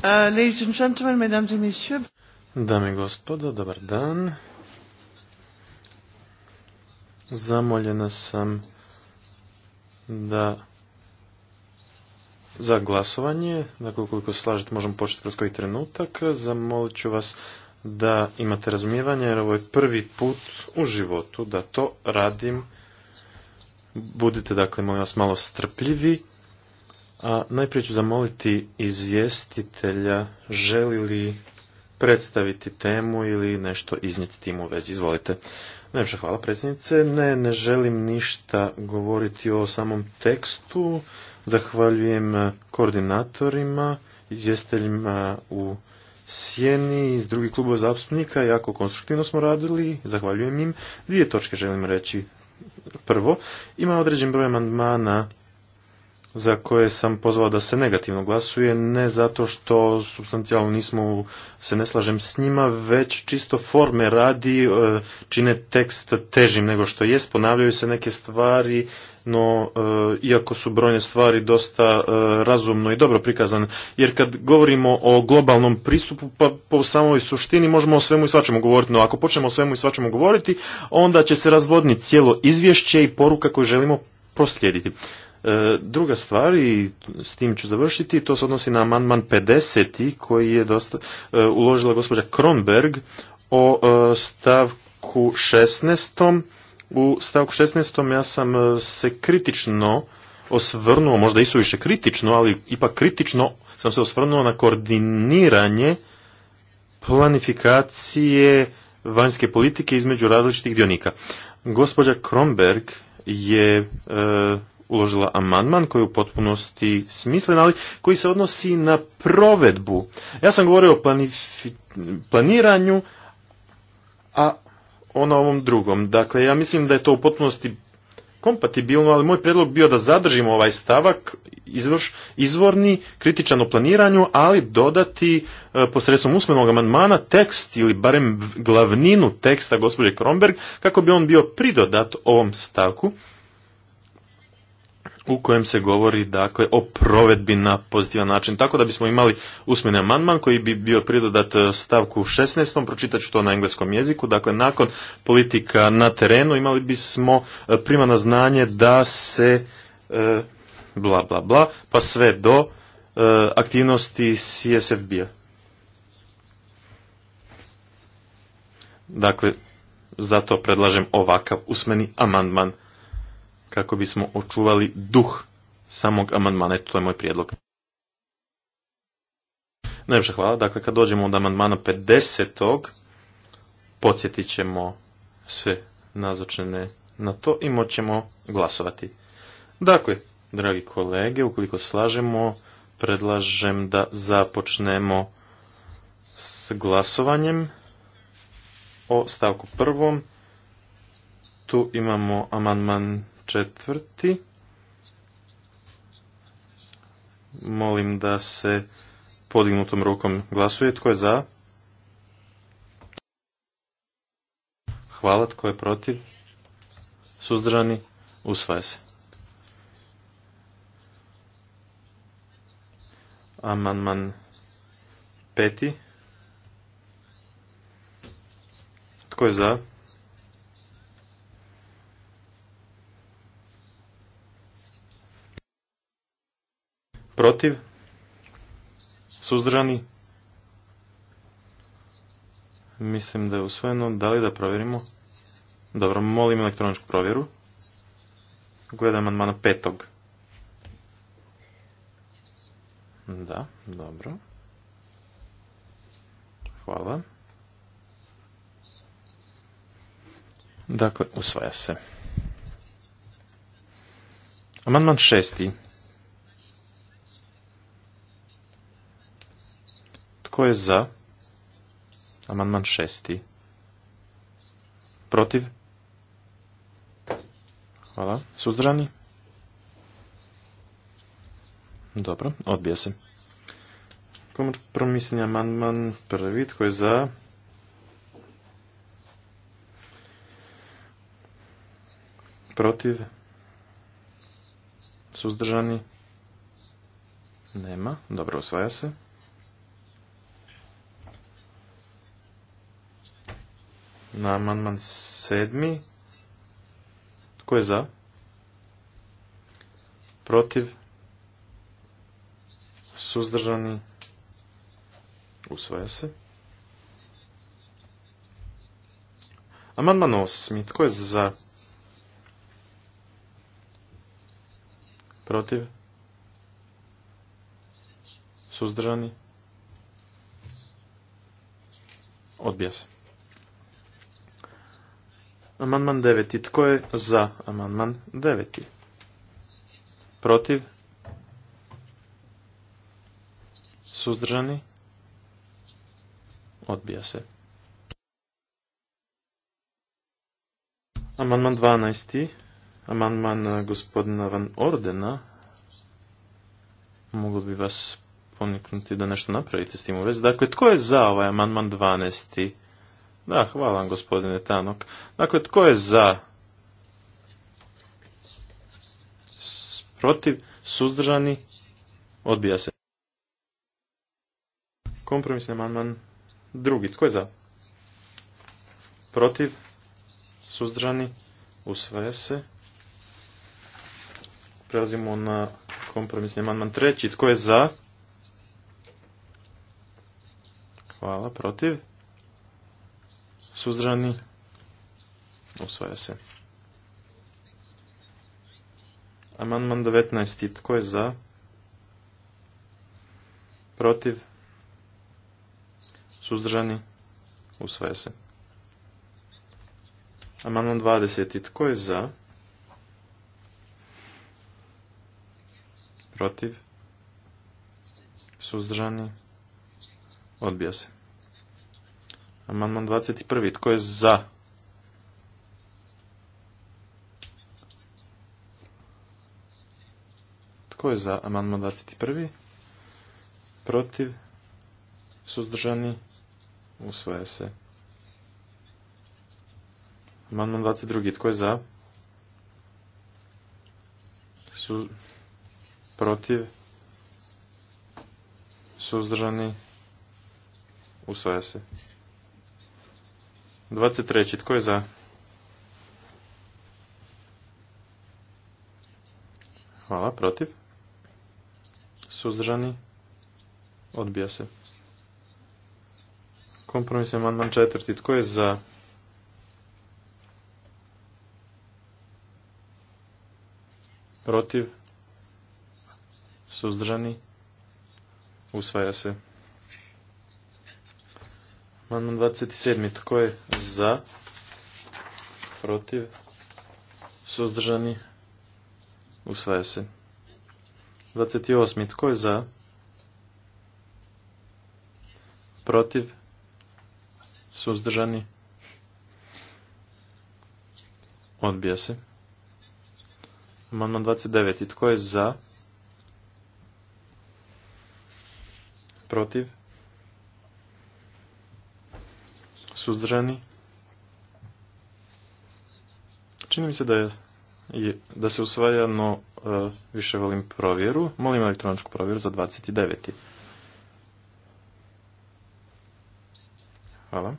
Uh, Dame i gospodo, dobar dan. Zamoljena sam da za glasovanje, dakle koliko slažete možemo početi kroz koji trenutak, zamolit ću vas da imate razumijevanje jer ovo je prvi put u životu da to radim. Budite dakle molim vas malo strpljivi a najprije ću zamoliti izvjestitelja želi li predstaviti temu ili nešto iznijeti tim u vezi. Izvolite. Najviše hvala predsjednice. Ne, ne želim ništa govoriti o samom tekstu. Zahvaljujem koordinatorima, izvjestiteljima u Sjeni iz drugih klubova zastupnika. Jako konstruktivno smo radili. Zahvaljujem im. Dvije točke želim reći. Prvo, ima određen broj amandmana za koje sam pozvao da se negativno glasuje, ne zato što substancijalno nismo, se ne slažem s njima, već čisto forme radi, e, čine tekst težim nego što jest, ponavljaju se neke stvari, no e, iako su brojne stvari dosta e, razumno i dobro prikazane, jer kad govorimo o globalnom pristupu, pa po samoj suštini možemo o svemu i svačemu govoriti, no ako počnemo o svemu i svačemu govoriti, onda će se razvodniti cijelo izvješće i poruka koju želimo proslijediti. E, druga stvar, i s tim ću završiti, to se odnosi na amandman 50. koji je dosta, e, uložila gospođa Kronberg o e, stavku 16. U stavku 16. ja sam se kritično osvrnuo, možda i suviše kritično, ali ipak kritično sam se osvrnuo na koordiniranje planifikacije vanjske politike između različitih dionika. Gospođa Kronberg je uložila amandman koji je u potpunosti smislen, ali koji se odnosi na provedbu. Ja sam govorio o planiranju, a ono ovom drugom. Dakle, ja mislim da je to u potpunosti kompatibilno, ali moj predlog bio da zadržimo ovaj stavak izvorni, kritičan o planiranju, ali dodati e, posredstvom usmenog amandmana tekst ili barem glavninu teksta gospođe Kromberg kako bi on bio pridodat ovom stavku u kojem se govori dakle o provedbi na pozitivan način. Tako da bismo imali usmeni amandman koji bi bio pridodat e, stavku 16. Pročitat ću to na engleskom jeziku. Dakle, nakon politika na terenu imali bismo e, prima na znanje da se e, bla bla bla pa sve do aktivnosti CSFB-a. Dakle, zato predlažem ovakav usmeni amandman kako bismo očuvali duh samog amandmana. Eto, to je moj prijedlog. Najljepša hvala. Dakle, kad dođemo od amandmana 50. podsjetit ćemo sve nazočene na to i moćemo glasovati. Dakle, dragi kolege, ukoliko slažemo, predlažem da započnemo s glasovanjem o stavku prvom. Tu imamo amandman četvrti. Molim da se podignutom rukom glasuje. Tko je za? Hvala. Tko je protiv? Suzdržani? Usvaja se. man peti. Tko je za? Protiv? Suzdržani? Mislim da je usvojeno. Da li da provjerimo? Dobro, molim elektroničku provjeru. Gledam amandmana petog. Da, dobro. Hvala. Dakle, usvaja se. Amandman šesti. Tko je za? Amandman šesti. Protiv? Hvala. Suzdržani? Dobro, odbija se. Kompromisni amandman prvi, tko je za? Protiv? Suzdržani? Nema. Dobro, osvaja se. na amandman sedmi. Tko je za? Protiv? Suzdržani? Usvaja se. Amandman osmi. Tko je za? Protiv? Suzdržani? Odbija se. Amandman deveti. Tko je za amandman deveti? Protiv? Suzdržani? Odbija se. Amandman 12. Amandman eh, gospodina Van Ordena. mogu bi vas poniknuti da nešto napravite s tim u Dakle, tko je za ovaj amandman 12. Da, hvala vam gospodine Tanok. Dakle, tko je za? Protiv? Suzdržani? Odbija se. Kompromisni amandman drugi. Tko je za? Protiv? Suzdržani? Usvaja se. Prelazimo na kompromisni amandman treći. Tko je za? Hvala. Protiv? Suzdržani? Usvaja se. Amandman 19. Tko je za? Protiv? Suzdržani? Usvaja se. Amandman 20. Tko je za? Protiv? Suzdržani? Odbija se. Amandman 21. Tko je za? Tko je za amandman 21? Protiv? Suzdržani? Usvaja se. Amandman 22. Tko je za? Protiv? Suzdržani? Usvaja se. 23. Tko je za? Hvala. Protiv? Suzdržani? Odbija se. Kompromis je manman četvrti. Tko je za? Protiv? Suzdržani? Usvaja se. Amandman 27. Tko je za? Protiv? Suzdržani? Usvaja se. 28. Tko je za? Protiv? Suzdržani? Odbija se. Amandman 29. Tko je za? Protiv? Suzdržani? Čini mi se da je da se usvaja, no e, više volim provjeru. Molim elektroničku provjeru za 29. Hvala.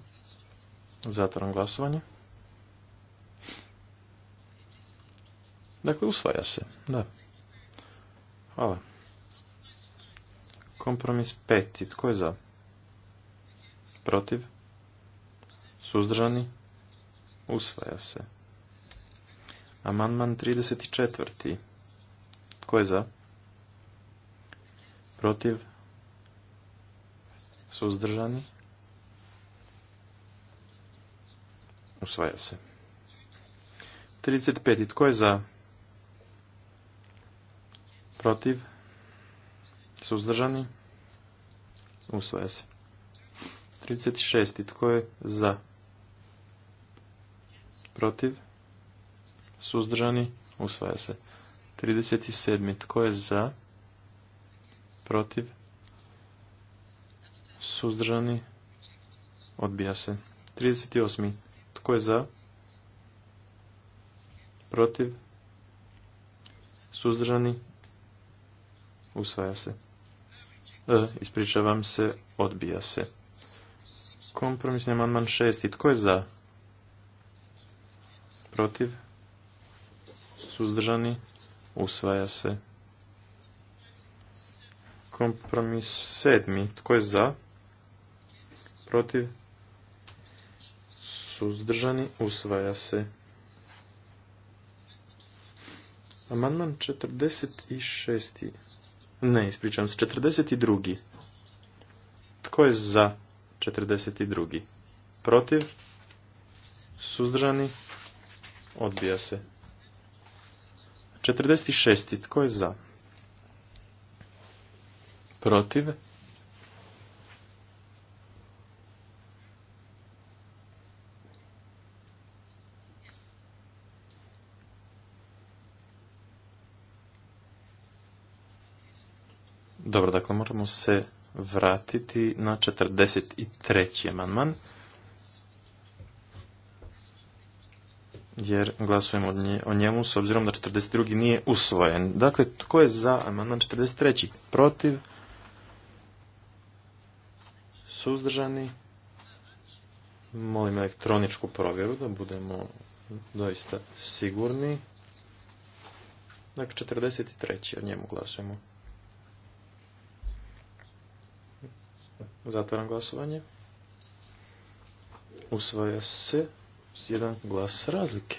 Zatvaram glasovanje. Dakle, usvaja se. Da. Hvala. Kompromis peti. Tko je za? Protiv? Suzdržani? Usvaja se. Amandman 34. Tko je za? Protiv? Suzdržani? Usvaja se. 35. Tko je za? Protiv? Suzdržani? Usvaja se. 36. Tko je za? protiv, suzdržani, usvaja se. 37. Tko je za, protiv, suzdržani, odbija se. 38. Tko je za, protiv, suzdržani, usvaja se. E, ispričavam se, odbija se. Kompromisni amandman šesti. Tko je za? protiv, suzdržani, usvaja se. Kompromis sedmi, tko je za, protiv, suzdržani, usvaja se. Amandman 46. Ne, ispričavam se, 42. Tko je za 42. Protiv? Suzdržani? Odbija se. 46. Tko je za? Protiv? Dobro, dakle moramo se vratiti na 43. amandman. jer glasujemo o njemu s obzirom da 42. nije usvojen. Dakle, tko je za amandman 43. protiv? Suzdržani? Molim elektroničku provjeru da budemo doista sigurni. Dakle, 43. o njemu glasujemo. Zatvaram glasovanje. Usvoja se s jedan glas razlike.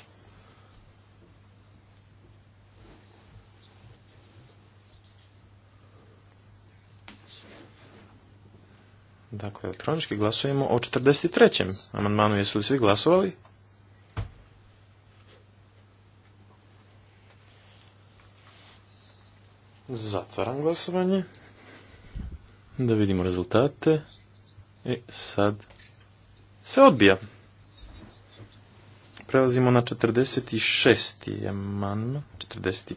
Dakle, elektronički glasujemo o 43. amandmanu. Jesu li svi glasovali? Zatvaram glasovanje. Da vidimo rezultate. I e, sad se odbija prelazimo na 46. amandman, 45.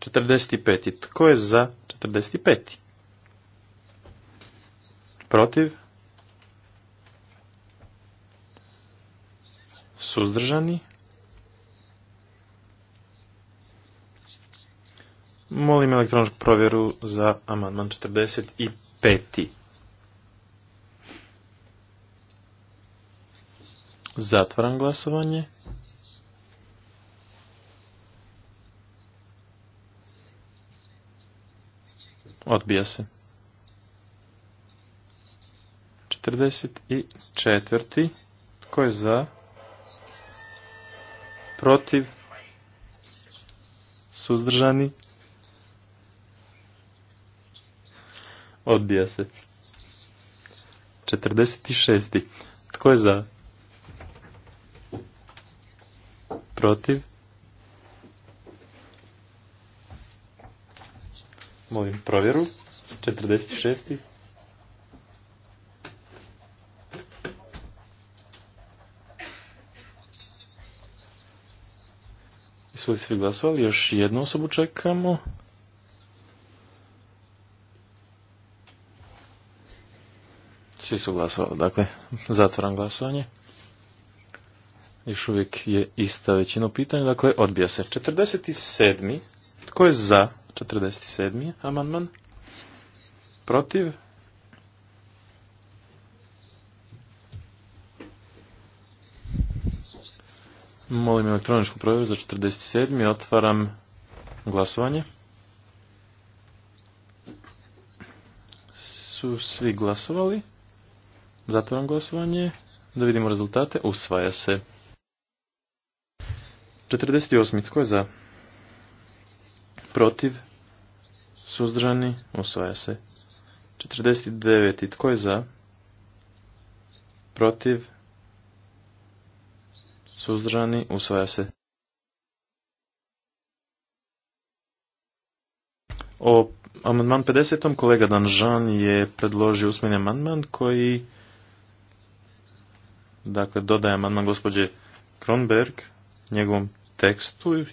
45. Tko je za 45. Protiv? Suzdržani? Molim elektroničku provjeru za amandman 45. Zatvaram glasovanje. Odbija se. 44. Tko je za? Protiv? Suzdržani? Odbija se. 46. Tko je za? protiv. Molim provjeru. 46. Jesu li svi glasovali? Još jednu osobu čekamo. Svi su glasovali. Dakle, zatvoram glasovanje. Još uvijek je ista većina pitanja dakle odbija se. 47. Tko je za 47. amandman? Protiv? Molim elektroničku provjeru za 47. Otvaram glasovanje. Su svi glasovali? Zatvaram glasovanje. Da vidimo rezultate. Usvaja se. 48. Tko je za? Protiv? Suzdržani? Usvaja se. 49. Tko je za? Protiv? Suzdržani? Usvaja se. O amandman 50. kolega Danžan je predložio usmeni amandman koji dakle dodaje amandman gospođe Kronberg njegovom tekstu,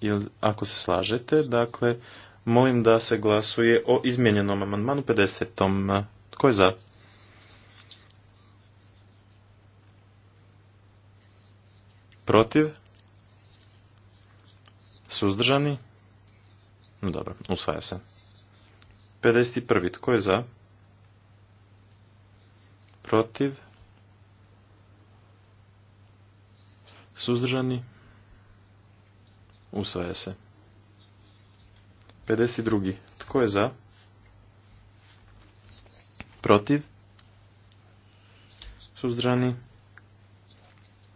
jer ako se slažete, dakle, molim da se glasuje o izmijenjenom amandmanu 50. Tko je za? Protiv? Suzdržani? Dobro, usvaja se. 51. Tko je za? Protiv? Suzdržani? Usvaja se. 52. Tko je za? Protiv? Suzdržani?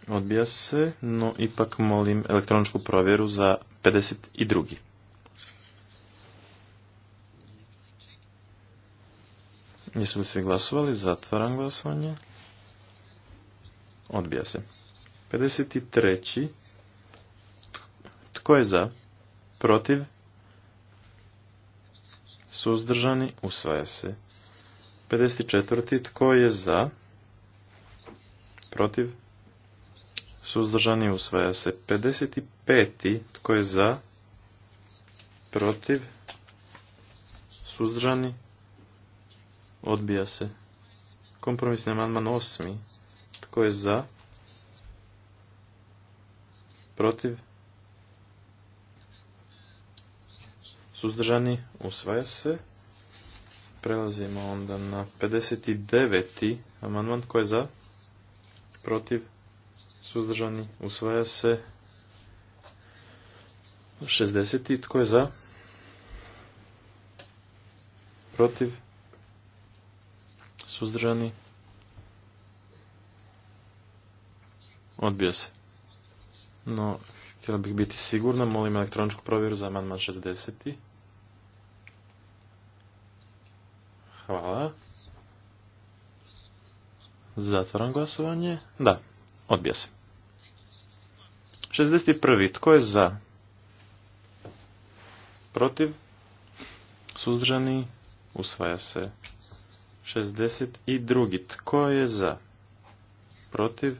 Odbija se, no ipak molim elektroničku provjeru za 52. Nisu li svi glasovali? Zatvaram glasovanje. Odbija se. 53. Tko je za? Protiv? Suzdržani? Usvaja se. 54. Tko je za? Protiv? Suzdržani? Usvaja se. 55. Tko je za? Protiv? Suzdržani? Odbija se. Kompromisni amandman osmi. Tko je za? protiv, suzdržani, usvaja se. Prelazimo onda na 59. amandman, tko je za, protiv, suzdržani, usvaja se. 60. tko je za, protiv, suzdržani, odbija se no htjela bih biti sigurna, molim elektroničku provjeru za amandman 60. Hvala. Zatvaram glasovanje. Da, odbija se. 61. Tko je za? Protiv? Suzdržani? Usvaja se. 62. Tko je za? Protiv?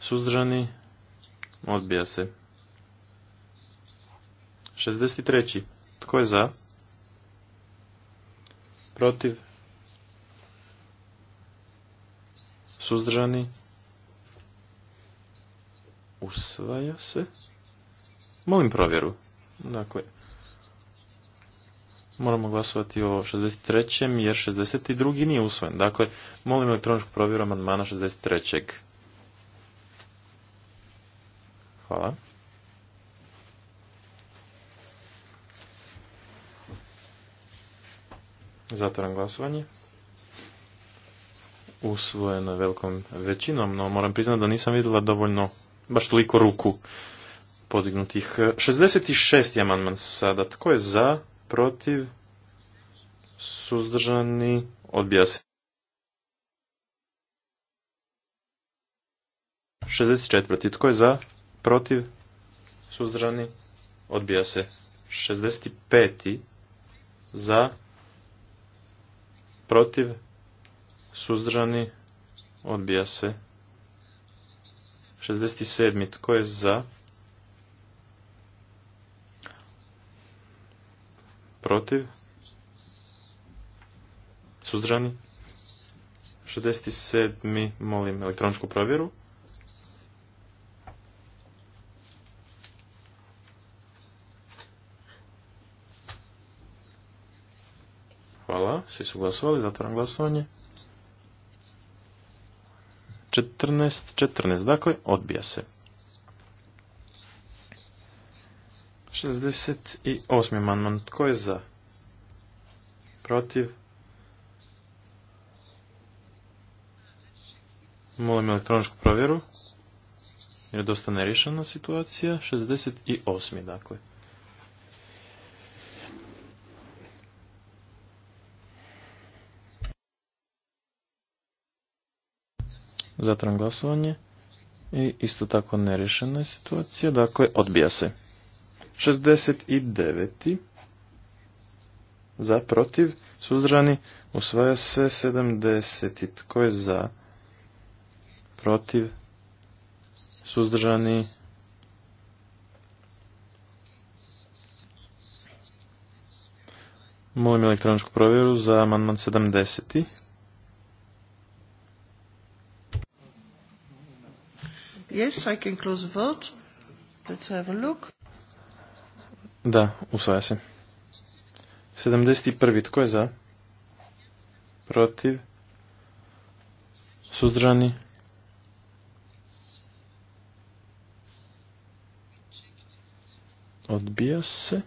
Suzdržani? Odbija se. 63. Tko je za? Protiv? Suzdržani? Usvaja se? Molim provjeru. Dakle, moramo glasovati o 63. jer 62. nije usvojen. Dakle, molim elektroničku provjeru amandmana 63. Hvala. Zatvaram glasovanje. Usvojeno je velikom većinom, no moram priznati da nisam vidjela dovoljno, baš toliko ruku podignutih. 66. amandman sada. Tko je za, protiv, suzdržani, odbija se. 64. Tko je za, protiv, suzdržani, odbija se. 65. za, protiv, suzdržani, odbija se. 67. tko je za, protiv, suzdržani, 67. molim elektroničku provjeru. Svi su glasovali, Zatvoram glasovanje. 14, 14, dakle, odbija se. 68. amandman, tko je za? Protiv? Molim elektroničku provjeru, jer je dosta nerišana situacija. 68. dakle. Zatran glasovanje. I isto tako nerješena je situacija. Dakle, odbija se. 69. Za, protiv, suzdržani. Usvaja se 70. Tko je za? Protiv, suzdržani. Molim elektroničku provjeru za amandman 70. Yes, I can close the vote. Let's have a look. Da, usvaja se. 71. Tko je za? Protiv? Suzdrani? Odbija se.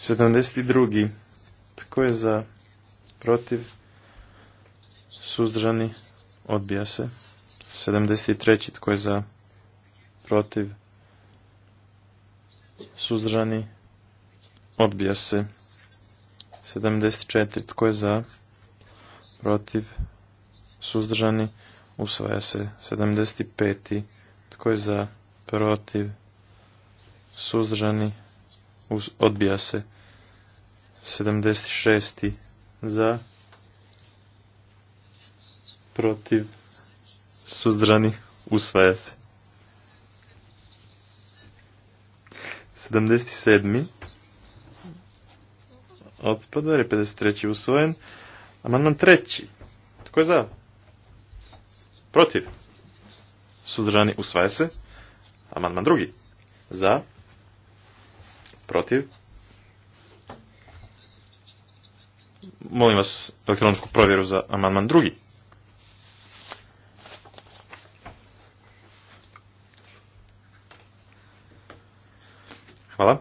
72. Tko je za? Protiv? Suzdržani? Odbija se. 73. Tko je za? Protiv? Suzdržani? Odbija se. 74. Tko je za? Protiv? Suzdržani? Usvaja se. 75. Tko je za? Protiv? Suzdržani? Odbija se. 76. Za? Protiv? suzdržani, usvaja se. 77. Otpada jer je 53. usvojen. Amandman treći. Tko je za? Protiv. Suzdržani usvaja se. Amandman drugi. Za. Protiv. Molim vas elektroničku provjeru za amandman drugi. Hvala.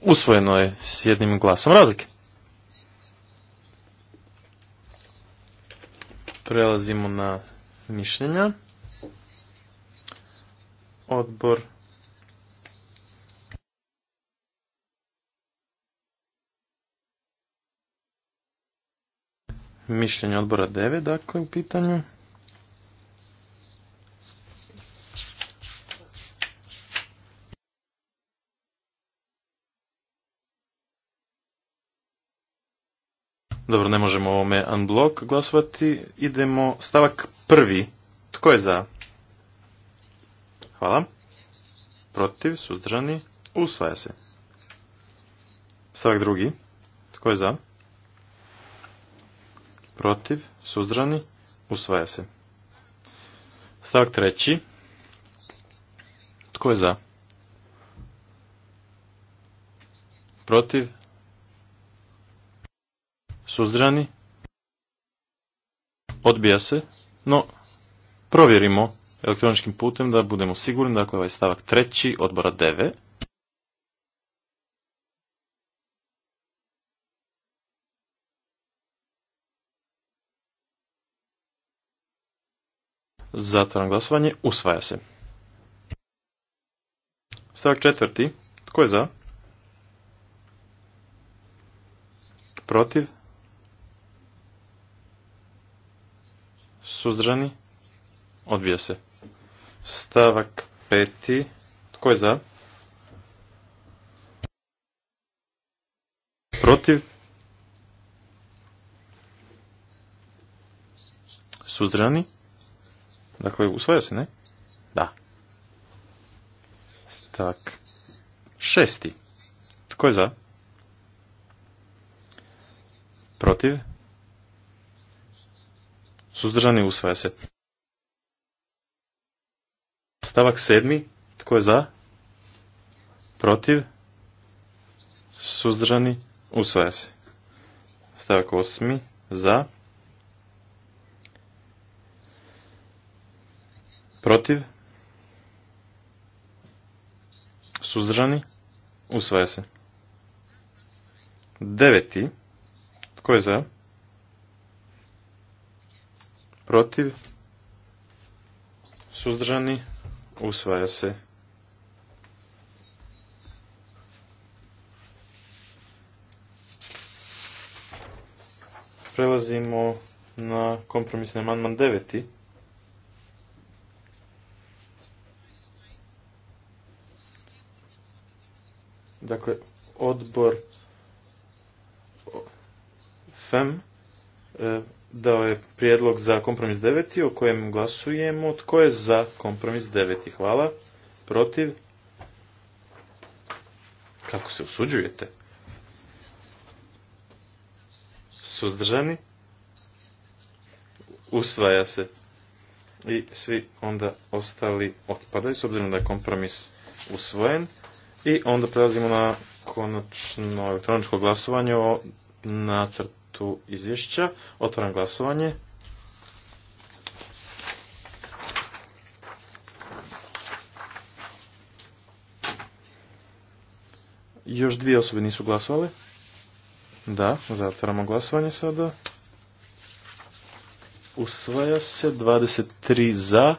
Usvojeno je s jednim glasom razlike. Prelazimo na mišljenja. Odbor mišljenje odbora 9, dakle, u pitanju. ćemo ovome unblock glasovati. Idemo stavak prvi. Tko je za? Hvala. Protiv, suzdržani, usvaja se. Stavak drugi. Tko je za? Protiv, suzdržani, usvaja se. Stavak treći. Tko je za? Protiv, suzdržani, Odbija se, no provjerimo elektroničkim putem da budemo sigurni, dakle ovaj stavak treći odbora 9. Zatvaram glasovanje. Usvaja se. Stavak četvrti. Tko je za? Protiv? Suzdržani? Odbija se. Stavak peti. Tko je za? Protiv? Suzdržani? Dakle, usvaja se, ne? Da. Stavak šesti. Tko je za? Protiv? Suzdržani usvaja se. Stavak sedmi. Tko je za? Protiv? Suzdržani usvaja se. Stavak osmi. Za? Protiv? Suzdržani? Usvaja se. Deveti. Tko je za? protiv, suzdržani, usvaja se. Prelazimo na kompromisni amandman deveti. Dakle, odbor FEM e, dao je prijedlog za kompromis deveti o kojem glasujemo. Tko je za kompromis deveti? Hvala. Protiv? Kako se usuđujete? Suzdržani? Usvaja se. I svi onda ostali otpadaju, s obzirom da je kompromis usvojen. I onda prelazimo na konačno elektroničko glasovanje o nacrtu tu izvješća. Otvaram glasovanje. Još dvije osobe nisu glasovali. Da, zatvaramo glasovanje sada. Usvaja se 23 za,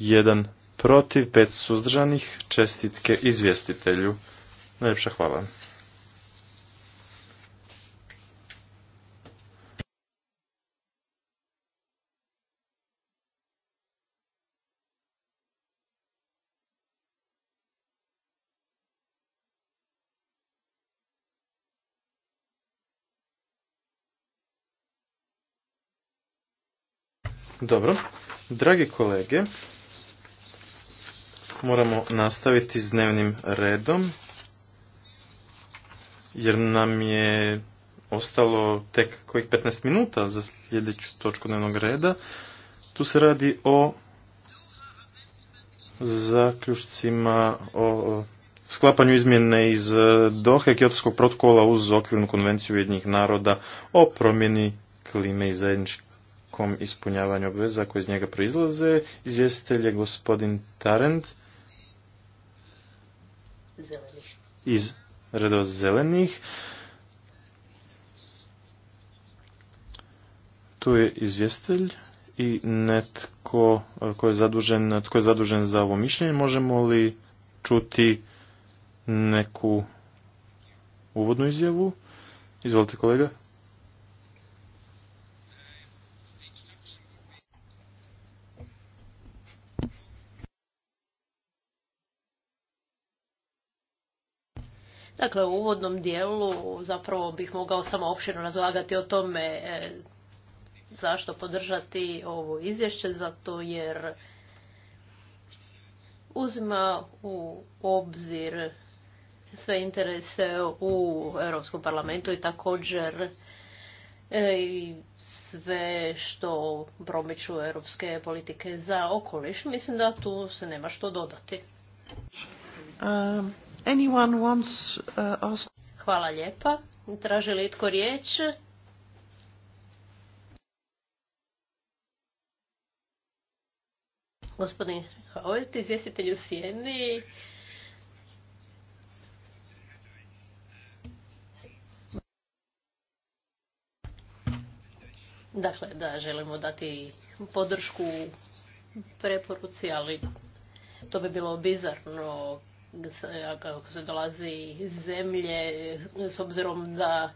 1 protiv, 5 suzdržanih. Čestitke izvjestitelju. Najljepša hvala. Dobro. Dragi kolege, moramo nastaviti s dnevnim redom, jer nam je ostalo tek kojih 15 minuta za sljedeću točku dnevnog reda. Tu se radi o zaključcima o sklapanju izmjene iz Dohe Kjotskog protokola uz okvirnu konvenciju jednih naroda o promjeni klime i zajedničkih svakom ispunjavanju obveza koje iz njega proizlaze. Izvjestitelj je gospodin Tarend iz redova zelenih. Tu je izvjestitelj i netko tko e, je zadužen, tko je zadužen za ovo mišljenje. Možemo li čuti neku uvodnu izjavu? Izvolite kolega.
Dakle, u uvodnom dijelu zapravo bih mogao samo opširno razlagati o tome e, zašto podržati ovo izvješće, zato jer uzima u obzir sve interese u Europskom parlamentu i također e, i sve što promiču europske politike za okoliš. Mislim da tu se nema što dodati.
Um, Uh,
Hvala lijepa. Traži li itko riječ? Gospodin Holt, izvjestitelj u Sijeni. Dakle, da, želimo dati podršku preporuci, ali to bi bilo bizarno ako se dolazi iz zemlje, s obzirom da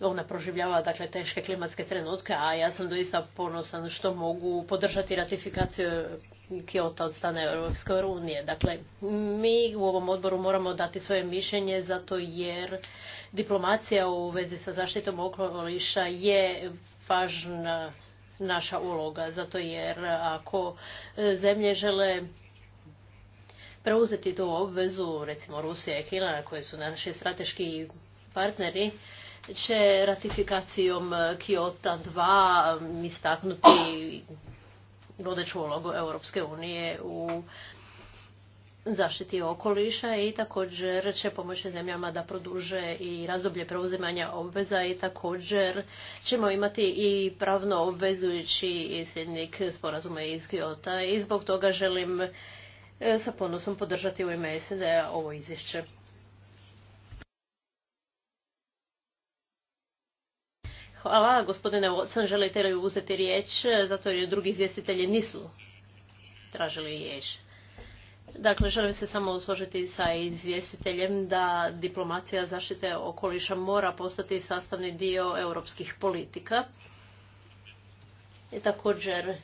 ona proživljava dakle, teške klimatske trenutke, a ja sam doista ponosan što mogu podržati ratifikaciju Kyoto od strane Europske unije. Dakle, mi u ovom odboru moramo dati svoje mišljenje zato jer diplomacija u vezi sa zaštitom okoliša je važna naša uloga, zato jer ako zemlje žele preuzeti tu obvezu, recimo Rusija i Kina koje su naši strateški partneri, će ratifikacijom Kyoto 2 istaknuti vodeću ulogu Europske unije u zaštiti okoliša i također će pomoći zemljama da produže i razdoblje preuzimanja obveza i također ćemo imati i pravno obvezujući sljednik sporazuma iz Kyoto i zbog toga želim E, sa ponosom podržati u ime SED-a ovo izvješće. Hvala, gospodine Watson, želite li uzeti riječ, zato jer drugi izvjestitelji nisu tražili riječ. Dakle, želim se samo složiti sa izvjestiteljem da diplomacija zaštite okoliša mora postati sastavni dio europskih politika. I također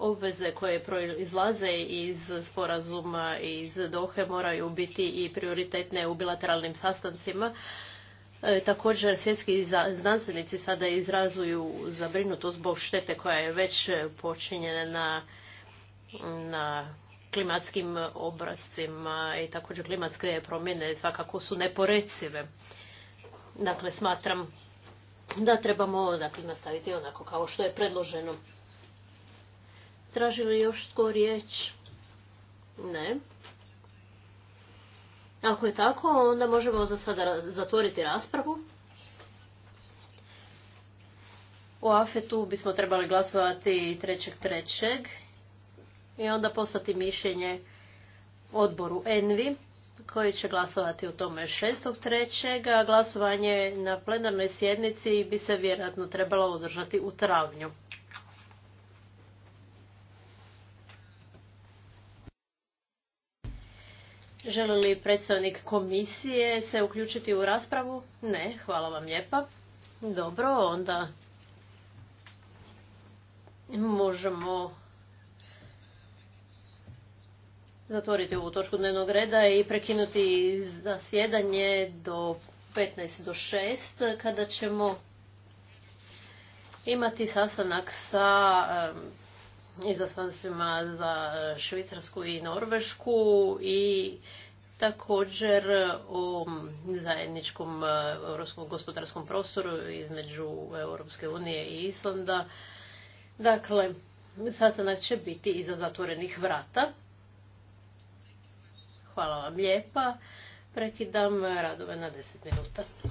obveze koje izlaze iz sporazuma iz Dohe moraju biti i prioritetne u bilateralnim sastancima. E, također svjetski znanstvenici sada izrazuju zabrinutost zbog štete koja je već počinjena na klimatskim obrazcima i također klimatske promjene svakako su neporecive. Dakle, smatram da trebamo dakle, nastaviti onako kao što je predloženo. Traži li još tko riječ? Ne. Ako je tako, onda možemo za sada zatvoriti raspravu. U afetu bismo trebali glasovati 3.3. i onda poslati mišljenje odboru Envi koji će glasovati u tome 6.3. a glasovanje na plenarnoj sjednici bi se vjerojatno trebalo održati u travnju. Želi li predstavnik komisije se uključiti u raspravu? Ne, hvala vam lijepa. Dobro, onda možemo zatvoriti ovu točku dnevnog reda i prekinuti zasjedanje do 15 do 6 kada ćemo imati sastanak sa izaslanstvima za e, Švicarsku i Norvešku i također o zajedničkom e, europskom gospodarskom prostoru između Europske unije i Islanda. Dakle, sastanak će biti iza zatvorenih vrata. Hvala vam lijepa. Prekidam radove na 10 minuta.